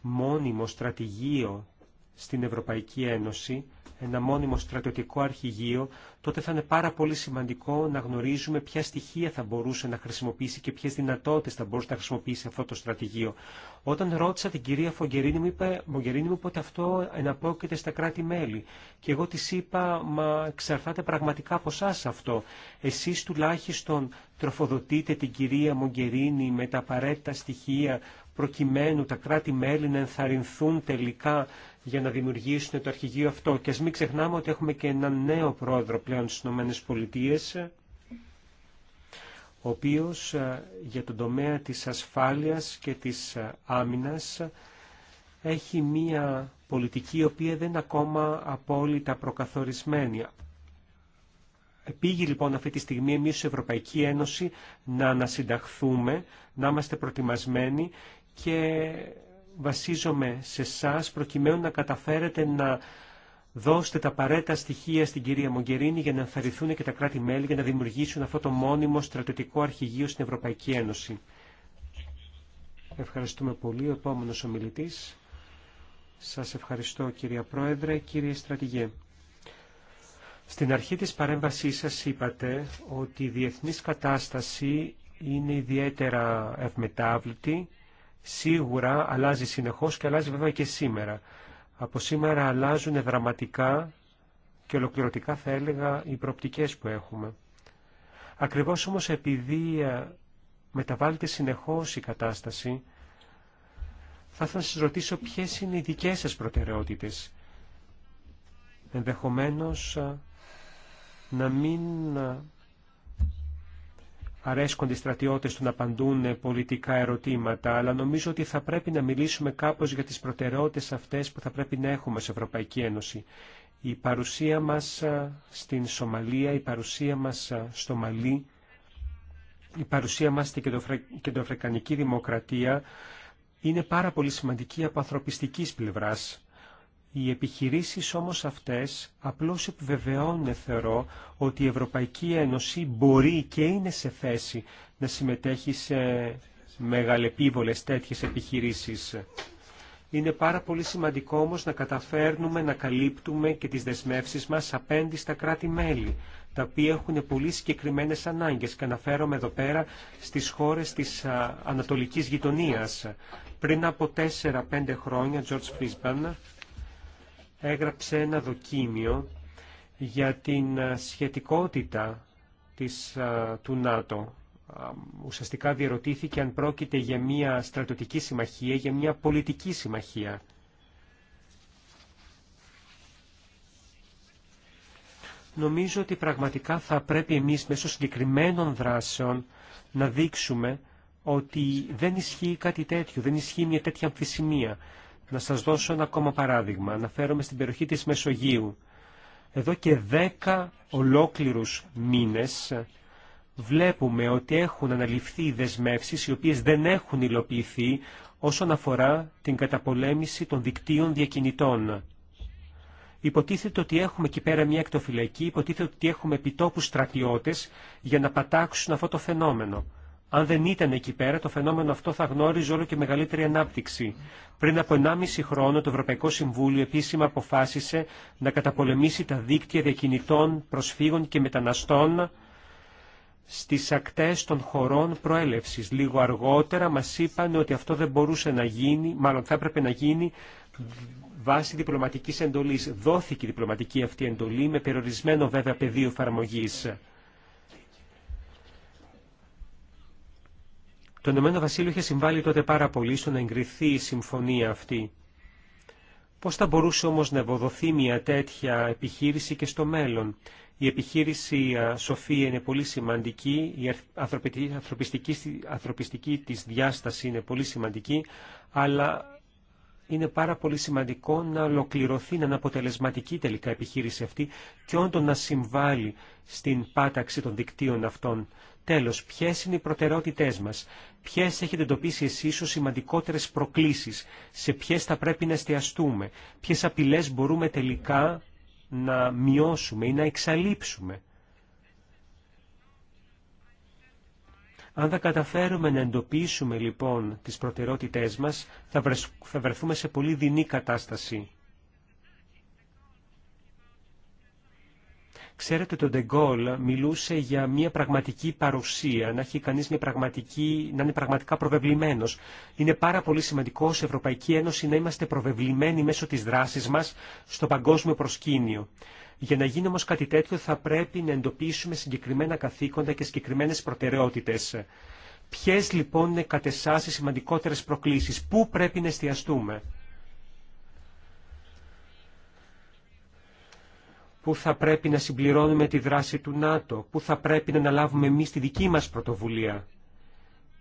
μόνιμο στρατηγείο στην Ευρωπαϊκή Ένωση, ένα μόνιμο στρατιωτικό αρχηγείο, τότε θα είναι πάρα πολύ σημαντικό να γνωρίζουμε ποια στοιχεία θα μπορούσε να χρησιμοποιήσει και ποιε δυνατότητε θα μπορούσε να χρησιμοποιήσει αυτό το στρατηγείο. Όταν ρώτησα την κυρία Φογκερίνη, μου είπε, Μογκερίνη μου πότε ότι αυτό εναπόκειται στα κράτη-μέλη. Και εγώ τη είπα, μα εξαρτάται πραγματικά από εσά αυτό. Εσεί τουλάχιστον τροφοδοτείτε την κυρία Μογκερίνη με τα απαραίτητα στοιχεία προκειμένου τα κράτη-μέλη να ενθαρρυνθούν τελικά για να δημιουργήσουν το αρχηγείο αυτό. Και α μην ξεχνάμε ότι έχουμε και έναν νέο πρόεδρο πλέον στις ΗΠΑ, ο οποίο ε, για τον τομέα της ασφάλειας και της ε, άμυνας έχει μία πολιτική η οποία δεν είναι ακόμα απόλυτα προκαθορισμένη. Πήγε λοιπόν αυτή τη στιγμή εμείς η Ευρωπαϊκή Ένωση να ανασυνταχθούμε, να είμαστε προετοιμασμένοι και βασίζομαι σε εσά προκειμένου να καταφέρετε να δώσετε τα απαραίτητα στοιχεία στην κυρία Μογκερίνη για να ενθαρρυνθούν και τα κράτη-μέλη για να δημιουργήσουν αυτό το μόνιμο στρατιωτικό αρχηγείο στην Ευρωπαϊκή Ένωση. Ευχαριστούμε πολύ. Ο επόμενο ομιλητή. Σα ευχαριστώ κυρία Πρόεδρε, κύριε Στρατηγέ. Στην αρχή της παρέμβασής σας είπατε ότι η διεθνής κατάσταση είναι ιδιαίτερα ευμετάβλητη σίγουρα αλλάζει συνεχώς και αλλάζει βέβαια και σήμερα. Από σήμερα αλλάζουν δραματικά και ολοκληρωτικά θα έλεγα οι προοπτικές που έχουμε. Ακριβώς όμως επειδή ε, μεταβάλλεται συνεχώς η κατάσταση, θα ήθελα να σας ρωτήσω ποιες είναι οι δικές σας προτεραιότητες. Ενδεχομένως ε, να μην ε, αρέσκονται οι στρατιώτες του να απαντούν πολιτικά ερωτήματα, αλλά νομίζω ότι θα πρέπει να μιλήσουμε κάπως για τις προτεραιότητες αυτές που θα πρέπει να έχουμε σε Ευρωπαϊκή Ένωση. Η παρουσία μας στην Σομαλία, η παρουσία μας στο Μαλί, η παρουσία μας στην Κεντροαφρικανική Δημοκρατία είναι πάρα πολύ σημαντική από ανθρωπιστικής πλευράς. Οι επιχειρήσεις όμως αυτές απλώς επιβεβαιώνουν, θεωρώ, ότι η Ευρωπαϊκή Ένωση μπορεί και είναι σε θέση να συμμετέχει σε μεγαλεπίβολες τέτοιες επιχειρήσεις. Είναι πάρα πολύ σημαντικό όμως να καταφέρνουμε να καλύπτουμε και τις δεσμεύσεις μας απέντη στα κράτη-μέλη, τα οποία έχουν πολύ συγκεκριμένες ανάγκες και αναφέρομαι εδώ πέρα στις χώρες της Ανατολικής Γειτονίας. Πριν από 4-5 χρόνια, George Frisbane έγραψε ένα δοκίμιο για την ε, σχετικότητα της, ε, του ΝΑΤΟ. Ουσιαστικά διερωτήθηκε αν πρόκειται για μια στρατιωτική συμμαχία, για μια πολιτική συμμαχία. Νομίζω ότι πραγματικά θα πρέπει εμείς μέσω συγκεκριμένων δράσεων να δείξουμε ότι δεν ισχύει κάτι τέτοιο, δεν ισχύει μια τέτοια αμφισημία. Να σας δώσω ένα ακόμα παράδειγμα. Αναφέρομαι στην περιοχή της Μεσογείου. Εδώ και δέκα ολόκληρους μήνες βλέπουμε ότι έχουν αναλυφθεί δεσμεύσεις οι οποίες δεν έχουν υλοποιηθεί όσον αφορά την καταπολέμηση των δικτύων διακινητών. Υποτίθεται ότι έχουμε εκεί πέρα μια εκτοφυλακή, υποτίθεται ότι έχουμε επιτόπου στρατιώτες για να πατάξουν αυτό το φαινόμενο. Αν δεν ήταν εκεί πέρα, το φαινόμενο αυτό θα γνώριζε όλο και μεγαλύτερη ανάπτυξη. Πριν από 1,5 χρόνο, το Ευρωπαϊκό Συμβούλιο επίσημα αποφάσισε να καταπολεμήσει τα δίκτυα διακινητών προσφύγων και μεταναστών στις ακτές των χωρών προέλευσης. Λίγο αργότερα μας είπαν ότι αυτό δεν μπορούσε να γίνει, μάλλον θα έπρεπε να γίνει βάσει διπλωματικής εντολής. Δόθηκε η διπλωματική αυτή εντολή με περιορισμένο βέβαια πεδίο εφαρμογή. Το Ηνωμένο Βασίλειο είχε συμβάλει τότε πάρα πολύ στο να εγκριθεί η συμφωνία αυτή. Πώς θα μπορούσε όμως να ευοδοθεί μια τέτοια επιχείρηση και στο μέλλον. Η επιχείρηση Σοφία είναι πολύ σημαντική, η ανθρωπιστική, ανθρωπιστική της διάσταση είναι πολύ σημαντική, αλλά είναι πάρα πολύ σημαντικό να ολοκληρωθεί, να είναι αποτελεσματική τελικά επιχείρηση αυτή και όντω να συμβάλλει στην πάταξη των δικτύων αυτών. Τέλος, ποιες είναι οι προτεραιότητές μας, ποιες έχετε εντοπίσει εσείς ως σημαντικότερες προκλήσεις, σε ποιες θα πρέπει να εστιαστούμε, ποιες απειλές μπορούμε τελικά να μειώσουμε ή να εξαλείψουμε. Αν θα καταφέρουμε να εντοπίσουμε λοιπόν τις προτεραιότητές μας, θα βρεθούμε σε πολύ δεινή κατάσταση. Ξέρετε, τον Ντεγκόλ μιλούσε για μια πραγματική παρουσία, να έχει κανείς μια πραγματική, να είναι πραγματικά προβεβλημένος. Είναι πάρα πολύ σημαντικό ως Ευρωπαϊκή Ένωση να είμαστε προβεβλημένοι μέσω της δράσης μας στο παγκόσμιο προσκήνιο. Για να γίνει όμως κάτι τέτοιο θα πρέπει να εντοπίσουμε συγκεκριμένα καθήκοντα και συγκεκριμένες προτεραιότητες. Ποιες λοιπόν είναι κατ' εσάς οι σημαντικότερες προκλήσεις, πού πρέπει να εστιαστούμε. πού θα πρέπει να συμπληρώνουμε τη δράση του ΝΑΤΟ, πού θα πρέπει να αναλάβουμε εμεί τη δική μας πρωτοβουλία.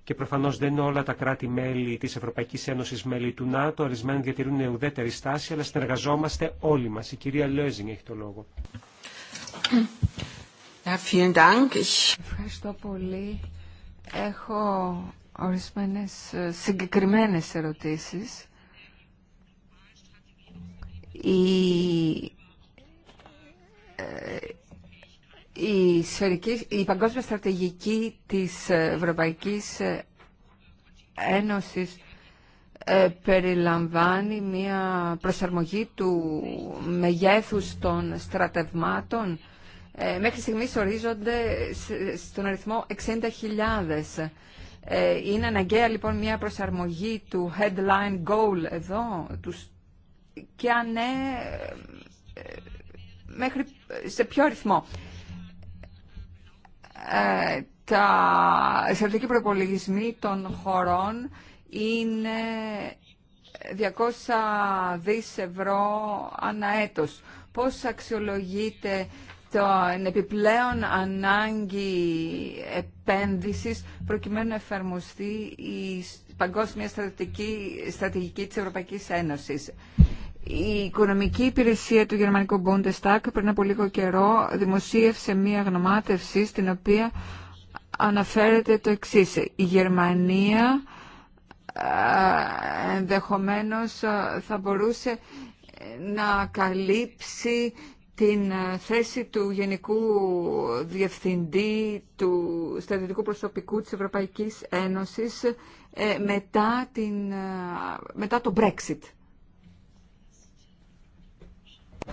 Και προφανώς δεν είναι όλα τα κράτη-μέλη της Ευρωπαϊκής Ένωσης μέλη του ΝΑΤΟ, ορισμένα διατηρούν ουδέτερη στάση, αλλά συνεργαζόμαστε όλοι μας. Η κυρία Λέζινγκ έχει το λόγο. Ευχαριστώ πολύ. Έχω ορισμένες ε, συγκεκριμένες ερωτήσεις η, σφαιρική, η παγκόσμια στρατηγική της Ευρωπαϊκής Ένωσης ε, περιλαμβάνει μια προσαρμογή του μεγέθους των στρατευμάτων. Ε, μέχρι στιγμής ορίζονται στον αριθμό 60.000. Ε, είναι αναγκαία λοιπόν μια προσαρμογή του headline goal εδώ, τους, και αν ναι, μέχρι σε ποιο αριθμό. Ε, τα στρατικοί προπολογισμοί των χωρών είναι 200 δις ευρώ ανά έτος. Πώς αξιολογείται το επιπλέον ανάγκη επένδυσης προκειμένου να εφαρμοστεί η παγκόσμια στρατηγική, στρατηγική της Ευρωπαϊκής Ένωσης. Η οικονομική υπηρεσία του γερμανικού Bundestag πριν από λίγο καιρό δημοσίευσε μία γνωμάτευση στην οποία αναφέρεται το εξή. Η Γερμανία ε, ενδεχομένως ε, θα μπορούσε ε, να καλύψει την θέση του Γενικού Διευθυντή του Στρατιωτικού Προσωπικού της Ευρωπαϊκής Ένωσης μετά, μετά το Brexit.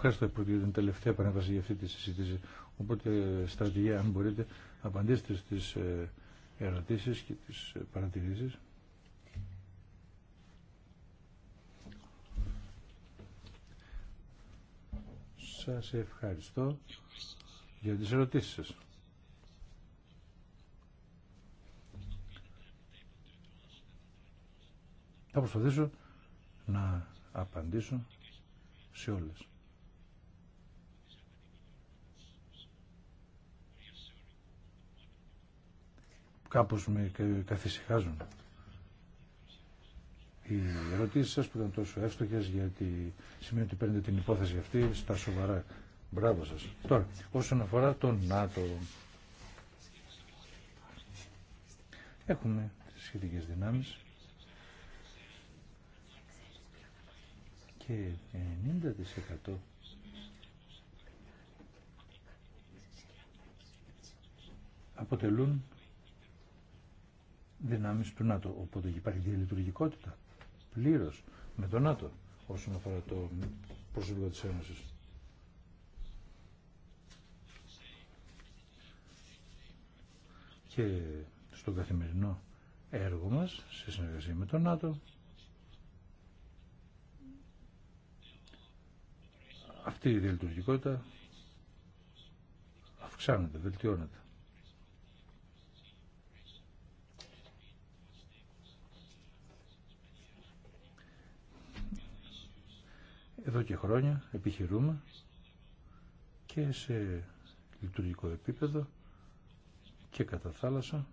Ευχαριστώ για την τελευταία παρέμβαση για αυτή τη συζήτηση. Οπότε, στρατηγία, αν μπορείτε, απαντήστε στις ε, ερωτήσεις και τις ε, παρατηρήσεις. Σας ευχαριστώ για τις ερωτήσεις σας. Θα προσπαθήσω να απαντήσω σε όλες. κάπως με καθησυχάζουν. Οι ερωτήσεις σας που ήταν τόσο εύστοχες γιατί σημαίνει ότι παίρνετε την υπόθεση αυτή στα σοβαρά. Μπράβο σας. Τώρα, όσον αφορά τον ΝΑΤΟ, έχουμε τις σχετικές δυνάμεις και 90% αποτελούν δυνάμεις του ΝΑΤΟ. Οπότε υπάρχει διαλειτουργικότητα πλήρω με το ΝΑΤΟ όσον αφορά το προσωπικό της Ένωσης. Και στο καθημερινό έργο μας, σε συνεργασία με το ΝΑΤΟ, αυτή η διαλειτουργικότητα αυξάνεται, βελτιώνεται. Εδώ και χρόνια επιχειρούμε και σε λειτουργικό επίπεδο και κατά θάλασσα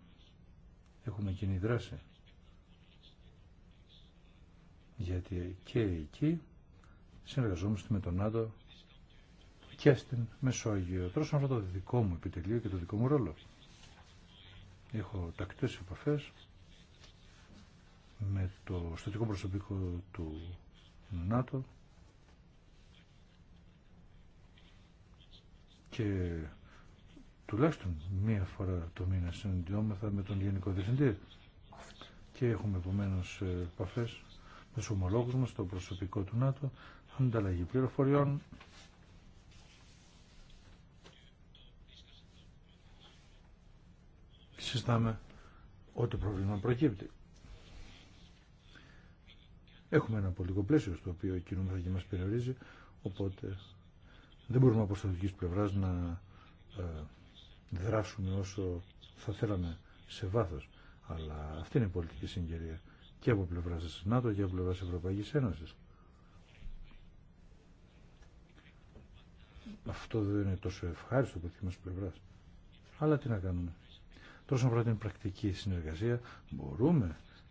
έχουμε κοινή δράση. Γιατί και εκεί συνεργαζόμαστε με τον ΝΑΤΟ και στην Μεσόγειο. Τώρα αυτό το δικό μου επιτελείο και το δικό μου ρόλο. Έχω τακτές επαφές με το στατικό προσωπικό του ΝΑΤΟ και τουλάχιστον μία φορά το μήνα συναντιόμεθα με τον Γενικό Διευθυντή και έχουμε επομένω ε, επαφέ με του ομολόγου μα, το προσωπικό του ΝΑΤΟ, ανταλλαγή πληροφοριών. Συστάμε ό,τι πρόβλημα προκύπτει. Έχουμε ένα πολιτικό πλαίσιο στο οποίο κινούμεθα και μας περιορίζει, οπότε δεν μπορούμε από στρατηγική πλευρά να ε, δράσουμε όσο θα θέλαμε σε βάθο. Αλλά αυτή είναι η πολιτική συγκυρία και από πλευρά τη ΝΑΤΟ και από πλευρά τη Ευρωπαϊκή Ένωση. Αυτό δεν είναι τόσο ευχάριστο από τη μα πλευρά. Αλλά τι να κάνουμε. Τόσο αφορά την πρακτική συνεργασία, μπορούμε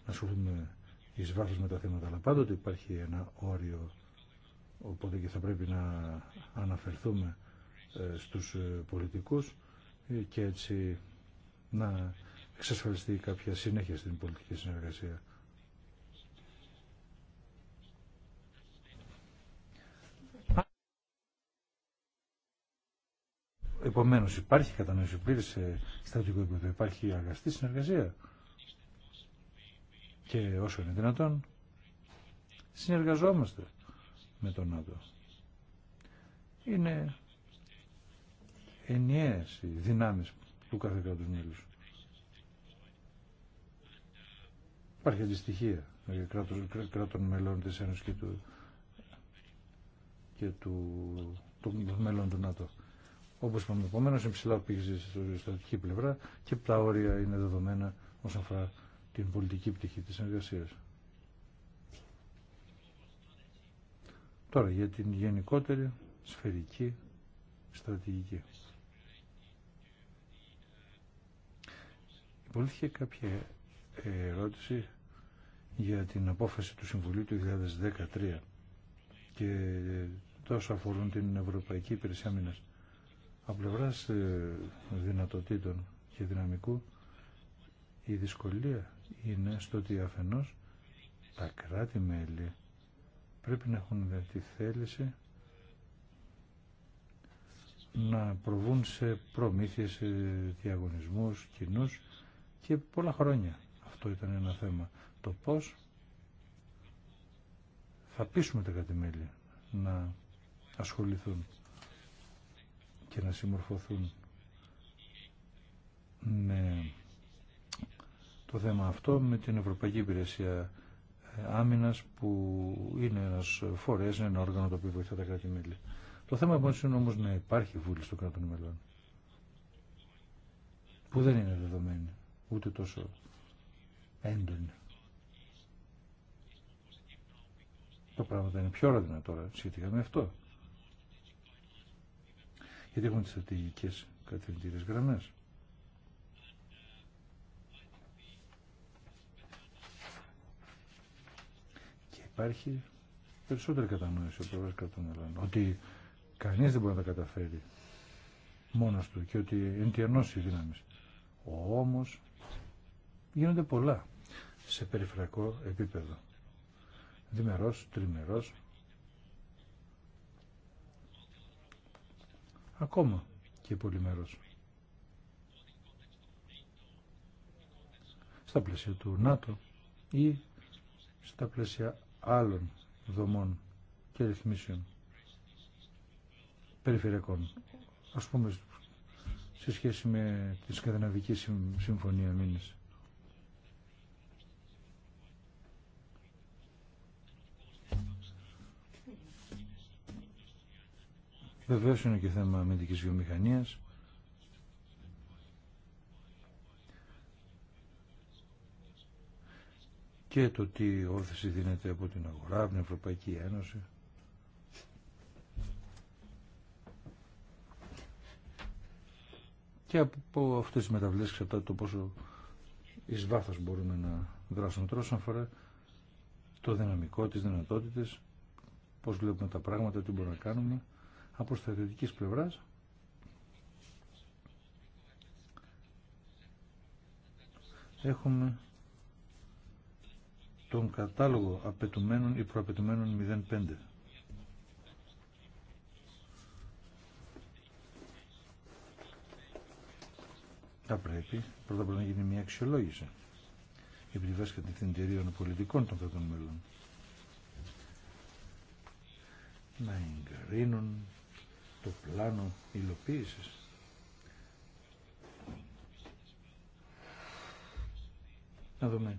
να ασχοληθούμε εις βάθος με τα θέματα, αλλά πάντοτε υπάρχει ένα όριο Οπότε και θα πρέπει να αναφερθούμε ε, στους ε, πολιτικούς ε, και έτσι να εξασφαλιστεί κάποια συνέχεια στην πολιτική συνεργασία. Επομένω, υπάρχει κατανόηση πλήρη σε στρατηγικό επίπεδο, υπάρχει αγαστή συνεργασία. Και όσο είναι δυνατόν, συνεργαζόμαστε με τον ΝΑΤΟ. Είναι ενιαίες οι δυνάμεις του κάθε κράτους μέλους. Υπάρχει αντιστοιχεία κράτων, κράτων μελών της Ένωσης και του, και του, των μελών του ΝΑΤΟ. Όπως είπαμε, επομένω, είναι ψηλά πήγε στη πλευρά και τα όρια είναι δεδομένα όσον αφορά την πολιτική πτυχή της εργασίας. Τώρα για την γενικότερη σφαιρική στρατηγική. Υπολήθηκε κάποια ερώτηση για την απόφαση του Συμβουλίου του 2013 και τόσο αφορούν την Ευρωπαϊκή Υπηρεσία Μήνας. Από πλευρά ε, δυνατοτήτων και δυναμικού η δυσκολία είναι στο ότι αφενός τα κράτη-μέλη πρέπει να έχουν τη θέληση να προβούν σε προμήθειες, σε διαγωνισμούς κοινούς και πολλά χρόνια αυτό ήταν ένα θέμα. Το πώς θα πείσουμε τα κατημέλια να ασχοληθούν και να συμμορφωθούν με το θέμα αυτό με την Ευρωπαϊκή Υπηρεσία Άμυνα που είναι ένα φορέας, ένα όργανο το οποίο βοηθά τα κράτη-μέλη. Το θέμα μόνο λοιπόν, είναι όμω να υπάρχει βούληση των κρατών μελών που δεν είναι δεδομένη, ούτε τόσο έντονη. Τα πράγματα είναι πιο ρόδινα τώρα σχετικά με αυτό. Γιατί έχουμε τι στρατηγικέ κατευθυντήρε γραμμέ. υπάρχει περισσότερη κατανόηση ο πλευρά Ότι κανεί δεν μπορεί να τα καταφέρει μόνο του και ότι εν οι ενώση δύναμη. Όμω γίνονται πολλά σε περιφερειακό επίπεδο. Δημερό, τριμερό. Ακόμα και πολυμερός. Στα πλαίσια του ΝΑΤΟ ή στα πλαίσια άλλων δομών και ρυθμίσεων περιφερειακών. Ας πούμε σε σχέση με τη Σκανδιναβική Συμφωνία μήνες. Βεβαίως είναι και θέμα αμυντικής βιομηχανίας. και το τι όρθιση δίνεται από την αγορά, από την Ευρωπαϊκή Ένωση. Και από αυτές τις μεταβλές εξαρτάται το πόσο εις βάθος μπορούμε να δράσουμε τώρα όσον αφορά το δυναμικό, τις δυνατότητες, πώς βλέπουμε τα πράγματα, τι μπορούμε να κάνουμε από στρατιωτικής πλευράς. Έχουμε τον κατάλογο απαιτουμένων ή προαπαιτουμένων 05. Θα πρέπει πρώτα απ' να γίνει μια αξιολόγηση επί τη βάση κατευθυντηρίων πολιτικών των κρατών μελών. Να εγκρίνουν το πλάνο υλοποίηση. Να δούμε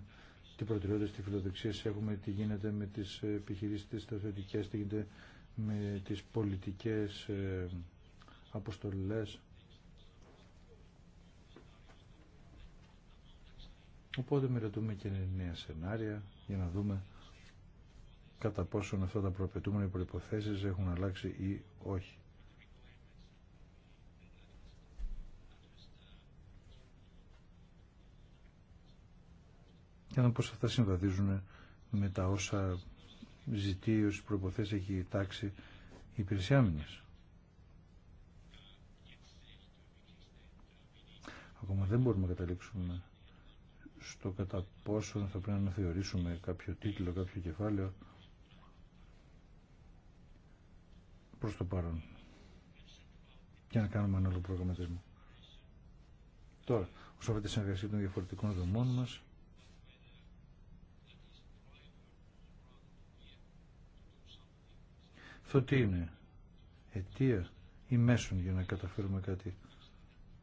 τι προτεραιότητε, τι φιλοδοξίε έχουμε, τι γίνεται με τι επιχειρήσει, τι στρατιωτικέ, τι γίνεται με τι πολιτικέ ε, αποστολέ. Οπότε ρωτούμε και νέα σενάρια για να δούμε κατά πόσον αυτά τα προπετούμενα προϋποθέσεις έχουν αλλάξει ή όχι. για να πώς αυτά συμβαδίζουν με τα όσα ζητεί ως προποθέσεις έχει η τάξη η υπηρεσία άμυνας. Ακόμα δεν μπορούμε να καταλήξουμε στο κατά πόσο θα πρέπει να θεωρήσουμε κάποιο τίτλο, κάποιο κεφάλαιο προς το παρόν και να κάνουμε ένα άλλο προγραμματισμό. Τώρα, όσο αφορά τη συνεργασία των διαφορετικών δομών μας, το τι είναι, αιτία ή μέσον για να καταφέρουμε κάτι.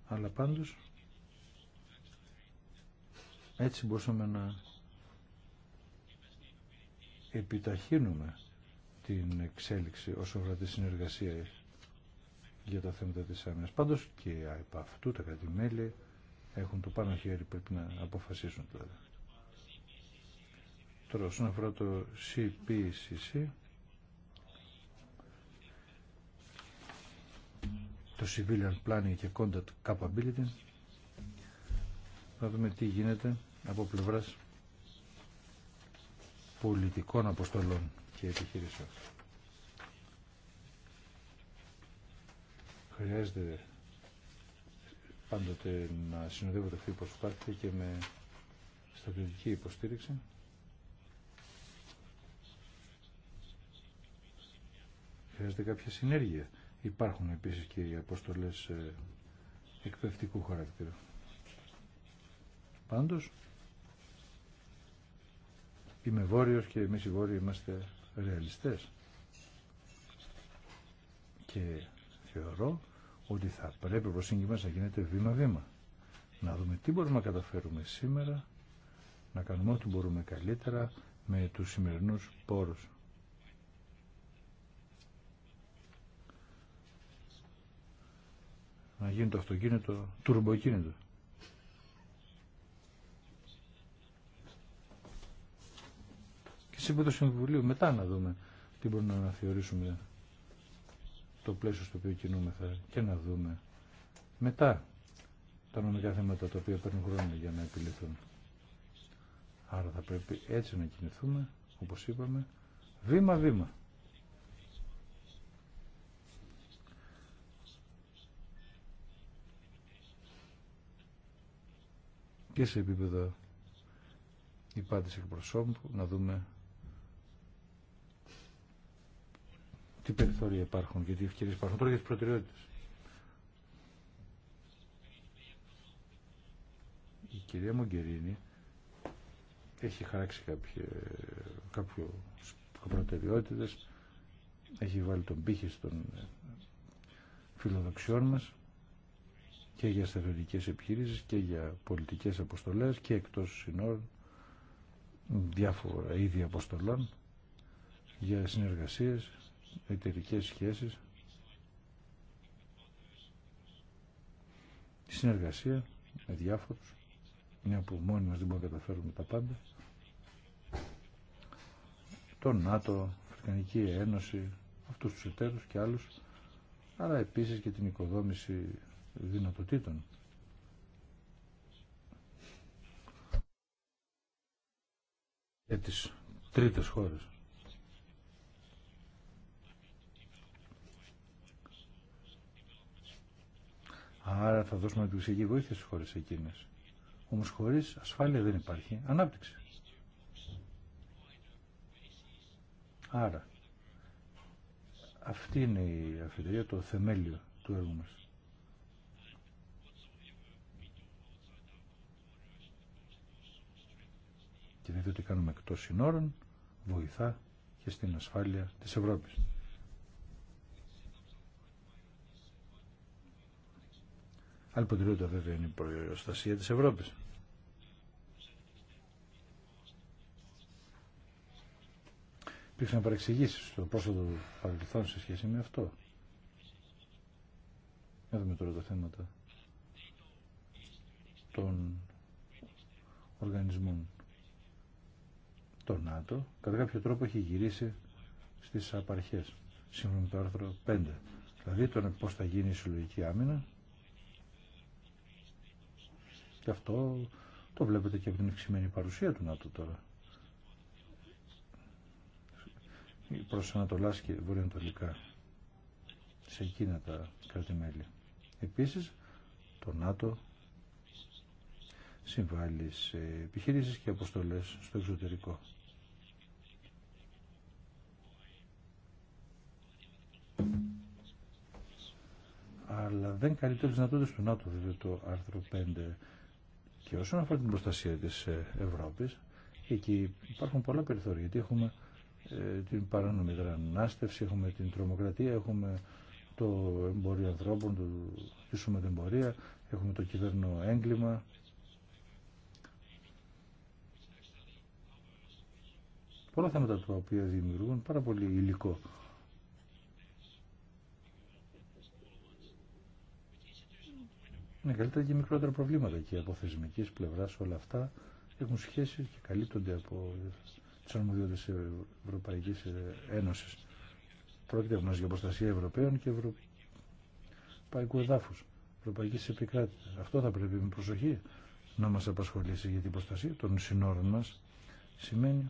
Αλλά πάντως έτσι μπορούσαμε να επιταχύνουμε την εξέλιξη όσο αφορά συνεργασία για τα θέματα της άμυνας. Πάντως και από αυτού τα κρατημέλη έχουν το πάνω χέρι πρέπει να αποφασίσουν τώρα. Τώρα όσον αφορά το CPCC το Civilian Planning και Conduct Capability. Να δούμε τι γίνεται από πλευράς πολιτικών αποστολών και επιχειρήσεων. Χρειάζεται πάντοτε να συνοδεύονται αυτή η προσπάθεια και με στρατιωτική υποστήριξη. Χρειάζεται κάποια συνέργεια Υπάρχουν επίσης και οι αποστολές ε, εκπαιδευτικού χαρακτήρα. Πάντως, είμαι βόρειος και εμείς οι βόρειοι είμαστε ρεαλιστές. Και θεωρώ ότι θα πρέπει ο προσύγγι να γίνεται βήμα-βήμα. Να δούμε τι μπορούμε να καταφέρουμε σήμερα, να κάνουμε ό,τι μπορούμε καλύτερα με τους σημερινούς πόρους. να γίνει το αυτοκίνητο τουρμποκίνητο. Και σύμφωνα το Συμβουλίου μετά να δούμε τι μπορούμε να θεωρήσουμε το πλαίσιο στο οποίο κινούμεθα και να δούμε μετά τα νομικά θέματα τα οποία παίρνουν χρόνο για να επιληθούν. Άρα θα πρέπει έτσι να κινηθούμε, όπως είπαμε, βήμα-βήμα. και σε επίπεδο υπάτης εκπροσώπου να δούμε τι περιθώρια υπάρχουν και τι ευκαιρίες υπάρχουν τώρα για τις προτεραιότητες. Η κυρία Μογκερίνη έχει χαράξει κάποιο, κάποιο προτεραιότητες, έχει βάλει τον πύχη των φιλοδοξιών μας και για στρατιωτικές επιχειρήσεις και για πολιτικές αποστολές και εκτός συνόρων διάφορα είδη αποστολών για συνεργασίες, εταιρικέ σχέσεις τη συνεργασία με διάφορους μια που μόνοι μας δεν μπορούμε να καταφέρουμε τα πάντα το ΝΑΤΟ, Αφρικανική Ένωση αυτούς τους εταίρους και άλλους αλλά επίσης και την οικοδόμηση δυνατοτήτων. Για τις τρίτες χώρες. Άρα θα δώσουμε επιπληκτική βοήθεια στις χώρες εκείνες. Όμως χωρίς ασφάλεια δεν υπάρχει ανάπτυξη. Άρα, αυτή είναι η αφιτερία, το θεμέλιο του έργου μας. την ίδια ότι κάνουμε εκτός συνόρων βοηθά και στην ασφάλεια της Ευρώπης. Άλλη βέβαια είναι η προστασία της Ευρώπης. Υπήρξαν παρεξηγήσεις στο πρόσφατο παρελθόν σε σχέση με αυτό. Να δούμε τώρα τα θέματα των οργανισμών το ΝΑΤΟ κατά κάποιο τρόπο έχει γυρίσει στις απαρχές σύμφωνα με το άρθρο 5 δηλαδή το πώ θα γίνει η συλλογική άμυνα και αυτό το βλέπετε και από την ευξημένη παρουσία του ΝΑΤΟ τώρα προς Ανατολάς και Βορειοανατολικά σε εκείνα τα κράτη-μέλη. Επίσης, το ΝΑΤΟ συμβάλλει σε επιχειρήσεις και αποστολές στο εξωτερικό. αλλά δεν καλύπτει να δυνατότητες του ΝΑΤΟ δηλαδή το άρθρο 5 και όσον αφορά την προστασία της ε, Ευρώπης εκεί υπάρχουν πολλά περιθώρια γιατί έχουμε ε, την παράνομη δρανάστευση, έχουμε την τρομοκρατία, έχουμε το εμπόριο ανθρώπων, το, την εμπορία. έχουμε το κυβέρνο έγκλημα. Πολλά θέματα τα οποία δημιουργούν πάρα πολύ υλικό είναι καλύτερα και μικρότερα προβλήματα και από θεσμική πλευρά, όλα αυτά έχουν σχέση και καλύπτονται από τι αρμοδιότητε τη Ευρωπαϊκή Ένωση, Πρόκειται μα για προστασία Ευρωπαίων και Ευρωπαϊκού Εδάφου, ευρωπαϊκή Επικράτηση. Αυτό θα πρέπει με προσοχή να μα απασχολήσει για την προστασία των συνόρων μας σημαίνει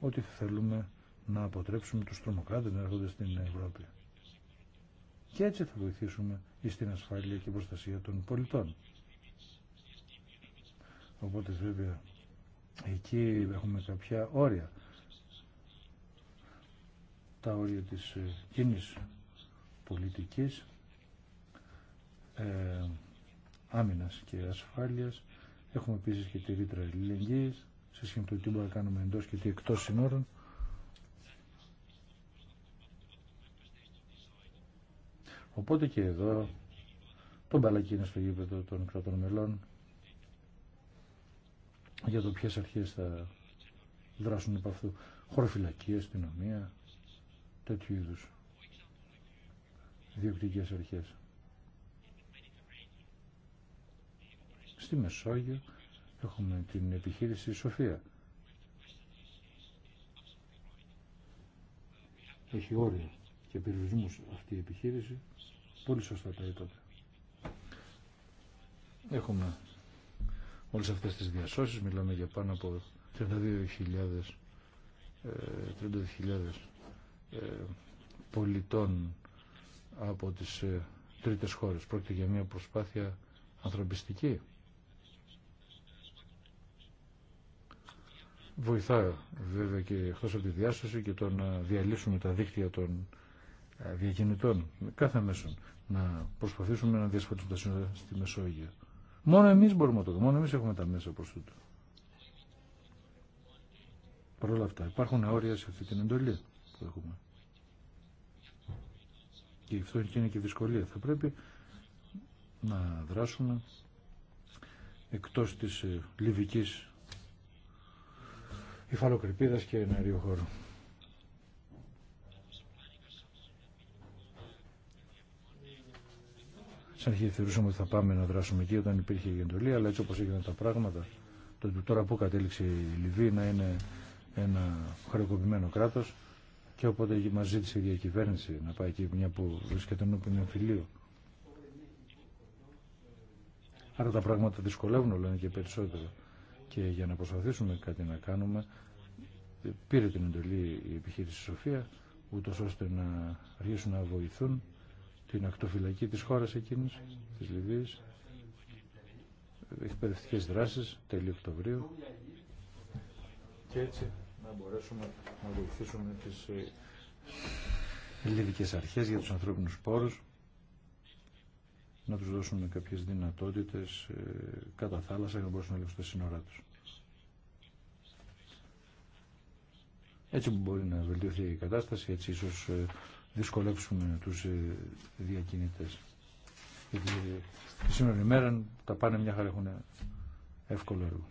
ότι θέλουμε να αποτρέψουμε τους τρομοκράτες να έρχονται στην Ευρώπη και έτσι θα βοηθήσουμε στην ασφάλεια και προστασία των πολιτών. Οπότε βέβαια εκεί έχουμε κάποια όρια. Τα όρια της ε, κοινή πολιτικής, ε, άμυνας και ασφάλειας. Έχουμε επίσης και τη ρήτρα ελληνικής, σε σχέση με το τι μπορούμε να κάνουμε εντός και τι εκτός συνόρων. Οπότε και εδώ το μπαλάκι είναι στο γήπεδο των κρατών μελών για το ποιες αρχές θα δράσουν από αυτού. Χωροφυλακή, αστυνομία, τέτοιου είδους διοκτικές αρχές. Στη Μεσόγειο έχουμε την επιχείρηση Σοφία. Έχει όρια και περιορισμού αυτή η επιχείρηση. Πολύ σωστά τα είπατε. Έχουμε όλες αυτές τις διασώσεις, μιλάμε για πάνω από 32.000 ε, ε, πολιτών από τις ε, τρίτες χώρες. Πρόκειται για μια προσπάθεια ανθρωπιστική. βοηθάει βέβαια και εκτός από τη διάσωση και το να διαλύσουμε τα δίκτυα των ε, διακινητών, με κάθε μέσο να προσπαθήσουμε να διασφαλίσουμε τα σύνορα στη Μεσόγειο. Μόνο εμείς μπορούμε να το δούμε, μόνο εμείς έχουμε τα μέσα προς τούτο. Παρ' όλα αυτά υπάρχουν αόρια σε αυτή την εντολή που έχουμε. Και αυτό είναι και δυσκολία. Θα πρέπει να δράσουμε εκτός της ε, λιβικής υφαλοκρηπίδας και εναερίου χώρου. Στην αρχή θεωρούσαμε ότι θα πάμε να δράσουμε εκεί όταν υπήρχε η εντολή, αλλά έτσι όπω έγιναν τα πράγματα, το τώρα που κατέληξε η Λιβύη να είναι ένα χρεοκοπημένο κράτο και οπότε μα ζήτησε η διακυβέρνηση να πάει εκεί μια που βρίσκεται είναι εμφυλίο. Άρα τα πράγματα δυσκολεύουν όλο και περισσότερο. Και για να προσπαθήσουμε κάτι να κάνουμε, πήρε την εντολή η επιχείρηση Σοφία, ούτω ώστε να αρχίσουν να βοηθούν την ακτοφυλακή της χώρας εκείνης, της Λιβύης, εκπαιδευτικές δράσεις τελείο Οκτωβρίου και έτσι να μπορέσουμε να βοηθήσουμε τις ελληνικές αρχές για τους ανθρώπινους πόρους να τους δώσουμε κάποιες δυνατότητες ε, κατά θάλασσα για να μπορέσουν να λειτουργήσουν τα σύνορά τους. Έτσι μπορεί να βελτιωθεί η κατάσταση, έτσι ίσως ε, δυσκολέψουμε τους ε, διακινητές. Γιατί ε, τη σήμερα ημέρα τα πάνε μια χαρά έχουν εύκολο έργο.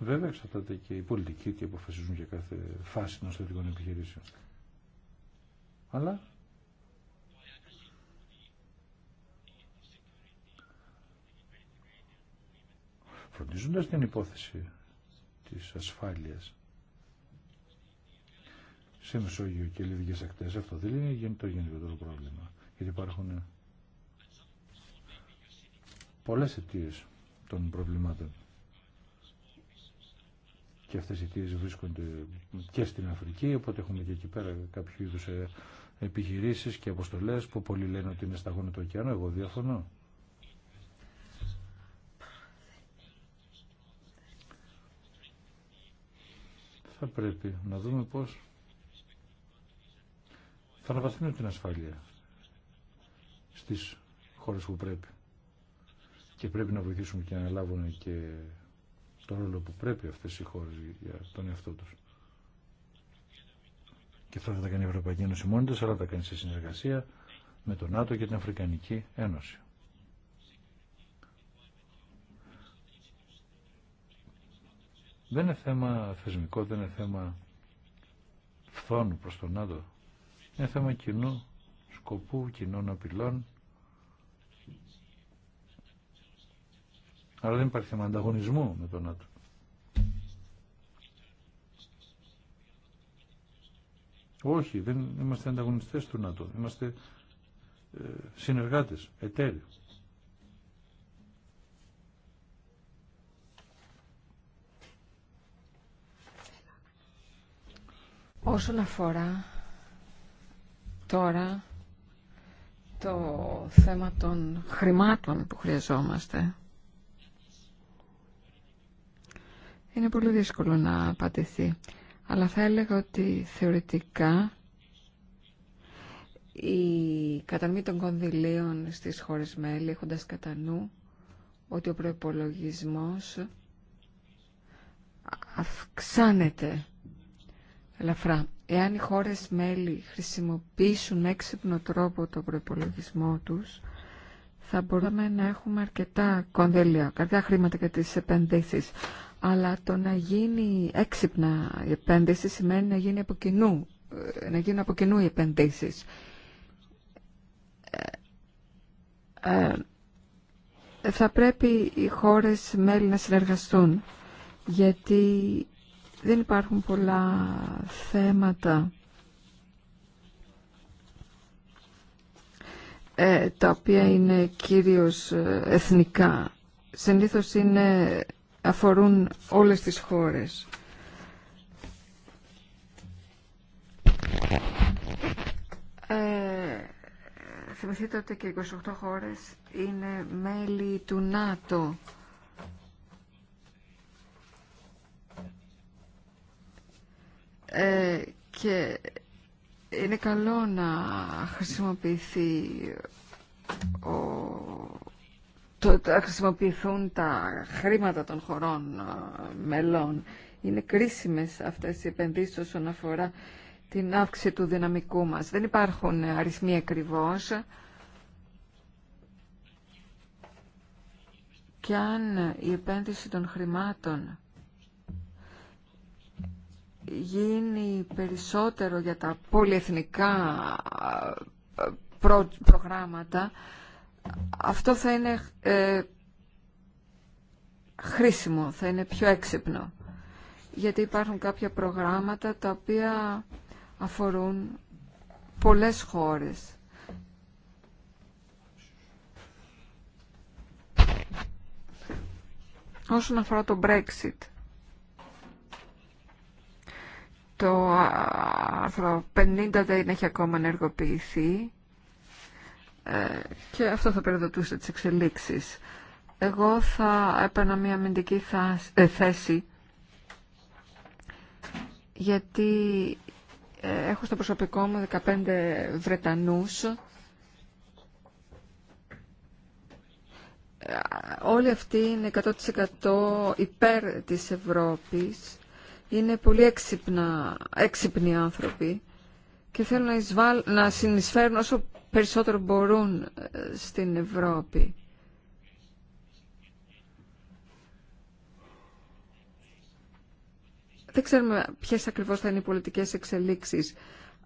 Βέβαια εξαρτάται και οι πολιτικοί τι αποφασίζουν για κάθε φάση των στρατηγικών επιχειρήσεων. Αλλά φροντίζοντας την υπόθεση της ασφάλειας σε Μεσόγειο και Λιβικές ακτές αυτό δεν είναι το γενικότερο πρόβλημα γιατί υπάρχουν πολλές αιτίε των προβλημάτων και αυτές οι αιτίε βρίσκονται και στην Αφρική οπότε έχουμε και εκεί πέρα κάποιο είδους ε, επιχειρήσεις και αποστολές που πολλοί λένε ότι είναι σταγόνο το ωκεανό εγώ διαφωνώ θα πρέπει να δούμε πώς θα αναβαθμίσουν την ασφάλεια στις χώρες που πρέπει. Και πρέπει να βοηθήσουμε και να λάβουν και το ρόλο που πρέπει αυτές οι χώρες για τον εαυτό τους. Και αυτό θα τα κάνει η Ευρωπαϊκή Ένωση μόνη της, αλλά θα τα κάνει σε συνεργασία με τον ΝΑΤΟ και την Αφρικανική Ένωση. Δεν είναι θέμα θεσμικό, δεν είναι θέμα φθόνου προς τον ΝΑΤΟ. Είναι θέμα κοινού σκοπού, κοινών απειλών. Αλλά δεν υπάρχει θέμα ανταγωνισμού με τον ΝΑΤΟ. Όχι, δεν είμαστε ανταγωνιστές του ΝΑΤΟ. Είμαστε ε, συνεργάτες, εταίροι. Όσον αφορά τώρα το θέμα των χρημάτων που χρειαζόμαστε, είναι πολύ δύσκολο να απαντηθεί. Αλλά θα έλεγα ότι θεωρητικά η κατανομή των κονδυλίων στις χώρες μέλη, έχοντας κατά νου ότι ο προϋπολογισμός αυξάνεται ελαφρά. Εάν οι χώρες μέλη χρησιμοποιήσουν έξυπνο τρόπο τον προπολογισμό τους, θα μπορούμε να έχουμε αρκετά κονδύλια, καρδιά χρήματα για τις επενδύσεις. Αλλά το να γίνει έξυπνα η επένδυση σημαίνει να, γίνει από ε, να γίνουν από κοινού οι επενδύσεις. Ε, ε, θα πρέπει οι χώρες μέλη να συνεργαστούν γιατί δεν υπάρχουν πολλά θέματα ε, τα οποία είναι κυρίως ε, εθνικά. Συνήθως είναι, αφορούν όλες τις χώρες. Ε, θυμηθείτε ότι και 28 χώρες είναι μέλη του ΝΑΤΟ. Ε, και είναι καλό να χρησιμοποιηθεί ο, το, να χρησιμοποιηθούν τα χρήματα των χωρών ε, μελών. Είναι κρίσιμες αυτές οι επενδύσεις όσον αφορά την αύξηση του δυναμικού μας. Δεν υπάρχουν αριθμοί ακριβώς. Και αν η επένδυση των χρημάτων γίνει περισσότερο για τα πολυεθνικά ε, προγράμματα, αυτό θα είναι ε, χρήσιμο, θα είναι πιο έξυπνο. Γιατί υπάρχουν κάποια προγράμματα τα οποία αφορούν πολλές χώρες. Όσον αφορά το Brexit, το άρθρο 50 δεν έχει ακόμα ενεργοποιηθεί ε, και αυτό θα περιοδοτούσε τις εξελίξεις. Εγώ θα έπαιρνα μια αμυντική ε, θέση γιατί ε, έχω στο προσωπικό μου 15 Βρετανούς όλοι αυτοί είναι 100% υπέρ της Ευρώπης είναι πολύ έξυπνοι άνθρωποι και θέλουν να, εισβάλ, να συνεισφέρουν όσο περισσότερο μπορούν ε, στην Ευρώπη. Δεν ξέρουμε ποιες ακριβώς θα είναι οι πολιτικές εξελίξεις,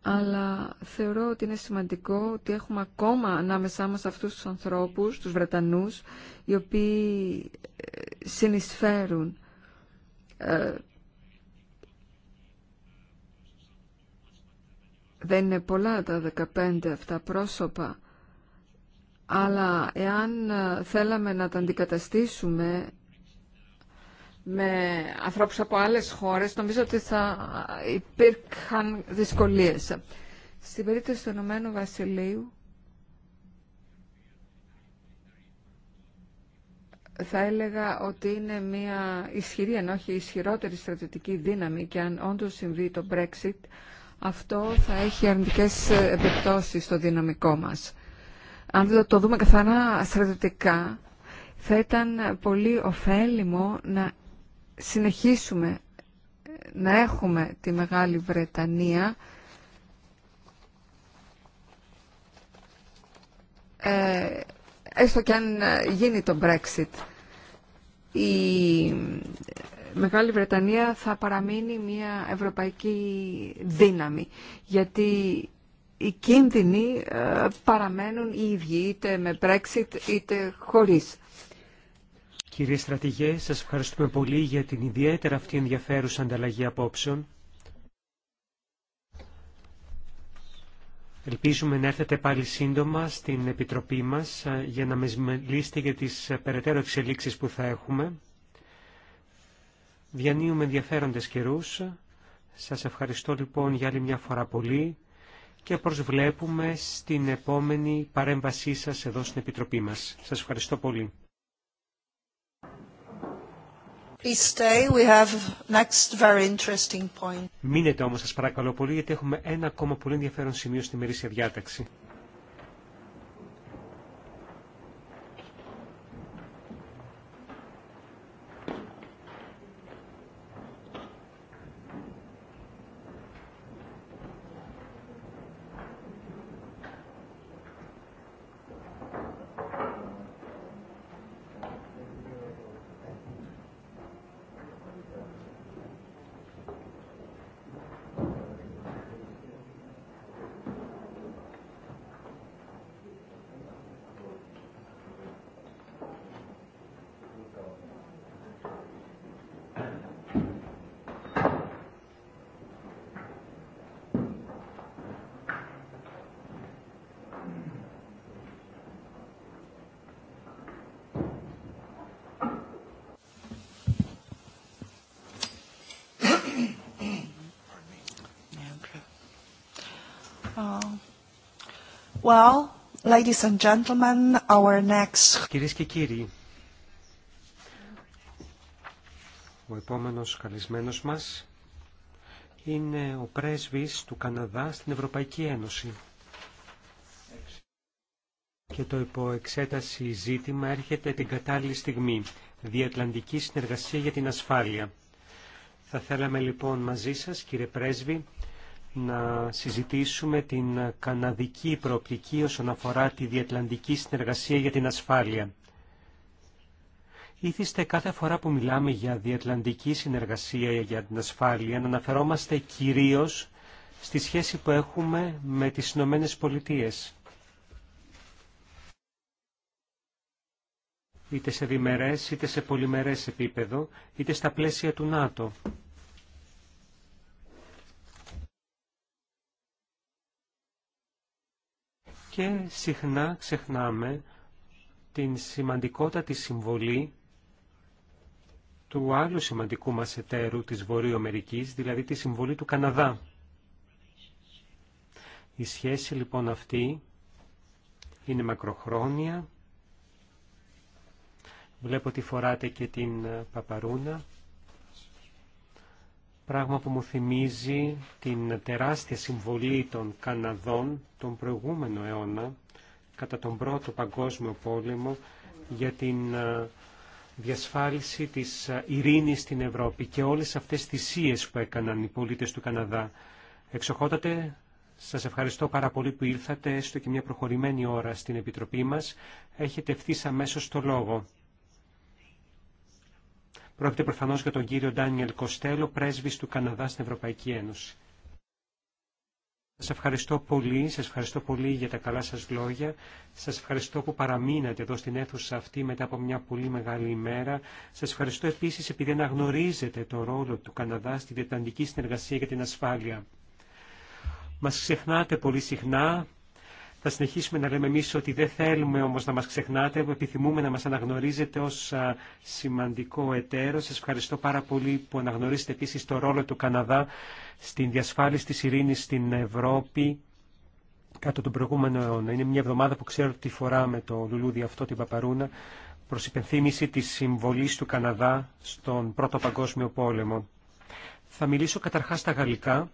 αλλά θεωρώ ότι είναι σημαντικό ότι έχουμε ακόμα ανάμεσά μας αυτούς τους ανθρώπους, τους Βρετανούς, οι οποίοι ε, συνεισφέρουν ε, Δεν είναι πολλά τα 15 αυτά πρόσωπα, αλλά εάν ε, θέλαμε να τα αντικαταστήσουμε με ανθρώπους από άλλες χώρες, νομίζω ότι θα υπήρχαν δυσκολίες. Στην περίπτωση του Ενωμένου Βασιλείου, θα έλεγα ότι είναι μια ισχυρή, αν όχι ισχυρότερη στρατιωτική δύναμη και αν όντως συμβεί το Brexit, αυτό θα έχει αρνητικές επιπτώσεις στο δυναμικό μας. Αν το δούμε καθαρά στρατιωτικά, θα ήταν πολύ ωφέλιμο να συνεχίσουμε να έχουμε τη Μεγάλη Βρετανία ε, έστω και αν γίνει το Brexit. Η Μεγάλη Βρετανία θα παραμείνει μια ευρωπαϊκή δύναμη, γιατί οι κίνδυνοι ε, παραμένουν οι ίδιοι, είτε με Brexit είτε χωρίς. Κύριε Στρατηγέ, σας ευχαριστούμε πολύ για την ιδιαίτερα αυτή ενδιαφέρουσα ανταλλαγή απόψεων. Ελπίζουμε να έρθετε πάλι σύντομα στην Επιτροπή μας ε, για να μας για τις ε, περαιτέρω εξελίξεις που θα έχουμε. Διανύουμε ενδιαφέροντες καιρούς. Σας ευχαριστώ λοιπόν για άλλη μια φορά πολύ και προσβλέπουμε στην επόμενη παρέμβασή σας εδώ στην Επιτροπή μας. Σας ευχαριστώ πολύ. Μείνετε όμως σας παρακαλώ πολύ γιατί έχουμε ένα ακόμα πολύ ενδιαφέρον σημείο στη μερίσια διάταξη. Uh, well, Κυρίες και κύριοι, ο επόμενος καλεσμένος μας είναι ο πρέσβης του Καναδά στην Ευρωπαϊκή Ένωση. Και το υποεξέταση ζήτημα έρχεται την κατάλληλη στιγμή. Διατλαντική συνεργασία για την ασφάλεια. Θα θέλαμε λοιπόν μαζί σας, κύριε πρέσβη, να συζητήσουμε την καναδική προοπτική όσον αφορά τη διατλαντική συνεργασία για την ασφάλεια. Ήθιστε κάθε φορά που μιλάμε για διατλαντική συνεργασία για την ασφάλεια να αναφερόμαστε κυρίως στη σχέση που έχουμε με τις Ηνωμένε Πολιτείες. Είτε σε διμερές, είτε σε πολυμερές επίπεδο, είτε στα πλαίσια του ΝΑΤΟ. και συχνά ξεχνάμε την της συμβολή του άλλου σημαντικού μας εταίρου της Βορείου Αμερικής, δηλαδή τη συμβολή του Καναδά. Η σχέση λοιπόν αυτή είναι μακροχρόνια. Βλέπω ότι φοράτε και την παπαρούνα. Πράγμα που μου θυμίζει την τεράστια συμβολή των Καναδών τον προηγούμενο αιώνα, κατά τον Πρώτο Παγκόσμιο Πόλεμο, για την ε, διασφάλιση της ε, ειρήνης στην Ευρώπη και όλες αυτές τις θυσίες που έκαναν οι πολίτες του Καναδά. Εξοχότατε, σας ευχαριστώ πάρα πολύ που ήρθατε, έστω και μια προχωρημένη ώρα στην Επιτροπή μας. Έχετε ευθύ αμέσω το λόγο. Πρόκειται προφανώ για τον κύριο Ντάνιελ Κοστέλο, πρέσβη του Καναδά στην Ευρωπαϊκή Ένωση. Σα ευχαριστώ πολύ, σας ευχαριστώ πολύ για τα καλά σας λόγια. Σας ευχαριστώ που παραμείνατε εδώ στην αίθουσα αυτή μετά από μια πολύ μεγάλη ημέρα. Σας ευχαριστώ επίσης επειδή αναγνωρίζετε το ρόλο του Καναδά στη Διατλαντική Συνεργασία για την Ασφάλεια. Μα ξεχνάτε πολύ συχνά, θα συνεχίσουμε να λέμε εμεί ότι δεν θέλουμε όμω να μα ξεχνάτε, επιθυμούμε να μα αναγνωρίζετε ω σημαντικό εταίρο. Σα ευχαριστώ πάρα πολύ που αναγνωρίζετε επίση το ρόλο του Καναδά στην διασφάλιση τη ειρήνη στην Ευρώπη κατά τον προηγούμενο αιώνα. Είναι μια εβδομάδα που ξέρω τη φορά με το λουλούδι αυτό, την Παπαρούνα, προ υπενθύμηση τη συμβολή του Καναδά στον Πρώτο Παγκόσμιο Πόλεμο. Θα μιλήσω καταρχά στα γαλλικά.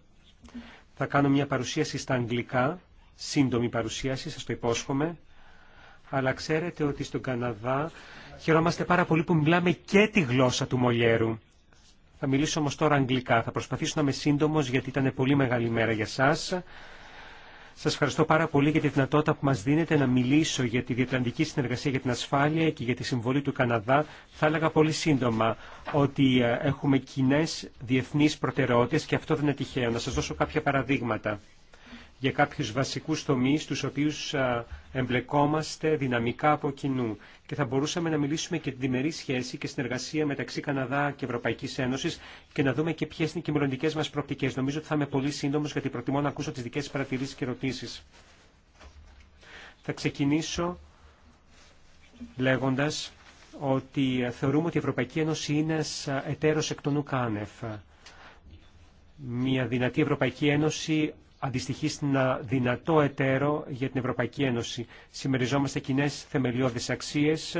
Θα κάνω μια παρουσίαση στα αγγλικά σύντομη παρουσίαση, σας το υπόσχομαι. Αλλά ξέρετε ότι στον Καναδά χαιρόμαστε πάρα πολύ που μιλάμε και τη γλώσσα του Μολιέρου. Θα μιλήσω όμως τώρα αγγλικά. Θα προσπαθήσω να είμαι σύντομος γιατί ήταν πολύ μεγάλη μέρα για σας. Σας ευχαριστώ πάρα πολύ για τη δυνατότητα που μας δίνετε να μιλήσω για τη διατλαντική συνεργασία για την ασφάλεια και για τη συμβολή του Καναδά. Θα έλεγα πολύ σύντομα ότι ε, έχουμε κοινέ διεθνείς προτεραιότητες και αυτό δεν είναι τυχαίο. Να σας δώσω κάποια παραδείγματα για κάποιους βασικούς τομείς τους οποίους εμπλεκόμαστε δυναμικά από κοινού. Και θα μπορούσαμε να μιλήσουμε και την διμερή σχέση και συνεργασία μεταξύ Καναδά και Ευρωπαϊκής Ένωσης και να δούμε και ποιες είναι οι μελλοντικές μας προοπτικές. Νομίζω ότι θα είμαι πολύ σύντομος γιατί προτιμώ να ακούσω τις δικές σας παρατηρήσεις και ερωτήσεις. Θα ξεκινήσω λέγοντας ότι θεωρούμε ότι η Ευρωπαϊκή Ένωση είναι ένας εταίρος εκ των ουκάνευ. Μια δυνατή Ευρωπαϊκή Ένωση αντιστοιχεί στην δυνατό εταίρο για την Ευρωπαϊκή Ένωση. Συμμεριζόμαστε κοινέ θεμελιώδεις αξίες.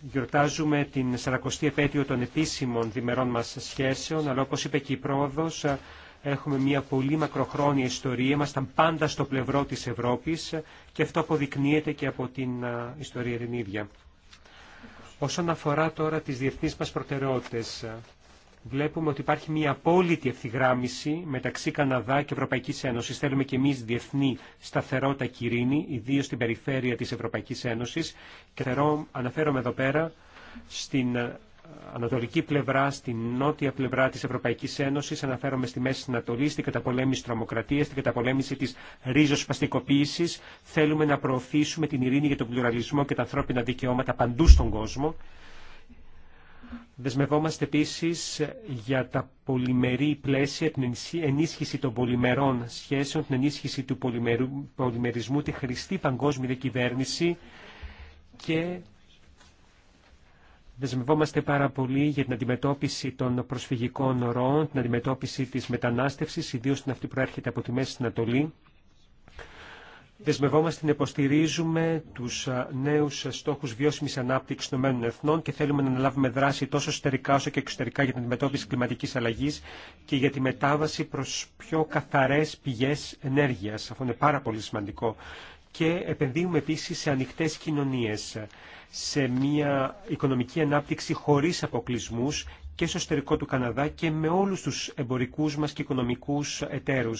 Γιορτάζουμε την 40η επέτειο των επίσημων διμερών μας σχέσεων, αλλά όπως είπε και η πρόοδος, έχουμε μια πολύ μακροχρόνια ιστορία. Ήμασταν πάντα στο πλευρό της Ευρώπης και αυτό αποδεικνύεται και από την ιστορία την Όσον αφορά τώρα τις διεθνείς μας προτεραιότητες, βλέπουμε ότι υπάρχει μια απόλυτη ευθυγράμμιση μεταξύ Καναδά και Ευρωπαϊκής Ένωσης. Θέλουμε και εμείς διεθνή σταθερότητα και ειρήνη, ιδίως στην περιφέρεια της Ευρωπαϊκής Ένωσης. Και θερώ, αναφέρομαι εδώ πέρα στην ε, ανατολική πλευρά, στην νότια πλευρά της Ευρωπαϊκής Ένωσης, αναφέρομαι στη Μέση Ανατολή, στην καταπολέμηση τρομοκρατίας, στην καταπολέμηση της ρίζος παστικοποίησης. Θέλουμε να προωθήσουμε την ειρήνη για τον πλουραλισμό και τα ανθρώπινα δικαιώματα παντού στον κόσμο. Δεσμευόμαστε επίσης για τα πολυμερή πλαίσια, την ενίσχυση των πολυμερών σχέσεων, την ενίσχυση του πολυμερισμού, τη χρηστή παγκόσμια κυβέρνηση και Δεσμευόμαστε πάρα πολύ για την αντιμετώπιση των προσφυγικών ροών, την αντιμετώπιση της μετανάστευσης, ιδίως την αυτή προέρχεται από τη Μέση Ανατολή. Δεσμευόμαστε να υποστηρίζουμε του νέου στόχου βιώσιμη ανάπτυξη των Ηνωμένων εθνών και θέλουμε να αναλάβουμε δράση τόσο εσωτερικά όσο και εξωτερικά για την αντιμετώπιση κλιματική αλλαγή και για τη μετάβαση προ πιο καθαρέ πηγέ ενέργεια. Αυτό είναι πάρα πολύ σημαντικό. Και επενδύουμε επίση σε ανοιχτέ κοινωνίε, σε μια οικονομική ανάπτυξη χωρί αποκλεισμού και στο εσωτερικό του Καναδά και με όλου του εμπορικού μα και οικονομικού εταίρου.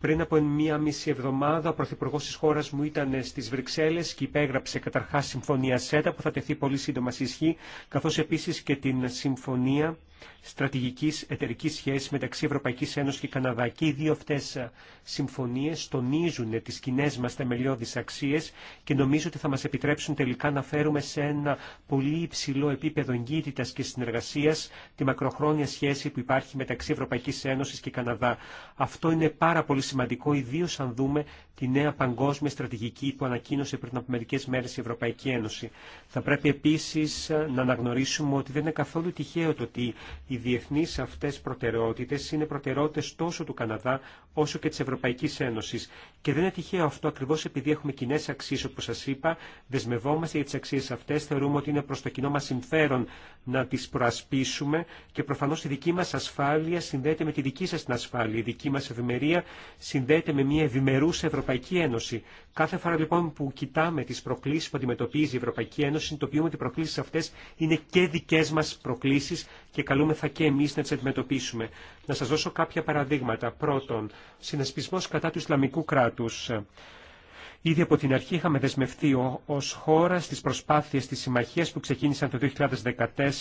Πριν από μία μισή εβδομάδα ο Πρωθυπουργό τη χώρα μου ήταν στι Βρυξέλλε και υπέγραψε καταρχά συμφωνία ΣΕΤΑ που θα τεθεί πολύ σύντομα σε ισχύ, καθώ επίση και την συμφωνία στρατηγική εταιρική σχέση μεταξύ Ευρωπαϊκή Ένωση και Καναδά. Και οι δύο αυτέ συμφωνίε τονίζουν τι κοινέ μα θεμελιώδει αξίε και νομίζω ότι θα μα επιτρέψουν τελικά να φέρουμε σε ένα πολύ υψηλό επίπεδο εγκύτητα και συνεργασία τη μακροχρόνια σχέση που υπάρχει μεταξύ Ευρωπαϊκή Ένωση και Καναδά. Αυτό είναι πάρα πολύ σημαντικό, ιδίω αν δούμε τη νέα παγκόσμια στρατηγική που ανακοίνωσε πριν από μερικέ μέρε η Ευρωπαϊκή Ένωση. Θα πρέπει επίση να αναγνωρίσουμε ότι δεν είναι καθόλου τυχαίο το ότι οι διεθνεί αυτές προτεραιότητες είναι προτεραιότητες τόσο του Καναδά όσο και της Ευρωπαϊκής Ένωσης. Και δεν είναι τυχαίο αυτό ακριβώς επειδή έχουμε κοινέ αξίε, όπως σα είπα, δεσμευόμαστε για τις αξίες αυτές, θεωρούμε ότι είναι προ το κοινό μα συμφέρον να τις προασπίσουμε και προφανώς η δική μα ασφάλεια συνδέεται με τη δική σα την ασφάλεια, η δική μα ευημερία συνδέεται με μια ευημερούσα Ευρωπαϊκή Ένωση. Κάθε φορά λοιπόν που κοιτάμε τι προκλήσει που αντιμετωπίζει η Ευρωπαϊκή Ένωση, συνειδητοποιούμε ότι οι προκλήσεις αυτέ είναι και δικέ μα προκλήσει και καλούμεθα και εμεί να τι αντιμετωπίσουμε. Να σα δώσω κάποια παραδείγματα. Πρώτον, συνασπισμό κατά του Ισλαμικού κράτου. Ήδη από την αρχή είχαμε δεσμευτεί ω χώρα στι προσπάθειε τη συμμαχία που ξεκίνησαν το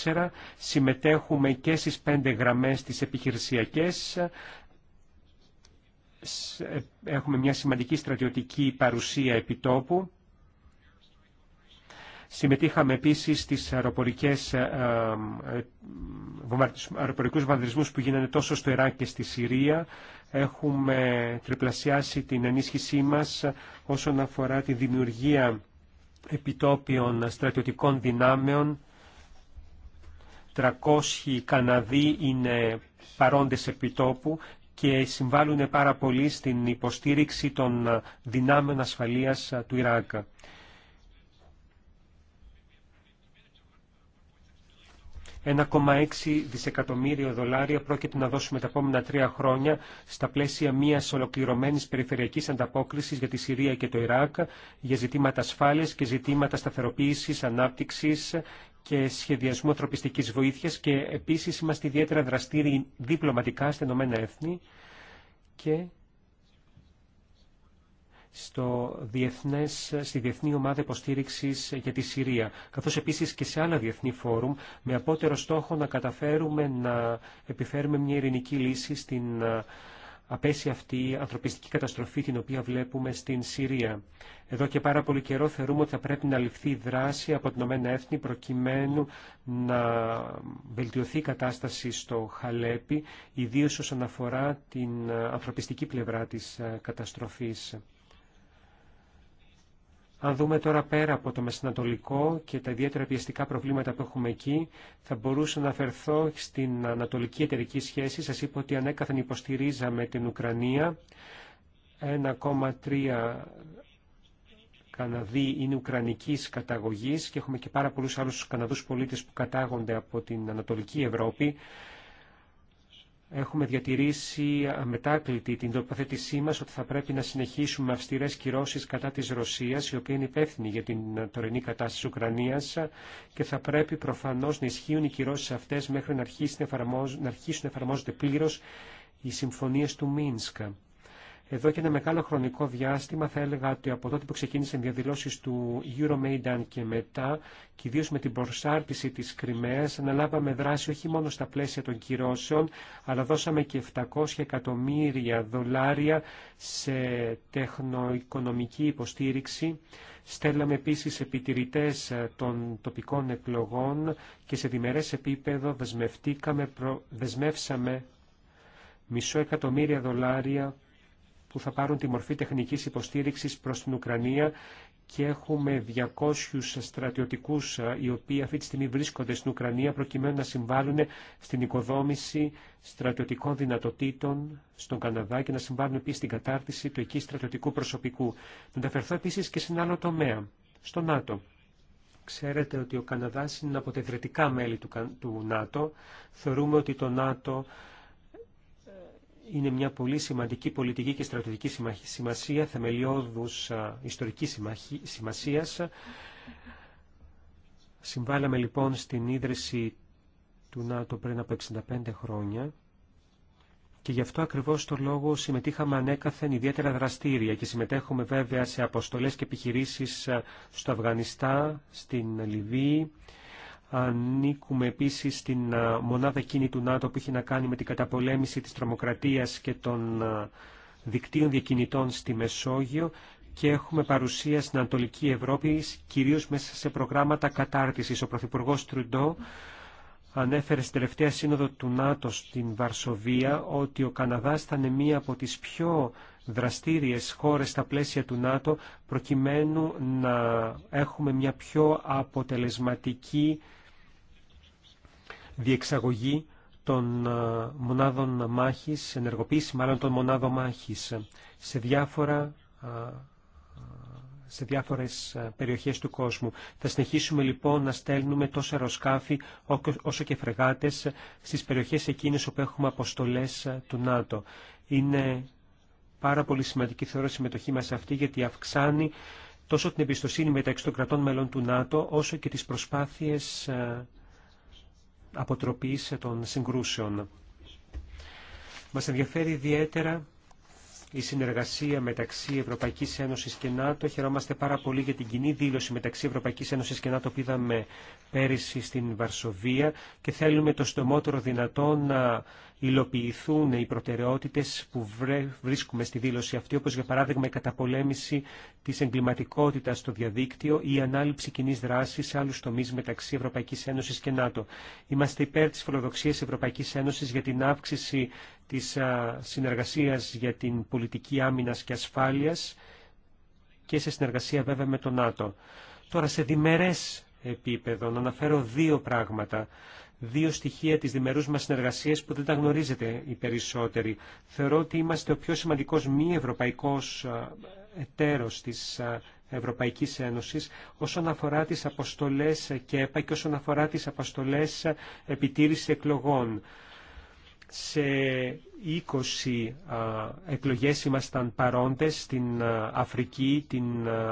2014. Συμμετέχουμε και στι πέντε γραμμέ τι επιχειρησιακέ έχουμε μια σημαντική στρατιωτική παρουσία επιτόπου. Συμμετείχαμε επίσης στις αεροπορικές, ε, ε, αεροπορικούς βανδρισμούς που γίνανε τόσο στο Ιράκ και στη Συρία. Έχουμε τριπλασιάσει την ενίσχυσή μας όσον αφορά τη δημιουργία επιτόπιων στρατιωτικών δυνάμεων. 300 Καναδοί είναι παρόντες επιτόπου και συμβάλλουν πάρα πολύ στην υποστήριξη των δυνάμεων ασφαλείας του Ιράκ. ...1,6 δισεκατομμύριο δολάρια πρόκειται να δώσουμε τα επόμενα τρία χρόνια... ...στα πλαίσια μιας ολοκληρωμένης περιφερειακής ανταπόκρισης για τη Συρία και το Ιράκ... ...για ζητήματα ασφάλειας και ζητήματα σταθεροποίησης, ανάπτυξης και σχεδιασμό ανθρωπιστικής βοήθειας και επίσης είμαστε ιδιαίτερα δραστήριοι διπλωματικά στην Ηνωμένα Έθνη και στο διεθνές, στη Διεθνή Ομάδα υποστήριξη για τη Συρία, καθώς επίσης και σε άλλα διεθνή φόρουμ, με απότερο στόχο να καταφέρουμε να επιφέρουμε μια ειρηνική λύση στην απέσει αυτή η ανθρωπιστική καταστροφή την οποία βλέπουμε στην Συρία. Εδώ και πάρα πολύ καιρό θεωρούμε ότι θα πρέπει να ληφθεί δράση από την ΟΕΕ προκειμένου να βελτιωθεί η κατάσταση στο Χαλέπι, ιδίως όσον αφορά την ανθρωπιστική πλευρά της ε, καταστροφής. Αν δούμε τώρα πέρα από το μεσανατολικό και τα ιδιαίτερα πιεστικά προβλήματα που έχουμε εκεί, θα μπορούσα να αφαιρθώ στην ανατολική εταιρική σχέση. Σας είπα ότι ανέκαθεν υποστηρίζαμε την Ουκρανία. 1,3 Καναδοί είναι ουκρανικής καταγωγής και έχουμε και πάρα πολλούς άλλους Καναδούς πολίτες που κατάγονται από την Ανατολική Ευρώπη έχουμε διατηρήσει αμετάκλητη την τοποθέτησή μας ότι θα πρέπει να συνεχίσουμε αυστηρές κυρώσεις κατά της Ρωσίας, η οποία είναι υπεύθυνη για την τωρινή κατάσταση της Ουκρανίας και θα πρέπει προφανώς να ισχύουν οι κυρώσεις αυτές μέχρι να αρχίσουν να εφαρμόζονται πλήρως οι συμφωνίες του Μίνσκα. Εδώ και ένα μεγάλο χρονικό διάστημα θα έλεγα ότι από τότε που ξεκίνησαν οι διαδηλώσεις του Euromaidan και μετά και ιδίω με την προσάρτηση της Κρυμαίας αναλάβαμε δράση όχι μόνο στα πλαίσια των κυρώσεων αλλά δώσαμε και 700 εκατομμύρια δολάρια σε τεχνοοικονομική υποστήριξη Στέλναμε επίσης επιτηρητές ε, των τοπικών εκλογών και σε διμερές επίπεδο δεσμευτήκαμε, δεσμεύσαμε μισό εκατομμύρια δολάρια που θα πάρουν τη μορφή τεχνικής υποστήριξης προς την Ουκρανία και έχουμε 200 στρατιωτικούς ε, οι οποίοι αυτή τη στιγμή βρίσκονται στην Ουκρανία προκειμένου να συμβάλλουν στην οικοδόμηση στρατιωτικών δυνατοτήτων στον Καναδά και να συμβάλλουν επίσης στην κατάρτιση του εκεί στρατιωτικού προσωπικού. Να ενταφερθώ επίσης και σε ένα άλλο τομέα, στο ΝΑΤΟ. Ξέρετε ότι ο Καναδάς είναι από τα μέλη του, του ΝΑΤΟ. Θεωρούμε ότι το ΝΑΤΟ είναι μια πολύ σημαντική πολιτική και στρατηγική σημασία, θεμελιώδους ιστορική σημασίας. Συμβάλαμε λοιπόν στην ίδρυση του ΝΑΤΟ πριν από 65 χρόνια και γι' αυτό ακριβώς το λόγο συμμετείχαμε ανέκαθεν ιδιαίτερα δραστήρια και συμμετέχουμε βέβαια σε αποστολές και επιχειρήσεις στο Αφγανιστά, στην Λιβύη, Ανήκουμε επίσης στην μονάδα εκείνη του ΝΑΤΟ που είχε να κάνει με την καταπολέμηση της τρομοκρατίας και των δικτύων διακινητών στη Μεσόγειο και έχουμε παρουσία στην Ανατολική Ευρώπη, κυρίως μέσα σε προγράμματα κατάρτισης. Ο Πρωθυπουργό Τρουντό ανέφερε στην τελευταία σύνοδο του ΝΑΤΟ στην Βαρσοβία ότι ο Καναδάς θα είναι μία από τις πιο δραστήριες χώρες στα πλαίσια του ΝΑΤΟ προκειμένου να έχουμε μια πιο αποτελεσματική διεξαγωγή των ε, μονάδων μάχης, ενεργοποίηση μάλλον των μονάδων μάχης σε, διάφορα, ε, σε διάφορες ε, περιοχές του κόσμου. Θα συνεχίσουμε λοιπόν να στέλνουμε τόσο αεροσκάφη όσο και φρεγάτες στις περιοχές εκείνες όπου έχουμε αποστολές του ΝΑΤΟ. Είναι πάρα πολύ σημαντική θεωρώ συμμετοχή μας αυτή γιατί αυξάνει τόσο την εμπιστοσύνη μεταξύ των κρατών μελών του ΝΑΤΟ όσο και τις προσπάθειες αποτροπής των συγκρούσεων. Μας ενδιαφέρει ιδιαίτερα η συνεργασία μεταξύ πολύ για την κοινή δήλωση μεταξύ Ευρωπαϊκή Ένωση και ΝΑΤΟ. Χαιρόμαστε πάρα πολύ για την κοινή δήλωση μεταξύ ευρωπαικη ενωση και ΝΑΤΟ που είδαμε πέρυσι στην Βαρσοβία και θέλουμε το στομότερο δυνατό να υλοποιηθούν οι προτεραιοτητε που βρίσκουμε στη δήλωση αυτή, οπω για παράδειγμα η καταπολέμηση τη εγκληματικοτητα στο διαδίκτυο ή η ανάληψη κοινή δράση σε αλλου τομει μεταξύ ευρωπαικη ενωση και ΝΑΤΟ. Είμαστε υπέρ τη φιλοδοξια ευρωπαικη ενωση για την αύξηση της συνεργασίας για την πολιτική άμυνας και ασφάλειας και σε συνεργασία βέβαια με το ΝΑΤΟ. Τώρα σε διμερές επίπεδο να αναφέρω δύο πράγματα, δύο στοιχεία της διμερούς μας συνεργασίας που δεν τα γνωρίζετε οι περισσότεροι. Θεωρώ ότι είμαστε ο πιο σημαντικός μη ευρωπαϊκός εταίρος της Ευρωπαϊκής Ένωσης όσον αφορά τις αποστολές ΚΕΠΑ και όσον αφορά τις αποστολές επιτήρησης εκλογών σε 20 εκλογές ήμασταν παρόντες στην Αφρική, την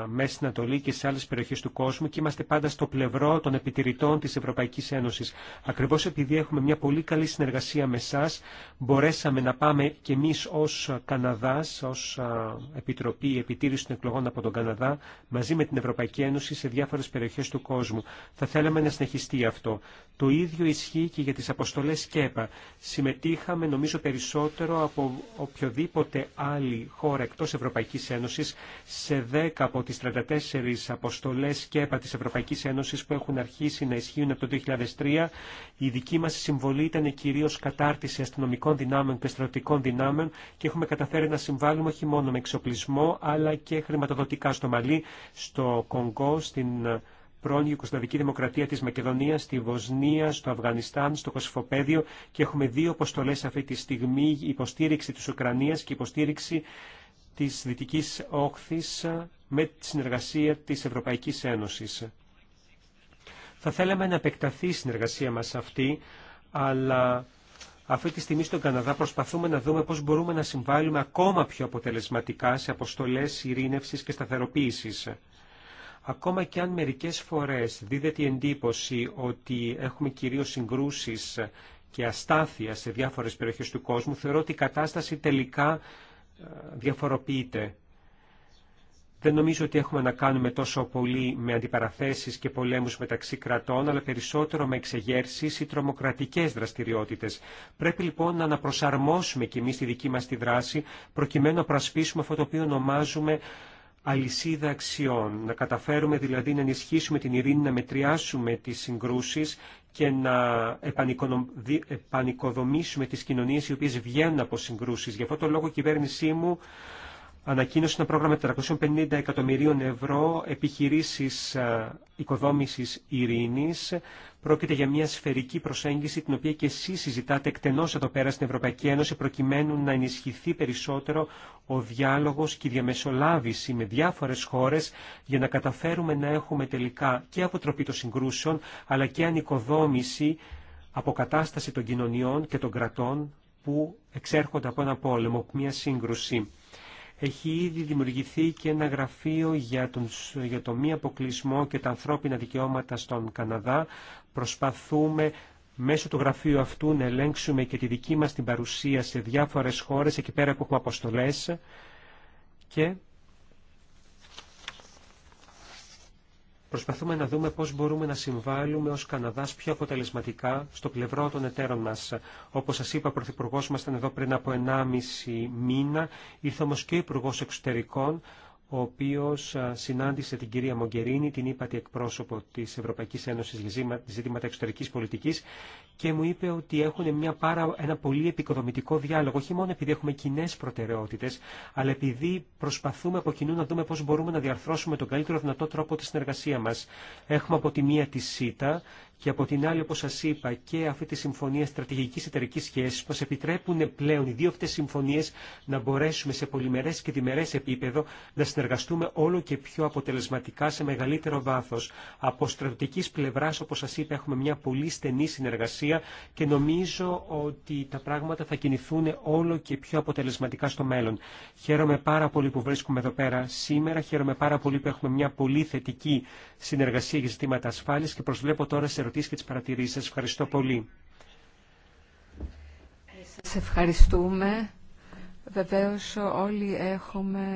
Μέση Ανατολή και σε άλλες περιοχές του κόσμου και είμαστε πάντα στο πλευρό των επιτηρητών της Ευρωπαϊκής Ένωσης. Ακριβώς επειδή έχουμε μια πολύ καλή συνεργασία με εσά, μπορέσαμε να πάμε κι εμείς ως Καναδάς, ως Επιτροπή Επιτήρηση των Εκλογών από τον Καναδά, μαζί με την Ευρωπαϊκή Ένωση σε διάφορες περιοχές του κόσμου. Θα θέλαμε να συνεχιστεί αυτό. Το ίδιο ισχύει και για τις αποστολές ΚΕΠΑ. Συμμετείχαμε, νομίζω, περισσότερο περισσότερο από οποιοδήποτε άλλη χώρα εκτός Ευρωπαϊκής Ένωσης σε 10 από τις 34 αποστολές και έπα της Ευρωπαϊκής Ένωσης που έχουν αρχίσει να ισχύουν από το 2003. Η δική μας συμβολή ήταν κυρίως κατάρτιση αστυνομικών δυνάμεων και στρατιωτικών δυνάμεων και έχουμε καταφέρει να συμβάλλουμε όχι μόνο με εξοπλισμό αλλά και χρηματοδοτικά στο Μαλί, στο Κονγκό, στην πρώην Ιουκοσλαβική Δημοκρατία τη Μακεδονία, στη Βοσνία, στο Αφγανιστάν, στο Κωσυφοπαίδιο και έχουμε δύο αποστολέ αυτή τη στιγμή, υποστήριξη τη Ουκρανία και υποστήριξη τη δυτική όχθη με τη συνεργασία τη Ευρωπαϊκή Ένωση. Θα θέλαμε να επεκταθεί η συνεργασία μα αυτή, αλλά αυτή τη στιγμή στον Καναδά προσπαθούμε να δούμε πώς μπορούμε να συμβάλλουμε ακόμα πιο αποτελεσματικά σε αποστολές ειρήνευσης και σταθεροποίηση. Ακόμα και αν μερικές φορές δίδεται η εντύπωση ότι έχουμε κυρίως συγκρούσεις και αστάθεια σε διάφορες περιοχές του κόσμου, θεωρώ ότι η κατάσταση τελικά ε, διαφοροποιείται. Δεν νομίζω ότι έχουμε να κάνουμε τόσο πολύ με αντιπαραθέσεις και πολέμους μεταξύ κρατών, αλλά περισσότερο με εξεγέρσεις ή τρομοκρατικές δραστηριότητες. Πρέπει λοιπόν να αναπροσαρμόσουμε κι εμείς τη δική μας τη δράση, προκειμένου να προασπίσουμε αυτό το οποίο ονομάζουμε αλυσίδα αξιών, να καταφέρουμε δηλαδή να ενισχύσουμε την ειρήνη, να μετριάσουμε τις συγκρούσεις και να επανοικοδομήσουμε τις κοινωνίες οι οποίες βγαίνουν από συγκρούσεις. Γι' αυτό το λόγο η κυβέρνησή μου ανακοίνωσε ένα πρόγραμμα 450 εκατομμυρίων ευρώ επιχειρήσεις ε, οικοδόμησης ειρήνης. Πρόκειται για μια σφαιρική προσέγγιση την οποία και εσείς συζητάτε εκτενώς εδώ πέρα στην Ευρωπαϊκή Ένωση προκειμένου να ενισχυθεί περισσότερο ο διάλογος και η διαμεσολάβηση με διάφορες χώρες για να καταφέρουμε να έχουμε τελικά και αποτροπή των συγκρούσεων αλλά και ανοικοδόμηση αποκατάσταση των κοινωνιών και των κρατών που εξέρχονται από ένα πόλεμο, μια σύγκρουση. Έχει ήδη δημιουργηθεί και ένα γραφείο για, τον, για το μη αποκλεισμό και τα ανθρώπινα δικαιώματα στον Καναδά. Προσπαθούμε μέσω του γραφείου αυτού να ελέγξουμε και τη δική μας την παρουσία σε διάφορες χώρες, εκεί πέρα που έχουμε αποστολές και Προσπαθούμε να δούμε πώς μπορούμε να συμβάλλουμε ως Καναδάς πιο αποτελεσματικά στο πλευρό των εταίρων μας. Όπως σας είπα, ο Πρωθυπουργός μας ήταν εδώ πριν από 1,5 μήνα. Ήρθε όμως και ο Υπουργός Εξωτερικών, ο οποίος συνάντησε την κυρία Μογκερίνη, την ύπατη εκπρόσωπο της Ευρωπαϊκής Ένωσης για ζήτηματα εξωτερικής πολιτικής και μου είπε ότι έχουν μια πάρα, ένα πολύ επικοδομητικό διάλογο, όχι μόνο επειδή έχουμε κοινέ προτεραιότητες, αλλά επειδή προσπαθούμε από κοινού να δούμε πώς μπορούμε να διαρθρώσουμε τον καλύτερο δυνατό τρόπο τη συνεργασία μας. Έχουμε από τη μία τη ΣΥΤΑ, και από την άλλη, όπω σα είπα, και αυτή τη συμφωνία στρατηγική εταιρική σχέση μα επιτρέπουν πλέον οι δύο αυτέ συμφωνίε να μπορέσουμε σε πολυμερέ και διμερές επίπεδο να συνεργαστούμε όλο και πιο αποτελεσματικά σε μεγαλύτερο βάθο. Από στρατιωτικής πλευρά, όπω σα είπα, έχουμε μια πολύ στενή συνεργασία και νομίζω ότι τα πράγματα θα κινηθούν όλο και πιο αποτελεσματικά στο μέλλον. Χαίρομαι πάρα πολύ που βρίσκουμε εδώ πέρα σήμερα, χαίρομαι πάρα πολύ που έχουμε μια πολύ θετική συνεργασία για ζητήματα ασφάλεια και προσβλέπω τώρα σε ερωτήσεις και παρατηρήσεις Ευχαριστώ πολύ. Σας ευχαριστούμε. Βεβαίως όλοι έχουμε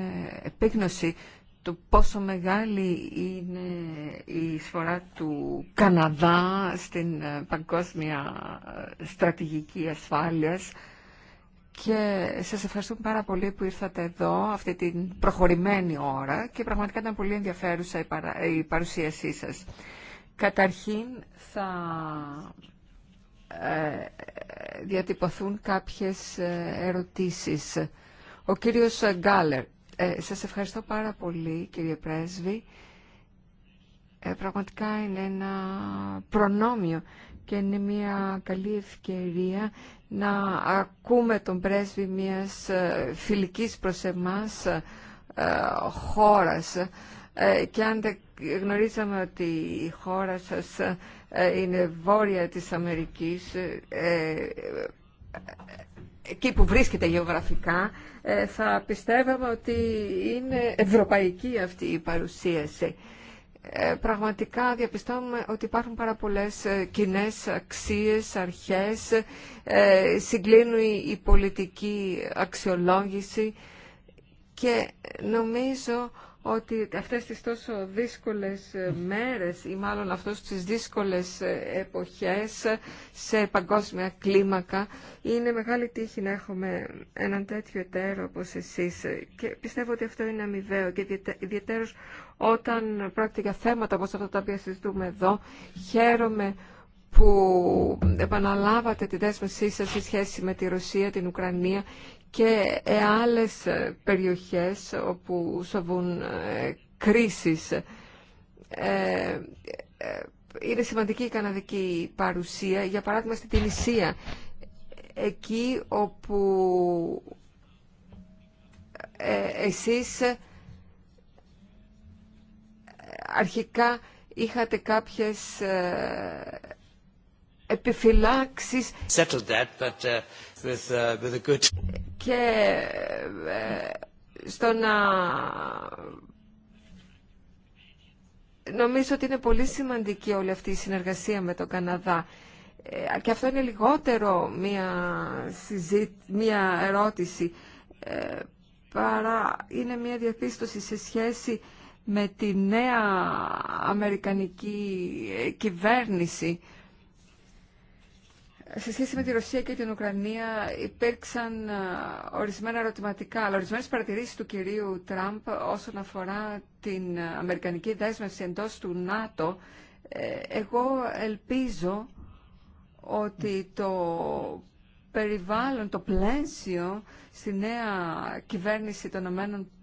επίγνωση του πόσο μεγάλη είναι η σφορά του Καναδά στην ε, παγκόσμια ε, στρατηγική ασφάλειας και σας ευχαριστούμε πάρα πολύ που ήρθατε εδώ αυτή την προχωρημένη ώρα και πραγματικά ήταν πολύ ενδιαφέρουσα η παρουσίασή σας. Καταρχήν θα ε, διατυπωθούν κάποιες ε, ερωτήσεις. Ο κύριος Γκάλερ, ε, σας ευχαριστώ πάρα πολύ κύριε Πρέσβη. Ε, πραγματικά είναι ένα προνόμιο και είναι μια καλή ευκαιρία να ακούμε τον πρέσβη μιας ε, φιλικής προς εμάς χώρας ε, και αν γνωρίζαμε ότι η χώρα σας ε, είναι βόρεια της Αμερικής, ε, εκεί που βρίσκεται γεωγραφικά, θα πιστεύαμε ότι είναι ευρωπαϊκή αυτή η παρουσίαση. Πραγματικά διαπιστώνουμε ότι υπάρχουν πάρα πολλές κοινέ αξίες, αρχές, συγκλίνουν η πολιτική αξιολόγηση και νομίζω ότι αυτές τις τόσο δύσκολες ε, μέρες ή μάλλον αυτές τις δύσκολες ε, εποχές ε, σε παγκόσμια κλίμακα είναι μεγάλη τύχη να έχουμε έναν τέτοιο εταίρο όπως εσείς και πιστεύω ότι αυτό είναι αμοιβαίο και ιδιαίτερως όταν πρόκειται για θέματα όπως αυτά τα οποία συζητούμε εδώ χαίρομαι που επαναλάβατε τη δέσμευσή σας σε σχέση με τη Ρωσία, την Ουκρανία και ε, άλλες ε, περιοχές όπου σοβούν ε, κρίσεις. Είναι σημαντική η καναδική παρουσία, για παράδειγμα στην Τινησία, εκεί όπου εσείς αρχικά είχατε κάποιες επιφυλάξεις uh, uh, και ε, στο να νομίζω ότι είναι πολύ σημαντική όλη αυτή η συνεργασία με τον Καναδά ε, και αυτό είναι λιγότερο μια, μια ερώτηση ε, παρά είναι μια διαπίστωση σε σχέση με τη νέα Αμερικανική κυβέρνηση σε σχέση με τη Ρωσία και την Ουκρανία υπήρξαν ορισμένα ερωτηματικά, αλλά ορισμένες παρατηρήσεις του κυρίου Τραμπ όσον αφορά την αμερικανική δέσμευση εντός του ΝΑΤΟ. Ε, εγώ ελπίζω ότι το περιβάλλον, το πλαίσιο στη νέα κυβέρνηση των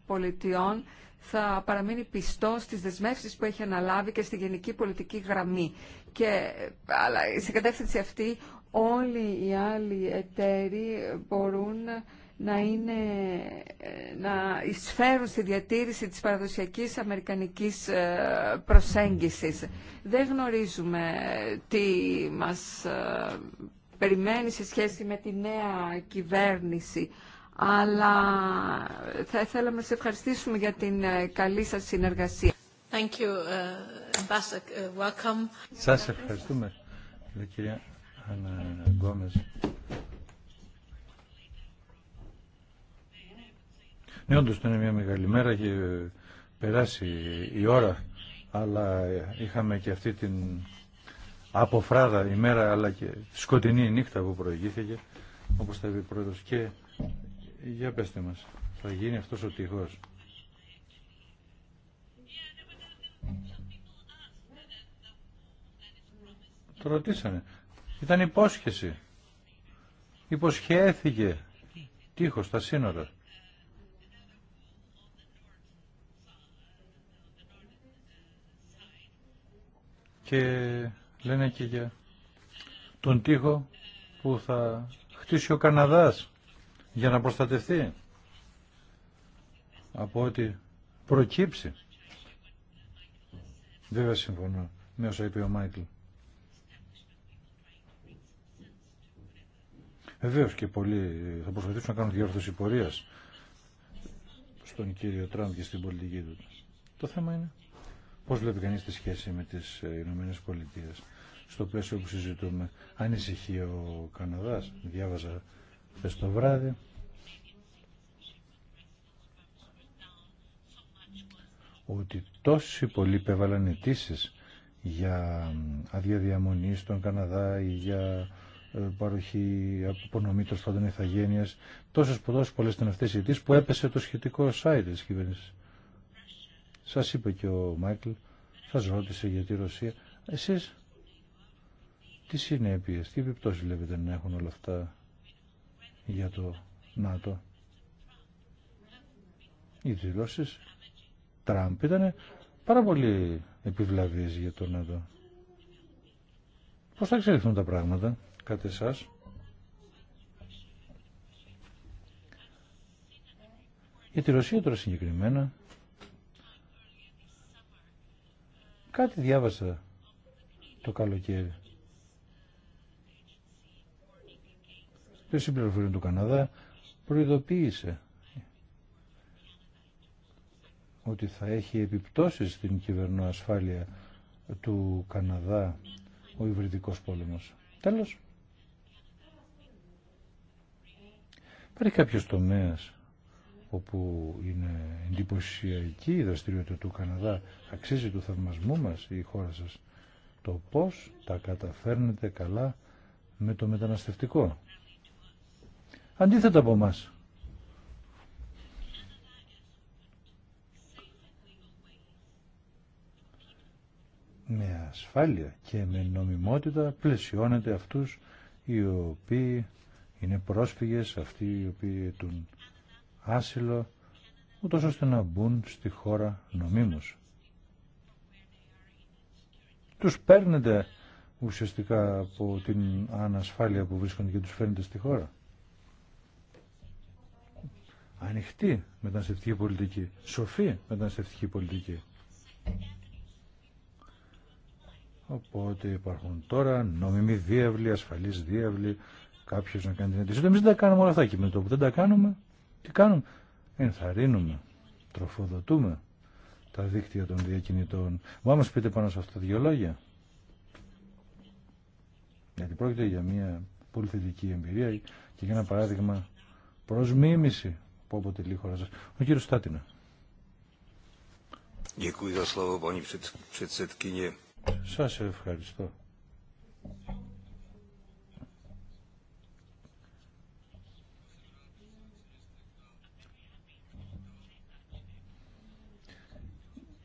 ΗΠΑ θα παραμείνει πιστό στις δεσμεύσεις που έχει αναλάβει και στη γενική πολιτική γραμμή. Και, ε, αλλά στην κατεύθυνση αυτή όλοι οι άλλοι εταίροι μπορούν να, είναι, να εισφέρουν στη διατήρηση της παραδοσιακής αμερικανικής ε, προσέγγισης. Δεν γνωρίζουμε τι μας ε, περιμένει σε σχέση με τη νέα κυβέρνηση, αλλά θα ήθελα να σε ευχαριστήσουμε για την ε, καλή σας συνεργασία. Thank Σας ευχαριστούμε, κυρία ναι, όντω ήταν μια μεγάλη μέρα και περάσει η ώρα, αλλά είχαμε και αυτή την αποφράδα ημέρα, αλλά και σκοτεινή νύχτα που προηγήθηκε, όπως θα είπε πρόεδρο. Και για πετε μας, θα γίνει αυτός ο τυχό. Το ρωτήσανε. Ήταν υπόσχεση. Υποσχέθηκε τείχος στα σύνορα. Και λένε και για τον τείχο που θα χτίσει ο Καναδάς για να προστατευτεί από ό,τι προκύψει. Βέβαια συμφωνώ με όσα είπε ο Μάικλ. Βεβαίω και πολλοί θα προσπαθήσουν να κάνουν διόρθωση πορεία στον κύριο Τραμπ και στην πολιτική του. Το θέμα είναι πώ βλέπει κανεί τη σχέση με τι ε, Ηνωμένε Πολιτείε στο πλαίσιο που συζητούμε. Ανησυχεί ο Καναδά. Διάβαζα χθε το βράδυ. ότι τόσοι πολλοί υπέβαλαν αιτήσει για άδεια στον Καναδά ή για ε, παροχή, απονομή των πάντων ηθαγένεια. Τόσε πολλέ πολλέ ήταν αυτέ οι που έπεσε το σχετικό site τη κυβέρνηση. Σα είπε και ο Μάικλ, σα ρώτησε για τη Ρωσία. Εσεί τι συνέπειε, τι επιπτώσει βλέπετε να έχουν όλα αυτά για το ΝΑΤΟ. Οι δηλώσει Τραμπ ήταν πάρα πολύ επιβλαβείς για το ΝΑΤΟ. Πώς θα εξελιχθούν τα πράγματα κατ' εσάς. Για τη Ρωσία τώρα συγκεκριμένα. Κάτι διάβασα το καλοκαίρι. Το συμπληροφορείο του Καναδά προειδοποίησε ότι θα έχει επιπτώσεις στην κυβερνοασφάλεια του Καναδά ο υβριδικός πόλεμος. Τέλος. Υπάρχει κάποιο τομέα όπου είναι εντυπωσιακή η δραστηριότητα του Καναδά, αξίζει του θαυμασμού μας η χώρα σας, το πώς τα καταφέρνετε καλά με το μεταναστευτικό. Αντίθετα από εμά. Με ασφάλεια και με νομιμότητα πλαισιώνεται αυτούς οι οποίοι είναι πρόσφυγες αυτοί οι οποίοι έτουν άσυλο, ούτως ώστε να μπουν στη χώρα νομίμως. Τους παίρνετε ουσιαστικά από την ανασφάλεια που βρίσκονται και τους φέρνετε στη χώρα. Ανοιχτή μεταναστευτική πολιτική, σοφή μεταναστευτική πολιτική. Οπότε υπάρχουν τώρα νομιμοί διάβλοι, ασφαλείς διάβλοι, Κάποιο να κάνει την αίτηση. Εμεί δεν τα κάνουμε όλα αυτά και με το που δεν τα κάνουμε, τι κάνουμε. Ενθαρρύνουμε, τροφοδοτούμε τα δίκτυα των διακινητών. Μου άμα πείτε πάνω σε αυτά δύο λόγια. Γιατί πρόκειται για μια πολύ θετική εμπειρία και για ένα παράδειγμα προ μίμηση που αποτελεί η χώρα σα. Ο κύριο Στάτινα. Σας ευχαριστώ.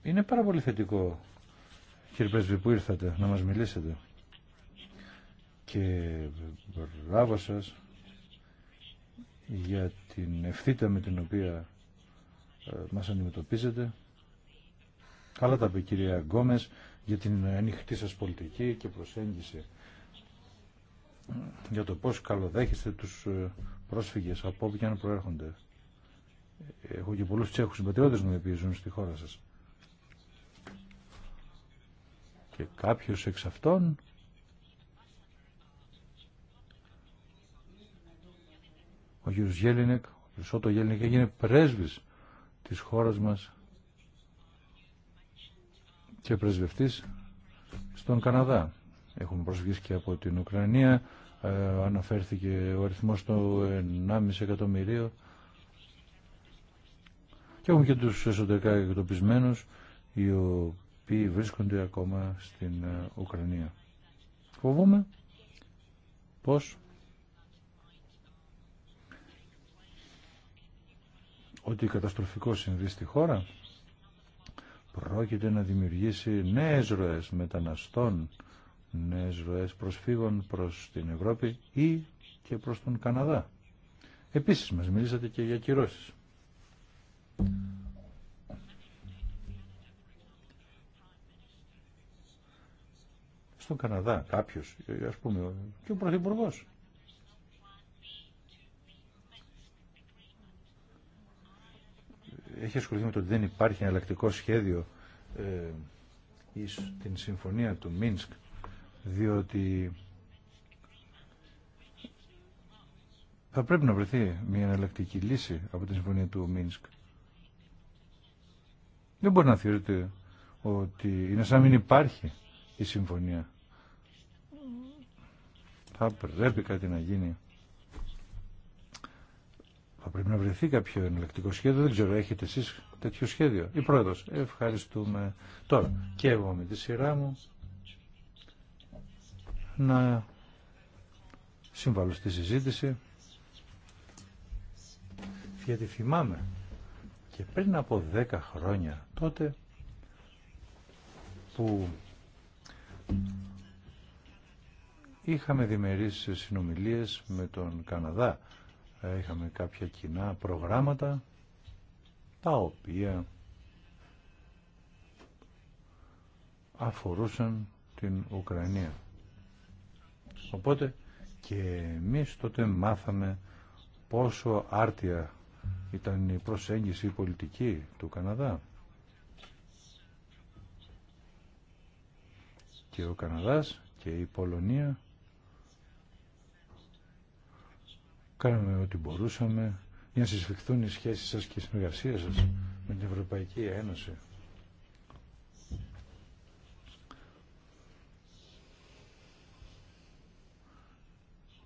Είναι πάρα πολύ θετικό, κύριε Πρέσβη, που ήρθατε να μας μιλήσετε. Και μπράβο σας για την ευθύτα με την οποία ε, μας αντιμετωπίζετε. Καλά τα πει κυρία Γκόμες για την ανοιχτή σας πολιτική και προσέγγιση για το πώς καλοδέχεστε τους ε, πρόσφυγες από όπου αν προέρχονται. Έχω και πολλούς Τσέχους συμπατριώτες μου στη χώρα σας και κάποιος εξ αυτών ο κύριος Γέλινεκ, ο Σότο έγινε πρέσβης της χώρας μας και πρεσβευτής στον Καναδά. Έχουμε προσβήσει και από την Ουκρανία, ε, αναφέρθηκε ο αριθμός το 1,5 εκατομμυρίου και έχουμε και τους εσωτερικά εκτοπισμένους οι ο οποίοι βρίσκονται ακόμα στην ε, Ουκρανία. Φοβούμαι πως ότι καταστροφικό συμβεί στη χώρα πρόκειται να δημιουργήσει νέες ροές μεταναστών, νέες ροές προσφύγων προς την Ευρώπη ή και προς τον Καναδά. Επίσης μας μιλήσατε και για κυρώσεις. στον Καναδά κάποιο, ε, α πούμε, και ο Πρωθυπουργό. Έχει ασχοληθεί με το ότι δεν υπάρχει εναλλακτικό σχέδιο ε, εις την συμφωνία του Μίνσκ, διότι θα πρέπει να βρεθεί μια εναλλακτική λύση από τη συμφωνία του Μίνσκ. Δεν μπορεί να θεωρείται ότι είναι σαν να μην υπάρχει η συμφωνία. Θα πρέπει κάτι να γίνει. Θα πρέπει να βρεθεί κάποιο εναλλακτικό σχέδιο. Δεν ξέρω, έχετε εσεί τέτοιο σχέδιο. Η πρόεδρος, ευχαριστούμε. Τώρα, και εγώ με τη σειρά μου να συμβάλλω στη συζήτηση γιατί θυμάμαι και πριν από 10 χρόνια τότε που Είχαμε διμερείς συνομιλίες με τον Καναδά. Ε, είχαμε κάποια κοινά προγράμματα τα οποία αφορούσαν την Ουκρανία. Οπότε και εμείς τότε μάθαμε πόσο άρτια ήταν η προσέγγιση πολιτική του Καναδά. Και ο Καναδάς και η Πολωνία Κάναμε ό,τι μπορούσαμε για να συσφιχθούν οι σχέσεις σας και η συνεργασία σας με την Ευρωπαϊκή Ένωση.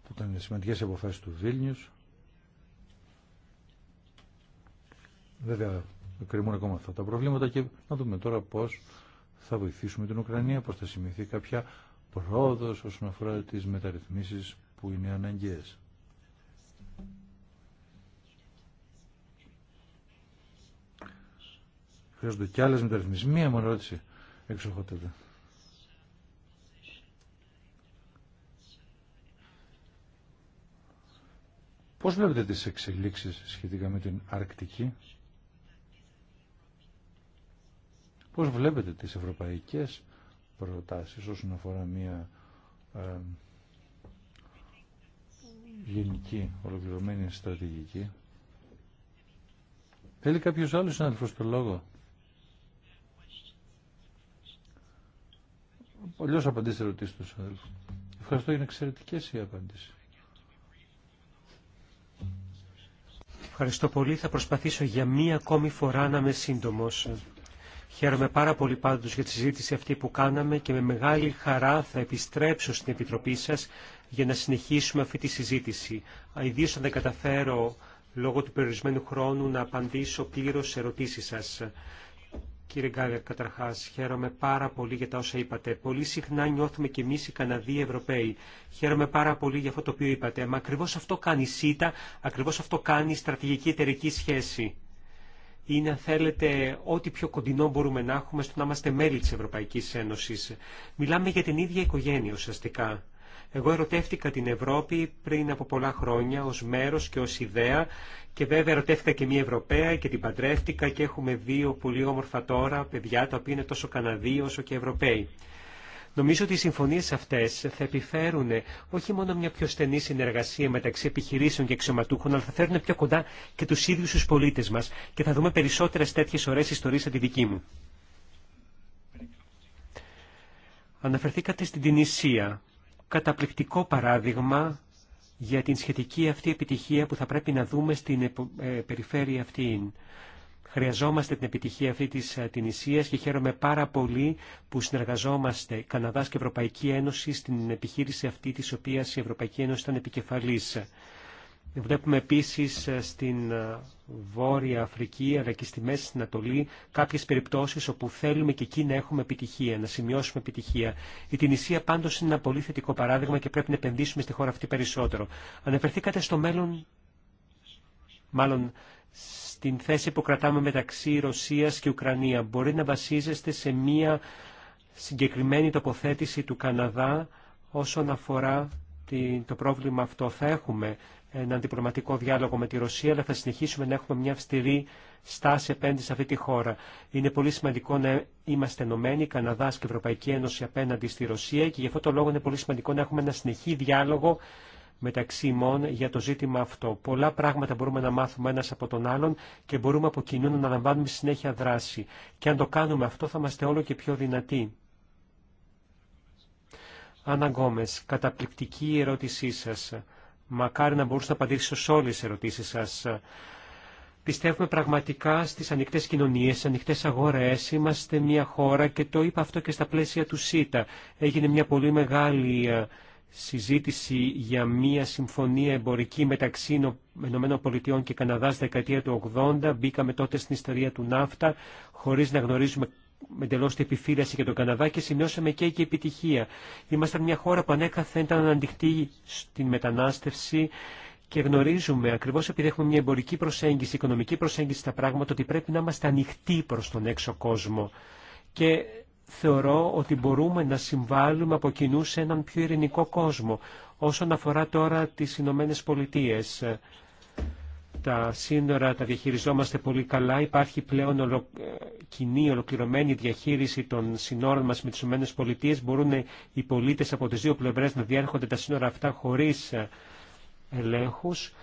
Που ήταν σημαντικές αποφάσεις του Βίλνιους. Βέβαια, κρυμούν ακόμα αυτά τα προβλήματα και να δούμε τώρα πώς θα βοηθήσουμε την Ουκρανία, πώς θα σημειωθεί κάποια πρόοδος όσον αφορά τις μεταρρυθμίσεις που είναι αναγκαίες. Χρειάζονται κι άλλε μεταρρυθμίσεις. Μία μόνο ερώτηση εξοχότερα. Πώς βλέπετε τις εξελίξεις σχετικά με την Αρκτική. Πώς βλέπετε τις ευρωπαϊκές προτάσεις όσον αφορά μια ε, γενική, ολοκληρωμένη στρατηγική. Θέλει κάποιος άλλος συνάδελφος το λόγο. Αλλιώ απαντήσει ερωτήσει του αδέλφου. Ευχαριστώ, είναι εξαιρετικέ οι απαντήσει. Ευχαριστώ πολύ. Θα προσπαθήσω για μία ακόμη φορά να είμαι σύντομο. Χαίρομαι πάρα πολύ πάντως για τη συζήτηση αυτή που κάναμε και με μεγάλη χαρά θα επιστρέψω στην Επιτροπή σας για να συνεχίσουμε αυτή τη συζήτηση. Ιδίως αν δεν καταφέρω λόγω του περιορισμένου χρόνου να απαντήσω πλήρως σε ερωτήσεις σας. Κύριε Γκάλερ, καταρχά, χαίρομαι πάρα πολύ για τα όσα είπατε. Πολύ συχνά νιώθουμε κι εμεί οι Καναδοί Ευρωπαίοι. Χαίρομαι πάρα πολύ για αυτό το οποίο είπατε. Μα ακριβώ αυτό κάνει η ΣΥΤΑ, ακριβώ αυτό κάνει η στρατηγική εταιρική σχέση. Είναι, αν θέλετε, ό,τι πιο κοντινό μπορούμε να έχουμε στο να είμαστε μέλη τη Ευρωπαϊκή Ένωση. Μιλάμε για την ίδια οικογένεια ουσιαστικά. Εγώ ερωτεύτηκα την Ευρώπη πριν από πολλά χρόνια ως μέρος και ως ιδέα και βέβαια ερωτεύτηκα και μία Ευρωπαία και την παντρεύτηκα και έχουμε δύο πολύ όμορφα τώρα παιδιά τα οποία είναι τόσο Καναδοί όσο και Ευρωπαίοι. Νομίζω ότι οι συμφωνίες αυτές θα επιφέρουν όχι μόνο μια πιο στενή συνεργασία μεταξύ επιχειρήσεων και αξιωματούχων, αλλά θα φέρουν πιο κοντά και τους ίδιους τους πολίτες μας και θα δούμε περισσότερες τέτοιες ωραίες ιστορίες από τη δική μου. Αναφερθήκατε στην Τινησία καταπληκτικό παράδειγμα για την σχετική αυτή επιτυχία που θα πρέπει να δούμε στην ε, περιφέρεια αυτή. Χρειαζόμαστε την επιτυχία αυτή της ε, Τινησίας και χαίρομαι πάρα πολύ που συνεργαζόμαστε Καναδάς και Ευρωπαϊκή Ένωση στην επιχείρηση αυτή της οποίας η Ευρωπαϊκή Ένωση ήταν επικεφαλής. Βλέπουμε επίσης ε, στην ε, Βόρεια Αφρική αλλά και στη Μέση Ανατολή κάποιες περιπτώσεις όπου θέλουμε και εκεί να έχουμε επιτυχία, να σημειώσουμε επιτυχία. Η Τινησία πάντως είναι ένα πολύ θετικό παράδειγμα και πρέπει να επενδύσουμε στη χώρα αυτή περισσότερο. Αναφερθήκατε στο μέλλον, μάλλον στην θέση που κρατάμε μεταξύ Ρωσίας και Ουκρανία. Μπορεί να βασίζεστε σε μία συγκεκριμένη τοποθέτηση του Καναδά όσον αφορά το πρόβλημα αυτό. Θα έχουμε έναν διπλωματικό διάλογο με τη Ρωσία, αλλά θα συνεχίσουμε να έχουμε μια αυστηρή στάση απέναντι σε αυτή τη χώρα. Είναι πολύ σημαντικό να είμαστε ενωμένοι, Καναδά και Ευρωπαϊκή Ένωση απέναντι στη Ρωσία και γι' αυτό το λόγο είναι πολύ σημαντικό να έχουμε ένα συνεχή διάλογο μεταξύ ημών για το ζήτημα αυτό. Πολλά πράγματα μπορούμε να μάθουμε ένας από τον άλλον και μπορούμε από κοινού να αναλαμβάνουμε συνέχεια δράση. Και αν το κάνουμε αυτό θα είμαστε όλο και πιο δυνατοί. Άννα καταπληκτική καταπληκτική ερώτησή σας. Μακάρι να μπορούσα να απαντήσω σε όλε τι ερωτήσει σας. Πιστεύουμε πραγματικά στις ανοιχτέ κοινωνίες, στις ανοιχτέ αγορές. Είμαστε μια χώρα και το είπα αυτό και στα πλαίσια του ΣΥΤΑ. Έγινε μια πολύ μεγάλη ε, συζήτηση για μια συμφωνία εμπορική μεταξύ ΗΠΑ και Καναδάς δεκαετία του 80. Μπήκαμε τότε στην ιστορία του ΝΑΦΤΑ χωρίς να γνωρίζουμε εντελώ την επιφύλαση για τον Καναδά και σημειώσαμε και εκεί επιτυχία. Είμαστε μια χώρα που ανέκαθεν ήταν αναντιχτή στην μετανάστευση και γνωρίζουμε ακριβώς επειδή έχουμε μια εμπορική προσέγγιση, οικονομική προσέγγιση στα πράγματα, ότι πρέπει να είμαστε ανοιχτοί προς τον έξω κόσμο. Και θεωρώ ότι μπορούμε να συμβάλλουμε από κοινού σε έναν πιο ειρηνικό κόσμο. Όσον αφορά τώρα τις Ηνωμένε Πολιτείες, τα σύνορα τα διαχειριζόμαστε πολύ καλά. Υπάρχει πλέον κοινή, ολοκληρωμένη διαχείριση των σύνορων μας με τις ΗΠΑ. Μπορούν οι πολίτες από τις δύο πλευρές να διέρχονται τα σύνορα αυτά χωρίς ε, ελέγχους.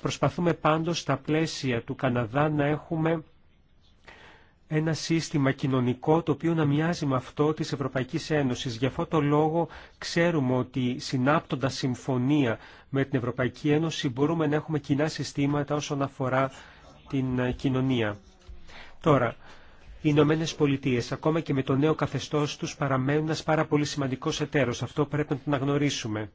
Προσπαθούμε πάντως στα πλαίσια του Καναδά να έχουμε ένα σύστημα κοινωνικό το οποίο να μοιάζει με αυτό της Ευρωπαϊκής Ένωσης. Γι' αυτό το λόγο ξέρουμε ότι συνάπτοντα συμφωνία με την Ευρωπαϊκή Ένωση μπορούμε να έχουμε κοινά συστήματα όσον αφορά την ε, κοινωνία. Τώρα, οι Ηνωμένε Πολιτείε, ακόμα και με το νέο καθεστώ του, παραμένουν ένα πάρα πολύ σημαντικό εταίρο. Αυτό πρέπει να το αναγνωρίσουμε.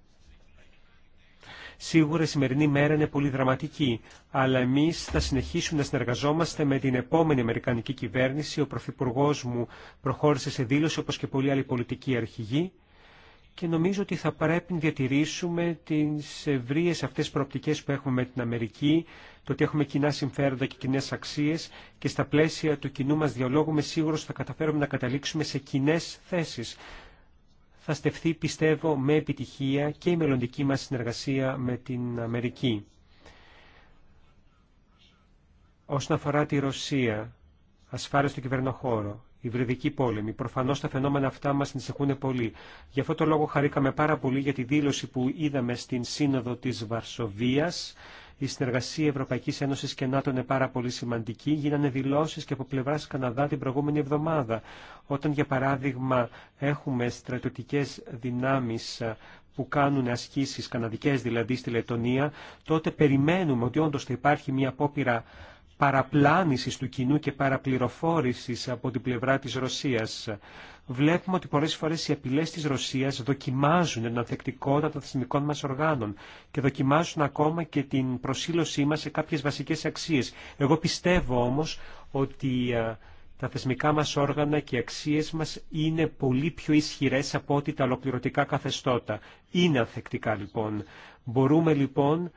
Σίγουρα η σημερινή μέρα είναι πολύ δραματική, αλλά εμεί θα συνεχίσουμε να συνεργαζόμαστε με την επόμενη Αμερικανική κυβέρνηση. Ο Πρωθυπουργό μου προχώρησε σε δήλωση, όπω και πολλοί άλλοι πολιτικοί αρχηγοί, και νομίζω ότι θα πρέπει να διατηρήσουμε τι ευρείε αυτέ προοπτικέ που έχουμε με την Αμερική, το ότι έχουμε κοινά συμφέροντα και κοινέ αξίε και στα πλαίσια του κοινού μα διαλόγου με σίγουρο θα καταφέρουμε να καταλήξουμε σε κοινέ θέσει θα στεφθεί, πιστεύω, με επιτυχία και η μελλοντική μας συνεργασία με την Αμερική. Όσον αφορά τη Ρωσία, ασφάλεια στον κυβερνοχώρο, υβριδική πόλεμη, προφανώς τα φαινόμενα αυτά μας ενσυχούν πολύ. Γι' αυτό το λόγο χαρήκαμε πάρα πολύ για τη δήλωση που είδαμε στην Σύνοδο της Βαρσοβίας, η συνεργασία Ευρωπαϊκή Ένωση και ΝΑΤΟ είναι πάρα πολύ σημαντική. Γίνανε δηλώσει και από πλευράς Καναδά την προηγούμενη εβδομάδα. Όταν, για παράδειγμα, έχουμε στρατιωτικές δυνάμεις ε, που κάνουν ασκήσεις, καναδικές δηλαδή, στη Λετωνία, τότε περιμένουμε ότι όντω θα υπάρχει μια απόπειρα παραπλάνησης του κοινού και παραπληροφόρησης από την πλευρά της Ρωσίας. Βλέπουμε ότι πολλές φορές οι απειλές της Ρωσίας δοκιμάζουν την ανθεκτικότητα των θεσμικών μας οργάνων και δοκιμάζουν ακόμα και την προσήλωσή μας σε κάποιες βασικές αξίες. Εγώ πιστεύω όμως ότι τα θεσμικά μας όργανα και οι αξίες μας είναι πολύ πιο ισχυρές από ό,τι τα ολοκληρωτικά καθεστώτα. Είναι ανθεκτικά λοιπόν. Μπορούμε λοιπόν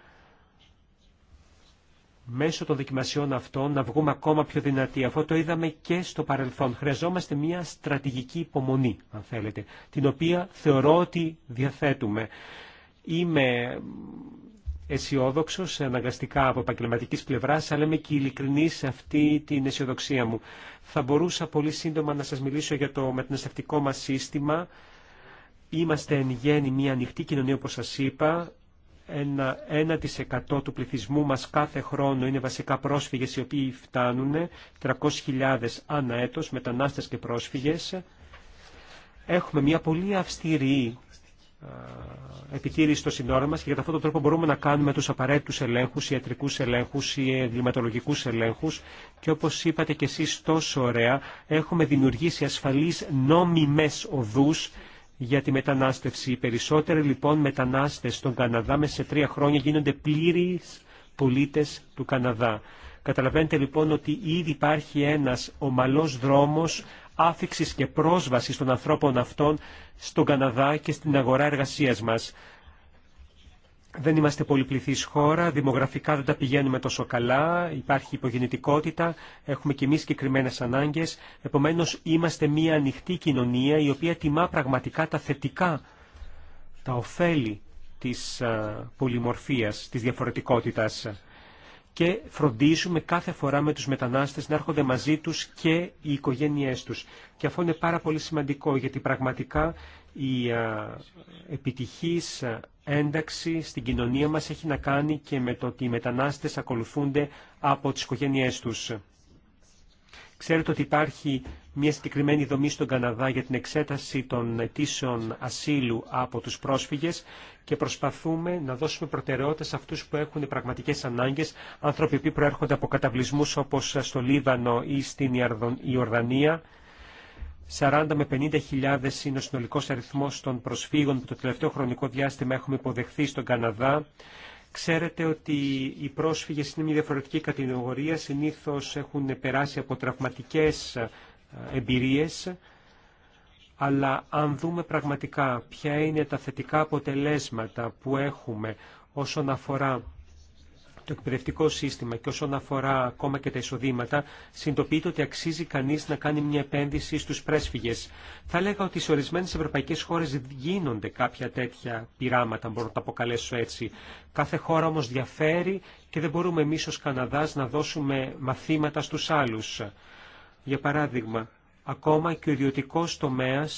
μέσω των δοκιμασιών αυτών να βγούμε ακόμα πιο δυνατοί. Αυτό το είδαμε και στο παρελθόν. Χρειαζόμαστε μια στρατηγική υπομονή, αν θέλετε, την οποία θεωρώ ότι διαθέτουμε. Είμαι αισιόδοξο αναγκαστικά από επαγγελματική πλευρά, αλλά είμαι και ειλικρινή σε αυτή την αισιοδοξία μου. Θα μπορούσα πολύ σύντομα να σα μιλήσω για το μεταναστευτικό μα σύστημα. Είμαστε εν γέννη μια ανοιχτή κοινωνία, όπω σα είπα ένα 1% του πληθυσμού μας κάθε χρόνο είναι βασικά πρόσφυγες οι οποίοι φτάνουν, 300.000 ανά έτος, μετανάστες και πρόσφυγες. Έχουμε μια πολύ αυστηρή επιτήρηση στο σύνορα μας και για αυτόν τον τρόπο μπορούμε να κάνουμε τους απαραίτητους ελέγχους, ιατρικούς ελέγχους ή εγκληματολογικούς ελέγχους και όπως είπατε και εσείς τόσο ωραία έχουμε δημιουργήσει ασφαλείς νόμιμες οδούς για τη μετανάστευση. Οι περισσότεροι λοιπόν μετανάστες στον Καναδά μέσα σε τρία χρόνια γίνονται πλήρεις πολίτες του Καναδά. Καταλαβαίνετε λοιπόν ότι ήδη υπάρχει ένας ομαλός δρόμος άφηξη και πρόσβασης των ανθρώπων αυτών στον Καναδά και στην αγορά εργασίας μας. Δεν είμαστε πολυπληθής χώρα, δημογραφικά δεν τα πηγαίνουμε τόσο καλά, υπάρχει υπογεννητικότητα, έχουμε και εμείς συγκεκριμένε ανάγκες. Επομένως, είμαστε μια ανοιχτή κοινωνία η οποία τιμά πραγματικά τα θετικά, τα ωφέλη της ε, πολυμορφίας, της διαφορετικότητας και φροντίζουμε κάθε φορά με τους μετανάστες να έρχονται μαζί τους και οι οικογένειές τους. Και αυτό είναι πάρα πολύ σημαντικό γιατί πραγματικά η ε, επιτυχής ένταξη στην κοινωνία μας έχει να κάνει και με το ότι οι μετανάστες ακολουθούνται από τις οικογένειές τους. Ξέρετε ότι υπάρχει μια συγκεκριμένη δομή στον Καναδά για την εξέταση των αιτήσεων ασύλου από τους πρόσφυγες και προσπαθούμε να δώσουμε προτεραιότητα σε αυτούς που έχουν πραγματικές ανάγκες, άνθρωποι που προέρχονται από καταβλισμούς όπως στο Λίβανο ή στην Ιορδανία, 40 με 50 χιλιάδες είναι ο συνολικός αριθμός των προσφύγων που το τελευταίο χρονικό διάστημα έχουμε υποδεχθεί στον Καναδά. Ξέρετε ότι οι πρόσφυγες είναι μια διαφορετική κατηγορία, συνήθως έχουν περάσει από τραυματικές ε, εμπειρίες, αλλά αν δούμε πραγματικά ποια είναι τα θετικά αποτελέσματα που έχουμε όσον αφορά το εκπαιδευτικό σύστημα και όσον αφορά ακόμα και τα εισοδήματα, συνειδητοποιείται ότι αξίζει κανεί να κάνει μια επένδυση στου πρέσφυγε. Θα έλεγα ότι σε ορισμένε ευρωπαϊκέ χώρε γίνονται κάποια τέτοια πειράματα, μπορώ να τα αποκαλέσω έτσι. Κάθε χώρα όμω διαφέρει και δεν μπορούμε εμεί ω Καναδά να δώσουμε μαθήματα στου άλλου. Για παράδειγμα, ακόμα και ο ιδιωτικό τομέα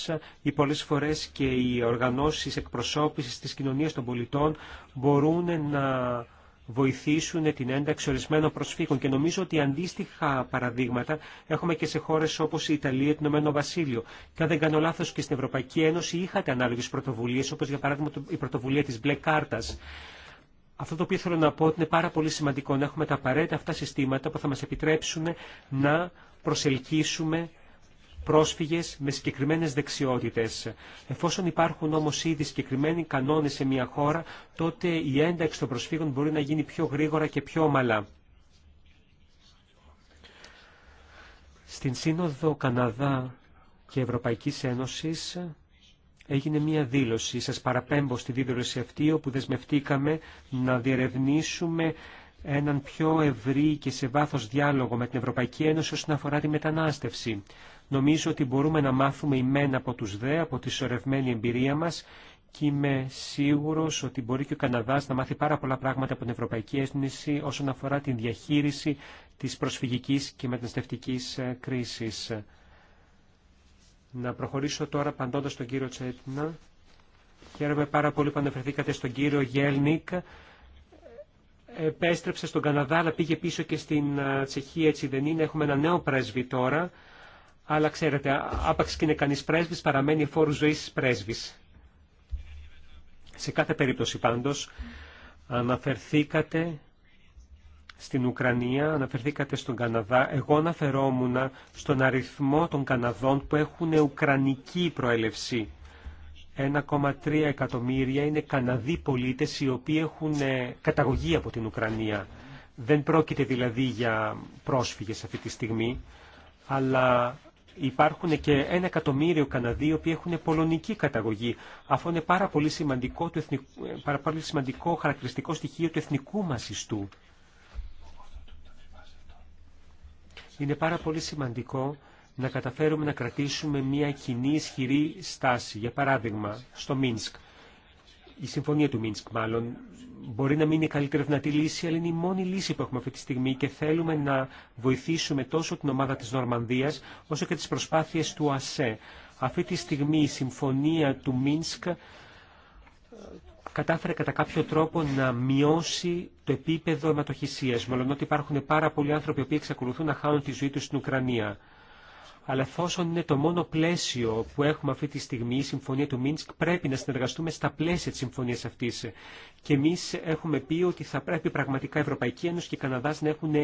ή πολλέ φορέ και οι οργανώσει εκπροσώπηση τη κοινωνία των πολιτών μπορούν να βοηθήσουν την ένταξη ορισμένων προσφύγων. Και νομίζω ότι αντίστοιχα παραδείγματα έχουμε και σε χώρε όπω η Ιταλία, το Ηνωμένο Βασίλειο. Και αν δεν κάνω λάθο και στην Ευρωπαϊκή Ένωση είχατε ανάλογε πρωτοβουλίε, όπω για παράδειγμα η πρωτοβουλία τη Μπλε Κάρτα. Αυτό το οποίο θέλω να πω είναι πάρα πολύ σημαντικό να έχουμε τα απαραίτητα αυτά συστήματα που θα μα επιτρέψουν να προσελκύσουμε πρόσφυγες με συγκεκριμένες δεξιότητες. Εφόσον υπάρχουν όμως ήδη συγκεκριμένοι κανόνες σε μια χώρα, τότε η ένταξη των προσφύγων μπορεί να γίνει πιο γρήγορα και πιο ομαλά. Στην Σύνοδο Καναδά και Ευρωπαϊκής Ένωσης έγινε μία δήλωση. Σας παραπέμπω στη δήλωση αυτή όπου δεσμευτήκαμε να διερευνήσουμε έναν πιο ευρύ και σε βάθος διάλογο με την Ευρωπαϊκή Ένωση όσον αφορά τη μετανάστευση. Νομίζω ότι μπορούμε να μάθουμε ημένα από τους ΔΕ, από τη σωρευμένη εμπειρία μας και είμαι σίγουρος ότι μπορεί και ο Καναδάς να μάθει πάρα πολλά πράγματα από την Ευρωπαϊκή Ένωση όσον αφορά την διαχείριση της προσφυγικής και μεταναστευτικής ε, κρίσης. Να προχωρήσω τώρα παντώντας τον κύριο Τσέτνα. Χαίρομαι πάρα πολύ που αναφερθήκατε στον κύριο Γέλνικ. Επέστρεψε στον Καναδά, αλλά πήγε πίσω και στην ε, Τσεχία, έτσι δεν είναι. Έχουμε ένα νέο πρέσβη τώρα, αλλά ξέρετε, άπαξ και είναι κανείς πρέσβης, παραμένει φόρου ζωής πρέσβης. Σε κάθε περίπτωση πάντως, αναφερθήκατε στην Ουκρανία, αναφερθήκατε στον Καναδά. Εγώ αναφερόμουν στον αριθμό των Καναδών που έχουν ουκρανική προέλευση. 1,3 εκατομμύρια είναι Καναδοί πολίτες οι οποίοι έχουν ε, καταγωγή από την Ουκρανία. Δεν πρόκειται δηλαδή για πρόσφυγες αυτή τη στιγμή, αλλά υπάρχουν και ένα εκατομμύριο Καναδοί οποίοι έχουν πολωνική καταγωγή. Αυτό είναι πάρα πολύ σημαντικό, το πάρα πολύ σημαντικό χαρακτηριστικό στοιχείο του εθνικού μας ιστού. Είναι πάρα πολύ σημαντικό να καταφέρουμε να κρατήσουμε μια κοινή ισχυρή στάση. Για παράδειγμα, στο Μίνσκ, η συμφωνία του Μίνσκ μάλλον, μπορεί να μην είναι η καλύτερη δυνατή λύση, αλλά είναι η μόνη λύση που έχουμε αυτή τη στιγμή και θέλουμε να βοηθήσουμε τόσο την ομάδα της Νορμανδίας, όσο και τις προσπάθειες του ΑΣΕ. Αυτή τη στιγμή η συμφωνία του Μίνσκ ε, κατάφερε κατά κάποιο τρόπο να μειώσει το επίπεδο αιματοχυσίας, μόλον ότι υπάρχουν πάρα πολλοί άνθρωποι που εξακολουθούν να χάνουν τη ζωή τους στην Ουκρανία αλλά εφόσον είναι το μόνο πλαίσιο που έχουμε αυτή τη στιγμή, η συμφωνία του Μίνσκ, πρέπει να συνεργαστούμε στα πλαίσια τη συμφωνία αυτή. Και εμεί έχουμε πει ότι θα πρέπει πραγματικά η Ευρωπαϊκή Ένωση και η Καναδά να έχουν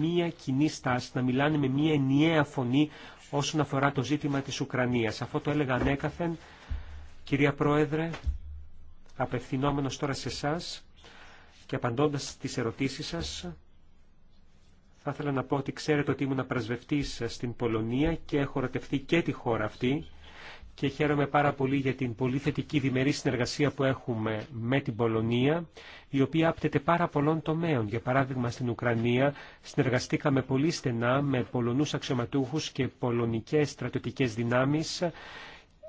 μία κοινή στάση, να μιλάνε με μία ενιαία φωνή όσον αφορά το ζήτημα τη Ουκρανία. Αυτό το έλεγα ανέκαθεν. Κυρία Πρόεδρε, απευθυνόμενο τώρα σε εσά και απαντώντα στις ερωτήσει σα. Θα ήθελα να πω ότι ξέρετε ότι ήμουν πρασβευτής στην Πολωνία και έχω ρωτευτεί και τη χώρα αυτή και χαίρομαι πάρα πολύ για την πολύ θετική διμερή συνεργασία που έχουμε με την Πολωνία, η οποία άπτεται πάρα πολλών τομέων. Για παράδειγμα, στην Ουκρανία συνεργαστήκαμε πολύ στενά με Πολωνούς αξιωματούχους και πολωνικές στρατιωτικές δυνάμεις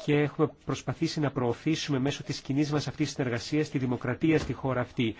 και έχουμε προσπαθήσει να προωθήσουμε μέσω της κοινή μας αυτής συνεργασίας τη δημοκρατία στη χώρα αυτή.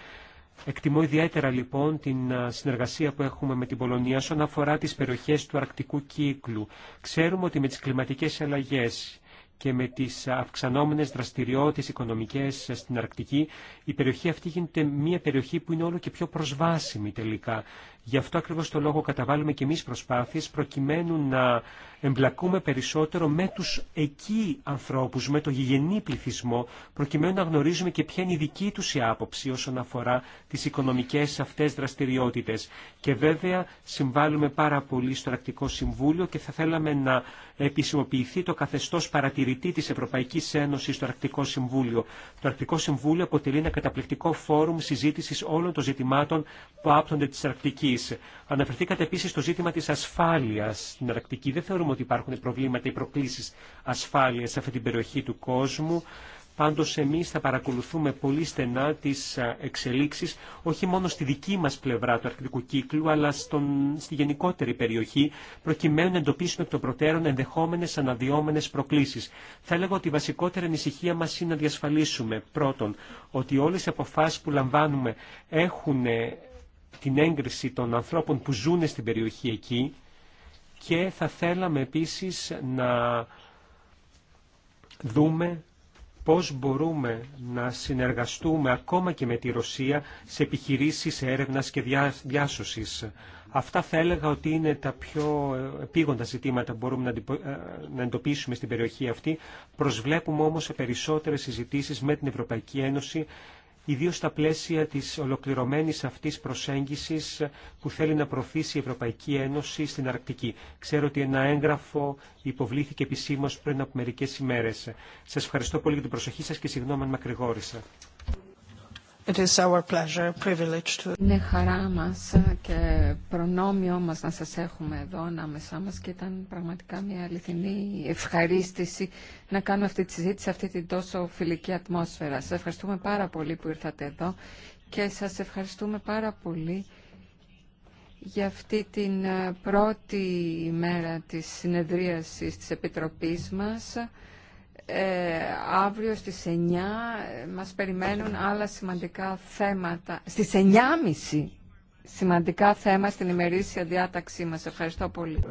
Εκτιμώ ιδιαίτερα λοιπόν την συνεργασία που έχουμε με την Πολωνία όσον αφορά τις περιοχές του αρκτικού κύκλου. Ξέρουμε ότι με τις κλιματικές αλλαγές και με τις αυξανόμενες δραστηριότητες οικονομικές ε, στην Αρκτική, η περιοχή αυτή γίνεται μια περιοχή που είναι όλο και πιο προσβάσιμη τελικά. Γι' αυτό ακριβώς το λόγο καταβάλουμε και εμείς προσπάθειες προκειμένου να εμπλακούμε περισσότερο με τους εκεί ανθρώπους, με το γηγενή πληθυσμό, προκειμένου να γνωρίζουμε και ποια είναι η δική τους η άποψη όσον αφορά τις οικονομικές αυτές δραστηριότητες. Και βέβαια συμβάλλουμε πάρα πολύ στο Αρκτικό Συμβούλιο και θα θέλαμε να επισημοποιηθεί το καθεστώς παρατηρητή της Ευρωπαϊκής Ένωσης στο Αρκτικό Συμβούλιο. Το Αρκτικό Συμβούλιο αποτελεί ένα καταπληκτικό φόρουμ συζήτησης όλων των ζητημάτων που άπτονται της Αρκτική. Αναφερθήκατε επίσης στο ζήτημα της ασφάλειας στην Αρκτική. Δεν θεωρούμε ότι υπάρχουν προβλήματα ή προκλήσεις ασφάλειας σε αυτή την περιοχή του κόσμου. Πάντως εμείς θα παρακολουθούμε πολύ στενά τις εξελίξεις, όχι μόνο στη δική μας πλευρά του αρκτικού κύκλου, αλλά στον, στη γενικότερη περιοχή, προκειμένου να εντοπίσουμε εκ των προτέρων ενδεχόμενες αναδυόμενες προκλήσεις. Θα έλεγα ότι η βασικότερη ανησυχία μας είναι να διασφαλίσουμε, πρώτον, ότι όλες οι αποφάσεις που λαμβάνουμε έχουν ε, την έγκριση των ανθρώπων που ζουν στην περιοχή εκεί και θα θέλαμε επίσης να δούμε πώς μπορούμε να συνεργαστούμε ακόμα και με τη Ρωσία σε επιχειρήσεις έρευνας και διάσωσης. Αυτά θα έλεγα ότι είναι τα πιο ε, επίγοντα ζητήματα που μπορούμε ε, να εντοπίσουμε στην περιοχή αυτή. Προσβλέπουμε όμως σε περισσότερες συζητήσεις με την Ευρωπαϊκή Ένωση ιδίως στα πλαίσια της ολοκληρωμένης αυτής προσέγγισης που θέλει να προωθήσει η Ευρωπαϊκή Ένωση στην Αρκτική. Ξέρω ότι ένα έγγραφο υποβλήθηκε επισήμως πριν από μερικές ημέρες. Σας ευχαριστώ πολύ για την προσοχή σας και συγγνώμη αν μακρηγόρησα. Είναι χαρά μας και προνόμιό μας να σας έχουμε εδώ ανάμεσά μας και ήταν πραγματικά μια αληθινή ευχαρίστηση να κάνουμε αυτή τη συζήτηση σε αυτή την τόσο φιλική ατμόσφαιρα. Σας ευχαριστούμε πάρα πολύ που ήρθατε εδώ και σας ευχαριστούμε πάρα πολύ για αυτή την ε, πρώτη μέρα της συνεδρίασης της Επιτροπής μας. Ε, αύριο στις 9 ε, μας περιμένουν άλλα σημαντικά θέματα. Στις 9.30 σημαντικά θέματα στην ημερήσια διάταξή μας. Ευχαριστώ πολύ.